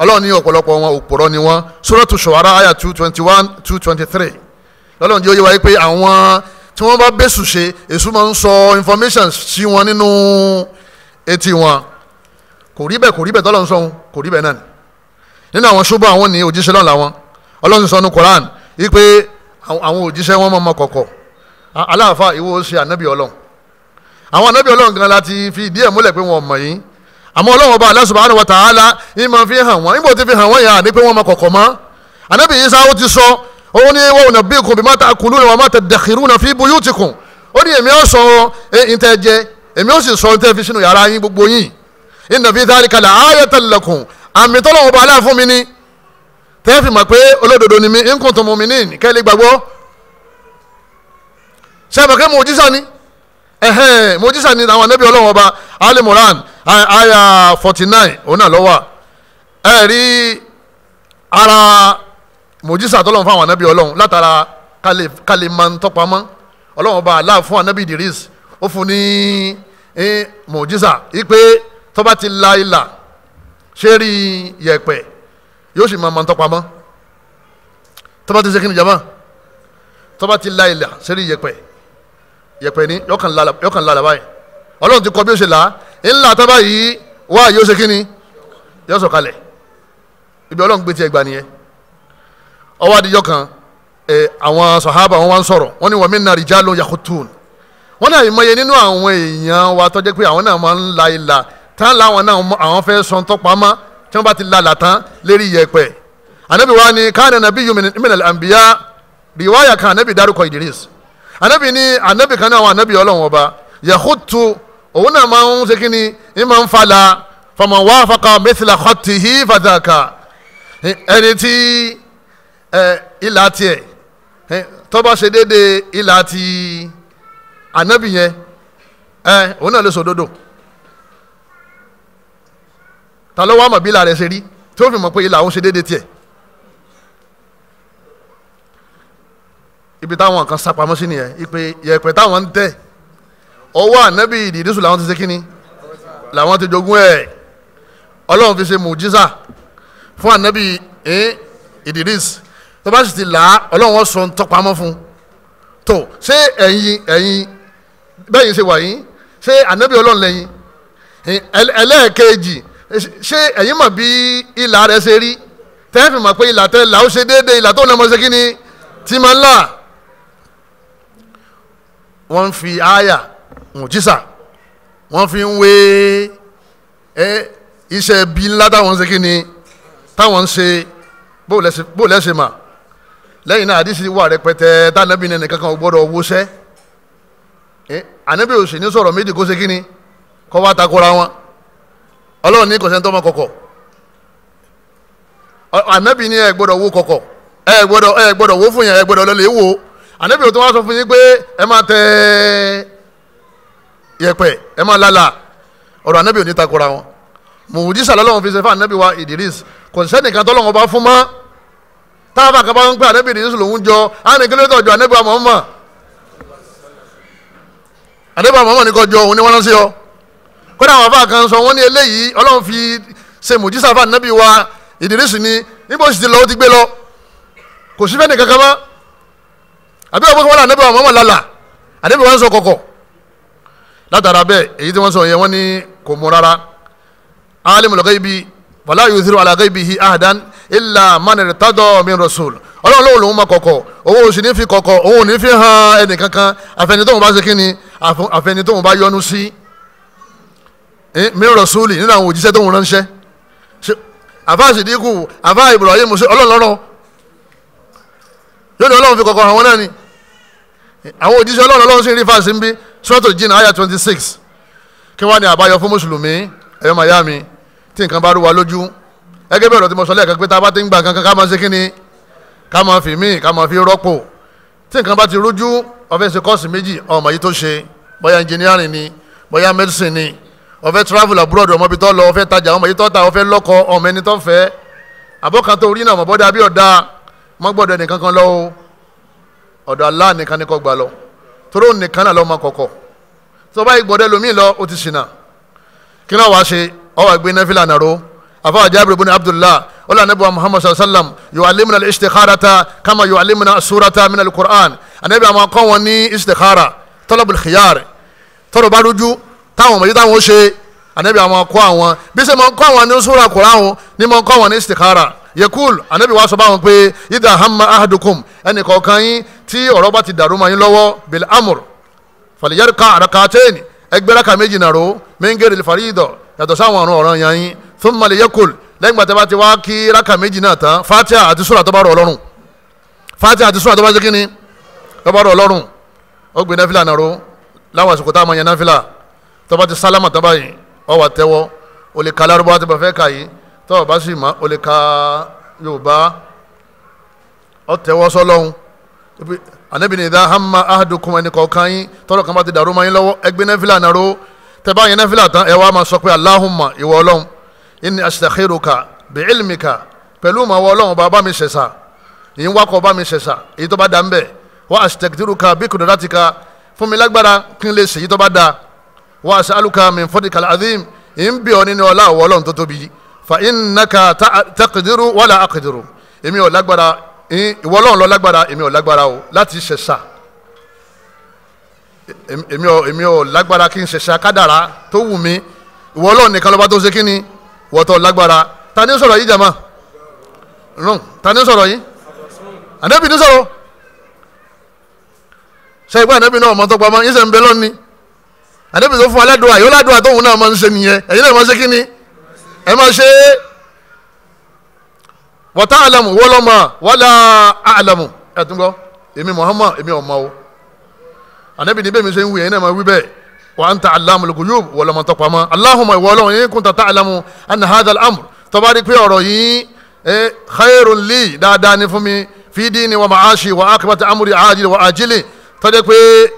ọlọ́run ní ọ̀pọ̀lọpọ̀ wọn òpùrọ́ ni wọn suratu shu'ara aya two twenty one two twenty three lọ́lọ́run jẹ́ ó yé pé àwọn tí wọ́n bá bẹ́sù ṣe èṣù máa ń sọ information sí wọn nínú etí wọn kò rí bẹ́ẹ̀ kò rí bẹ́ẹ̀ tọ́lọ́ ń sọ kò rí bẹ́ẹ̀ náà ni nínú àwọn ṣubú àwọn ní òjíṣẹ́ lọ́n làwọn ọlọ́run sọ ní Quran yìí pé àwọn òjíṣẹ́ wọn mọ̀ kọ̀kọ̀ aláàfáà ìwọ ṣe ànábì ọlọ́run àwọn ànábì ọlọ́run gan láti fi ìdí ẹ̀ múlẹ̀ pé wọn mọ̀ yìí àmọ́ ọlọ́run ọba Allah subhanahu wa ta'ala yìí máa fi hàn wọ́n níbo ti fi hàn wọ́n yà ní pé wọ́n mọ̀ kọ̀kọ̀ mọ́ ànábì Ìsá ó ti sọ òun ní wa unabbi'ukum bima ta'kuluna wa ma tadakhiruna fi buyutikum ó ní èmi ó sọ ẹ̀ ń èmi ó sì sọ ń fi sínú yàrá yín gbogbo yín inna fi dhalika la'ayatan lakum àmì tọ́lọ̀ ọba aláà fún mi ni tẹ́ fi mọ̀ pé olódodo ni mi in kuntum mu'minin kẹ́lẹ́ gbàgbọ́ sẹ́mi kẹ́ mọ̀jísà ni ẹ̀hẹ́n mọ̀jísà ni àwọn anábì ọlọ́run ọba ali moran aya forty nine òun náà lọ́wọ́ ẹ rí ara mọ̀jísà tọ́lọ́run fún àwọn anábì ọlọ́run látara kálí máa ń tọ́pamọ́ ọlọ́run ọba aláà fún anábì Idris ó fún ní eh, mọ̀jísà yìí pé tó bá ti la ìlà ṣé rí yẹ̀pẹ̀ yóò sì máa ma tọ́ pamọ́ tó bá ti ṣe kí ni jama tó bá ti la ìlà ṣé rí yẹ̀pẹ̀ yẹ̀pẹ̀ ni yọkàn lálàbá yìí ọlọ́run ti kọ bí ó ṣe là á ńlá tábà yìí wá yóò ṣe kí ni yóò sọ̀kalẹ̀ ibi ọlọ́run gbé tiẹ̀ gbà nìyẹn ọwọ́ adijọ́ kan àwọn sahaba wọn wá ń sọ̀rọ̀ wọ́n ní wa minna rijalun yakhutun náà ìmọye nínú àwọn èèyàn wa tó pé àwọn náà máa ń la ìlà tán láwọn náà àwọn fẹ́ sọ tọpamọ́ tí wọ́n bá ti lalà tán lérí yẹ̀pẹ̀ anabi wa ni káàní anabi yìí minal anbiya riwaya kan anabi dárúkọ Idris anabi ni anabi kan ní àwọn anabi Ọlọ́run ọba yahutu òun náà máa ń ṣe kí ni ní máa ń fala fama wá faka mẹsìlá kọtìhí fàdákà ẹni tí ilà tiẹ̀ tó ṣe déédéé ilà ti anabi yẹn òun náà lè sọ dodo ta ló wá mọ̀ bí ilà rẹ̀ ṣe rí tí ó fi mọ̀ pé ilà òun ṣe déédéé tiẹ̀ ibi táwọn kan sapamọ́ sí nìyẹn ipe yẹ̀pẹ̀ táwọn ń tẹ̀ ọwọ́ ànábì ìdírísù làwọn ti ṣe kínní làwọn ti jogún ẹ̀ ọlọ́run fi ṣe mùjísà fún ànábì ìdírís tó bá sì ti là á ọlọ́run wọn sọ ń tọpamọ́ fún tó ṣé ẹ̀yin ẹ̀yin bẹ́ẹ̀ yìí ṣe wà yín ṣé ànábì ọlọ́run lẹ́yìn ẹlẹ́ẹ̀kejì ṣé ẹ̀yin mọ̀ bí ìlà rẹ̀ ṣe rí tẹ́ẹ̀fì mọ̀ pé ìlà tẹ́lá ó ṣe déédéé ìlà tó ń lọ́mọ ṣe kí ni tí máa ń là wọ́n fi àyà mùjísà wọ́n fi ń wé ẹ iṣẹ́ bí ńlá táwọn ń ṣe kí ni táwọn ń ṣe bó lẹ́sẹ̀ mà lẹ́yìn náà àdìsí wà rẹpẹtẹ tánàbí nìkan kankan ò gbọ́dọ̀ wọṣẹ́ ànábì òsì ní sọ̀rọ̀ méjì kó ṣe kí ni kọ́ wá takora wọn ọlọ́run ní kọ̀sẹ́ńtọ́ mọ́ kọ̀kọ̀ ànábì ní ẹ gbọ́dọ̀ wo kọ̀kọ̀ ẹ gbọ́dọ̀ ẹ gbọ́dọ̀ wo fún yẹn ẹ gbọ́dọ̀ lọ́lẹ̀ wo ànábì tó wá sọ fún yín pé ẹ máa tẹ yẹpẹ ẹ máa lálà ọ̀rọ̀ ànábì ò ní takora wọn mùjísà lọ́lọ́run fi ṣe fún ànábì wa Idris kọ̀sẹ́nìkan tọ́lọ́run bá fún mọ́ táwọn àkàbà ń pè ànábì Idris lòún jọ ànìkílótọ̀ jọ ànábì wa Muhammad ànábì wa Muhammad ní kọjọ òun ni wọ́n rán sí ọ kódà àwọn afáà kan sọ wọ́n ní eléyìí ọlọ́run fi ṣe mùjísà fún ànábì wa Ìdírísì ni níbo sì ti lọ ó ti gbé lọ kò sí fẹ́ni kankan mọ́ àbí ọ̀pọ̀ wọn ànábì wa mọ́mọ́ lálà ànábì wọn sọ kọ̀kọ̀ látara bẹ́ẹ̀ èyí tí wọ́n sọ yẹn wọ́n ní kò mú rárá alimul ghaibi wala yuthiru ala hi ahadan illa man irtada min rasul ọlọ́run lóun lòun ma kọ̀kọ̀ òun ò sì ní fi kọ̀kọ̀ òun ò ní fi hàn ẹnìkankan àfẹnitóhun bá ṣe kí ni àfẹnitóhun bá yọ́nú sí. Si Eh, min rasuli nínú àwọn òjíṣẹ́ tó ń ránṣẹ́ àfa sidiku àfa ibrahim ṣe ọlọ́ọ̀lọ́rọ̀ yóò ní ọlọ́run fi kọ̀kọ̀ àwọn náà ni àwọn òjíṣẹ́ ọlọ́run ọlọ́run sì ń rí fáṣí ń bí suratul jin aya twenty six kí wọ́n ní àbáyọ fún mùsùlùmí ẹ̀yọ́ màyá mi tí nǹkan bá rú wa lójú ẹgẹ́ bẹ́ẹ̀ lọ́tí mo sọ lẹ́ẹ̀kan pé tá a bá ti ń gba nǹkan ká máa ṣe kí ni ká máa fi míì ká máa fi rọ́pò tí nǹkan bá ti rújú ó fẹ́ ṣe kọ́ọ̀sì méjì ọmọ yìí tó ṣe bóyá engineering ni bóyá medicine ni ọ̀fẹ́ travel abroad ọmọ ibi tó lọ ọ̀fẹ́ tajà ọmọ ibi tó ta ọ̀fẹ́ lọ́kọ ọmọ ẹni tó fẹ́ àbọ̀kan tó rí náà mọ̀ bọ́dà bí ọ̀dà mọ́ gbọ́dọ̀ ẹnìkan kan lọ o ọ̀dọ̀ Allah nìkan ni kó gbà lọ toró nìkan náà lọ́ máa kọ̀kọ̀ tó bá gbọ́dọ̀ ẹlòmíì lọ ó ti ṣìnà kí náà wàá ṣe ọwọ́ ìgbé nẹ́fìlà nàró àfọwọ́ Jabir ibn Abdullah wọ́n lànà bọ́ Muhammad sallam yu'allimuna al-istikharata kama yu'allimuna as-surata min al-Qur'an ànábì àwọn akọ́wọn ní istikhara talabul khiyar tọ́lọ̀ bá táwọn ọmọ yìí táwọn ṣe anabi àwọn kọ́ àwọn bí sẹ́ mọ̀ kọ́ àwọn ní sura Qur'an ní mọ̀ kọ́ àwọn ní istikhara yekul anabi wa sọ báwọn pé idha hamma ahadukum ẹnì kọ̀ọ̀kan yín tí ọ̀rọ̀ bá ti dàrú mọ́ yín lọ́wọ́ bil amr falyarka àràkàtẹ́ẹ̀nì ẹgbẹ́rẹ́ ka méjì nàró mẹ́ngẹ́rẹ́ ìfàrídọ̀ yàtọ̀ sáwọn ọ̀run ọ̀ràn yẹn yín thumma liyekul lẹ́yìn gbàtẹ́ bá ti wá kí raka méjì náà tán fatiha àti sura tó bá rọ̀ ọlọ́run fatiha àti sura tó bá jẹ́ kínní tó bá rọ̀ ọlọ́run ó gbé náfìlà nàró láwọn àsìkò tó bá ti sálámà tó báyìí ọ wà tẹ́wọ́ o lè ka lárúbáwá tó bá fẹ́ kà yìí tó o bá sì má o lè ka yorùbá ọ tẹ́wọ́ sọlọ́hún anabi ni idha hamma ahadukum ẹni kọ̀ọ̀kan yín tọ́lọ̀ kan bá ti dàrú mọ́ yín lọ́wọ́ ẹgbẹ́ nẹ́fìlà náà ro tẹ́ bá yẹn nẹ́fìlà tán ẹ wá máa sọ pé Allahumma ìwọ ọlọ́run inni astakhiruka bi ilmika ma wọ ọlọ́run bá bá mi ṣẹ̀ṣà yìí ń wákọ̀ bá mi ṣẹ̀ṣà èyí tó bá da ń bẹ̀ wa astakdiruka bi kudratika fún mi lágbára kí n lè ṣèyí tó bá da wa as'aluka min fadlika al-azim ń bí ọ nínú ọlá àwọn ọlọ́run tó tóbi fa innaka taqdiru wala aqdiru èmi ò lágbára ìwọ ọlọ́run ló lágbára èmi ò lágbára o láti ṣẹ̀ṣà èmi ò èmi ò lágbára kí n ṣẹ̀ṣà kádàrá tó wù mí ìwọ ọlọ́run nìkan lọ́ba tó ṣe kí ni wọ́tọ̀ lágbára ta ni sọ̀rọ̀ yìí jama rún ta ni sọ̀rọ̀ yìí ànábì ni sọ̀rọ̀ ṣe ìgbà ànábì náà ọmọ tó pamọ́ yín sẹ́ ń bẹ lọ́ni àdébí sọ fún aládùúrà yóò ládùúrà tóun náà máa ń ṣe nìyẹn ẹ̀yin náà máa ṣe kínní ẹ máa ṣe é wọ́tá àlàmù wọ́lọ́mọ wọ́lá àlàmù ẹ̀tún gbọ́ èmi Muhammad èmi ọ̀ma o ànábì ní bẹ́ẹ̀ mi ṣe ń wù yẹn náà máa wí bẹ́ẹ̀ wà á ń ta àlàmù lùkùyù wọ́lọ́mọ tọpamọ́ aláhùnmọ̀ ìwọ ọlọ́run yín kún tata àlàmù àná hadha al-amr tọ́ba pé ọ̀rọ̀ yín ẹ khairun li dáadáa ní fún mi fídí wà máa ṣe wà á kí tó jẹ́ pé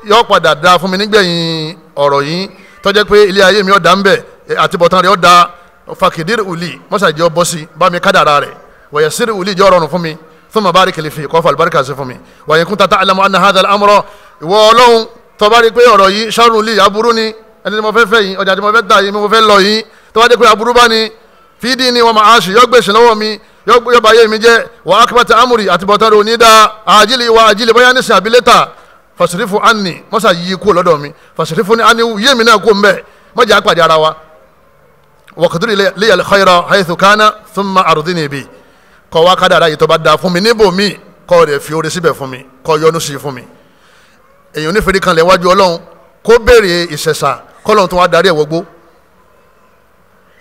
yọ padà da fún mi nígbẹ̀yìn ọ̀rọ̀ yìí tó jẹ́ pé ilé ayé mi ọ̀dà ń bẹ̀ àtibọ̀tán rẹ̀ ọ̀dà fàkìdírì ùlì mọ́sàjẹ́ ọbọ̀ sí bá mi kádàrà rẹ̀ wọ̀yẹ̀sírì ùlì jẹ́ ọ̀rọ̀ fún mi thumma barik li fi kọ́ fà àlùbáríkà sí fún mi wàyẹn kúnta tá àlàmú anna hadha al-amra ìwọ ọlọ́run tó bá rí pé ọ̀rọ̀ yìí sharru li aburú ni ẹni tí mo fẹ́ fẹ́ yìí ọjà tí mo fẹ́ tà yìí mo fẹ́ lọ yìí tó pé aburú bá ni fídí ni wọn máa ṣe yọgbèsè lọ́wọ́ mi yọgbàyé mi jẹ́ wa akbata amri àtibọ̀tán rò ní dáa àjílì wa àjílì bóyá nísìnyí àbílẹ̀ fasirifu ani masa yi kó lọ́dọ̀ mi fasirifu ni ani yé mi náà kó n bẹ mọjà àpàdé ara wa wakadiri leyal khayra haythu kana thumma arudini bi kọ wa ka dara yitọba da fún mi níbo mi kọ de fi ore síbẹ̀ fún mi kọ yọnu sí fún mi èyàn onífèrè kan lẹ wájú Ọlọ́run kó béèrè ìṣẹ̀ṣà kọlọn tó wá darí ẹ wọgbó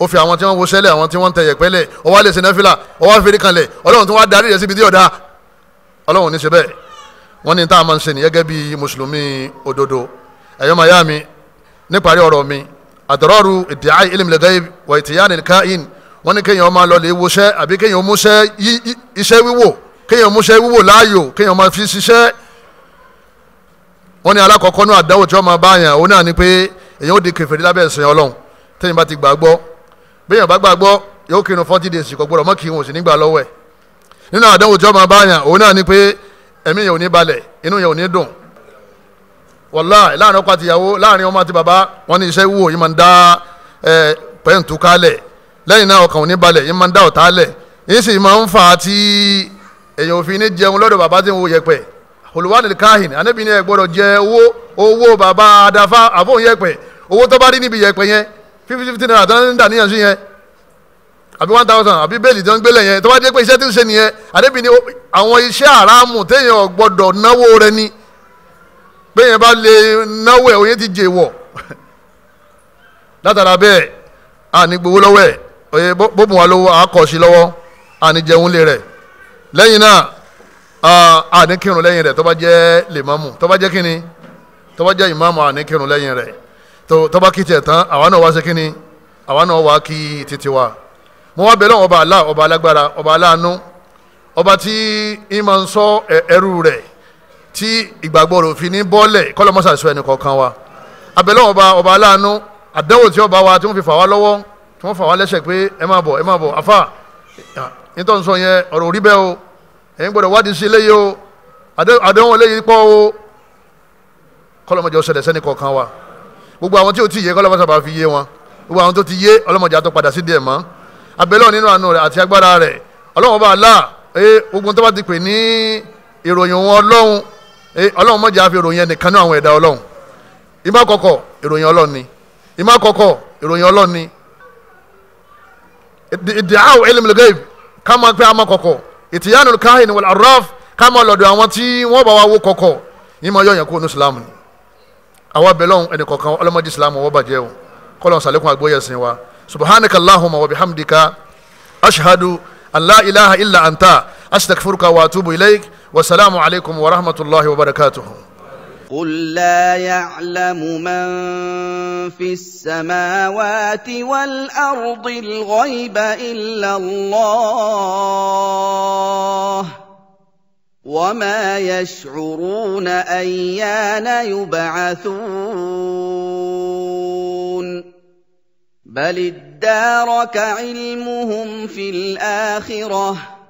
fi àwọn tí wọn wo sẹlẹ àwọn tí wọn tẹ yẹpẹlẹ ọwọ alẹ sinẹfìlà ọwọ afẹrẹ kan lẹ Ọlọ́run tó wá darí rẹ síbi tí ọdá Ọlọ́run ní ṣe bẹ́ẹ̀ wọ́n ní tá a máa ń ṣe nìyẹn gẹ́gẹ́ bí mùsùlùmí òdodo ẹ̀yọ́ màá yá mi níparí ọ̀rọ̀ mi àdọ́rọ́rù ìdíyà ìlímìlẹ́gẹ́ wà ìtìyà nìkan in wọ́n ní kéèyàn máa lọ lè wọṣẹ́ àbí kéèyàn múṣẹ́ iṣẹ́ wíwò kéèyàn múṣẹ́ wíwò láàyò kéèyàn máa fi ṣiṣẹ́ wọ́n ní alákọ̀ọ́kọ́ náà àdáwò tí wọ́n máa bá yàn òun náà ni pé èyàn ó di kèfèrí lábẹ́ ẹ̀sìn ọlọ́run téèyàn bá ti gbàgbọ́ béèyàn bá gbàgbọ́ yóò kírun fọ́tí dèsì kò gbọ́dọ̀ mọ́ kí wọn ò sì nígbà lọ́wọ́ ẹ̀ nínú àdáwò tí wọ́n máa bá yàn òun náà ni pé ẹ̀mí yẹn ò ní balẹ̀ inú yẹn ò ní dùn wàláhì láàrin ọkọ àti ìyàwó láàrin ọmọ àti bàbá wọn ní iṣẹ́ wúwo yìí máa ń dá pẹ́ǹtù kálẹ̀ lẹ́yìn náà ọkàn ò ní balẹ̀ yìí máa ń dá ọ̀tá lẹ̀ yìí sì máa ń fa ti èèyàn òfin ní jẹun lọ́dọ̀ bàbá tí ń wo yẹpẹ̀ olùwádìí káhìn anábìíní ẹ̀ gbọ́dọ̀ jẹ owó owó bàbá adáfá àbóyẹpẹ̀ owó tó bá rí níbi yẹpẹ̀ yẹn fifty fifty naira tó ń dà níyànjú yẹn àbí one thousand àbí bẹ́ẹ̀lì tí wọ́n ń gbélé yẹn tó bá dé pé iṣẹ́ tí ń ṣe nìyẹn àdébí ni àwọn iṣẹ́ àràmù téèyàn gbọ́dọ̀ náwó rẹ ni bẹ́ẹ̀yẹn bá lè náwó ẹ̀ oyin ti jè wọ̀ látara bẹ́ẹ̀ àní gbowó lọ́wọ́ ẹ̀ oye bóbùn wa lówó àkọ́sí lọ́wọ́ àní jẹun lé rẹ̀ lẹ́yìn náà àní kírun lẹ́yìn rẹ̀ tó bá jẹ́ lèmọ́mù tó bá jẹ́ kíni tó bá jẹ́ ìmáàmù àní kírun lẹ́yìn rẹ̀ tó bá kí tiẹ̀ tán àwa náà wá ṣe kíni àwa náà wá kí titi wa mo wá bẹ̀ lọ́wọ́ ọba àlá ọba alágbára ọba aláàánú ọba tí ń máa ń ṣọ́ ẹrú rẹ̀ tí ìgbàgbọ́ rẹ̀ òfin ní bọ́ọ̀lẹ̀ kọ́lọ́mọ́sà sọ ẹnì kọ̀ọ̀kan wa abẹ́ lọ́wọ́ ọba ọba aláàánú àdánwò tí ọba wa tí wọ́n fi fà wá lọ́wọ́ tí wọ́n fà wá lẹ́sẹ̀ pé ẹ máa bọ̀ ẹ máa bọ̀ afa nítorí sọ yẹn ọ̀rọ̀ òrí bẹ́ẹ̀ o ẹ̀yin gbọ́dọ̀ wádìí sí eléyìí o àdánwò eléyìí pọ̀ o kọ́lọ́mọ́jọ abẹ́lẹ́ nínú àánú rẹ̀ àti agbára rẹ̀ ọlọ́run bá là ee ogun tó bá ti pè ní ìròyìn wọn ọlọ́run ee ọlọ́run mọ̀jẹ̀ àfi ìròyìn ẹnìkan ní àwọn ẹ̀dá ọlọ́run ìmọ̀ àkọ́kọ́ ìròyìn ọlọ́run ni ìmọ̀ àkọ́kọ́ ìròyìn ọlọ́run ni ìdíhàwó elimilgeib ká máa pẹ́ àmọ́ kọ̀kọ̀ ìtìyánu káhìn wal arraf ká máa lọ́dọ̀ àwọn tí wọ́n bá wa wó kọ̀kọ̀ ìmọ̀ yọ̀yàn kó ní islam ni àwa bẹ̀lọ́n ẹnìkọ̀kan ọlọ́mọdé islam wọ́n bàjẹ́ o kọ́lọ́n sàlékún àgbóyẹ̀sìn wa سبحانك اللهم وبحمدك أشهد أن لا إله إلا أنت أستغفرك وأتوب إليك والسلام عليكم ورحمة الله وبركاته قل لا يعلم من في السماوات والأرض الغيب إلا الله وما يشعرون أيان يبعثون بل ادارك علمهم في الاخره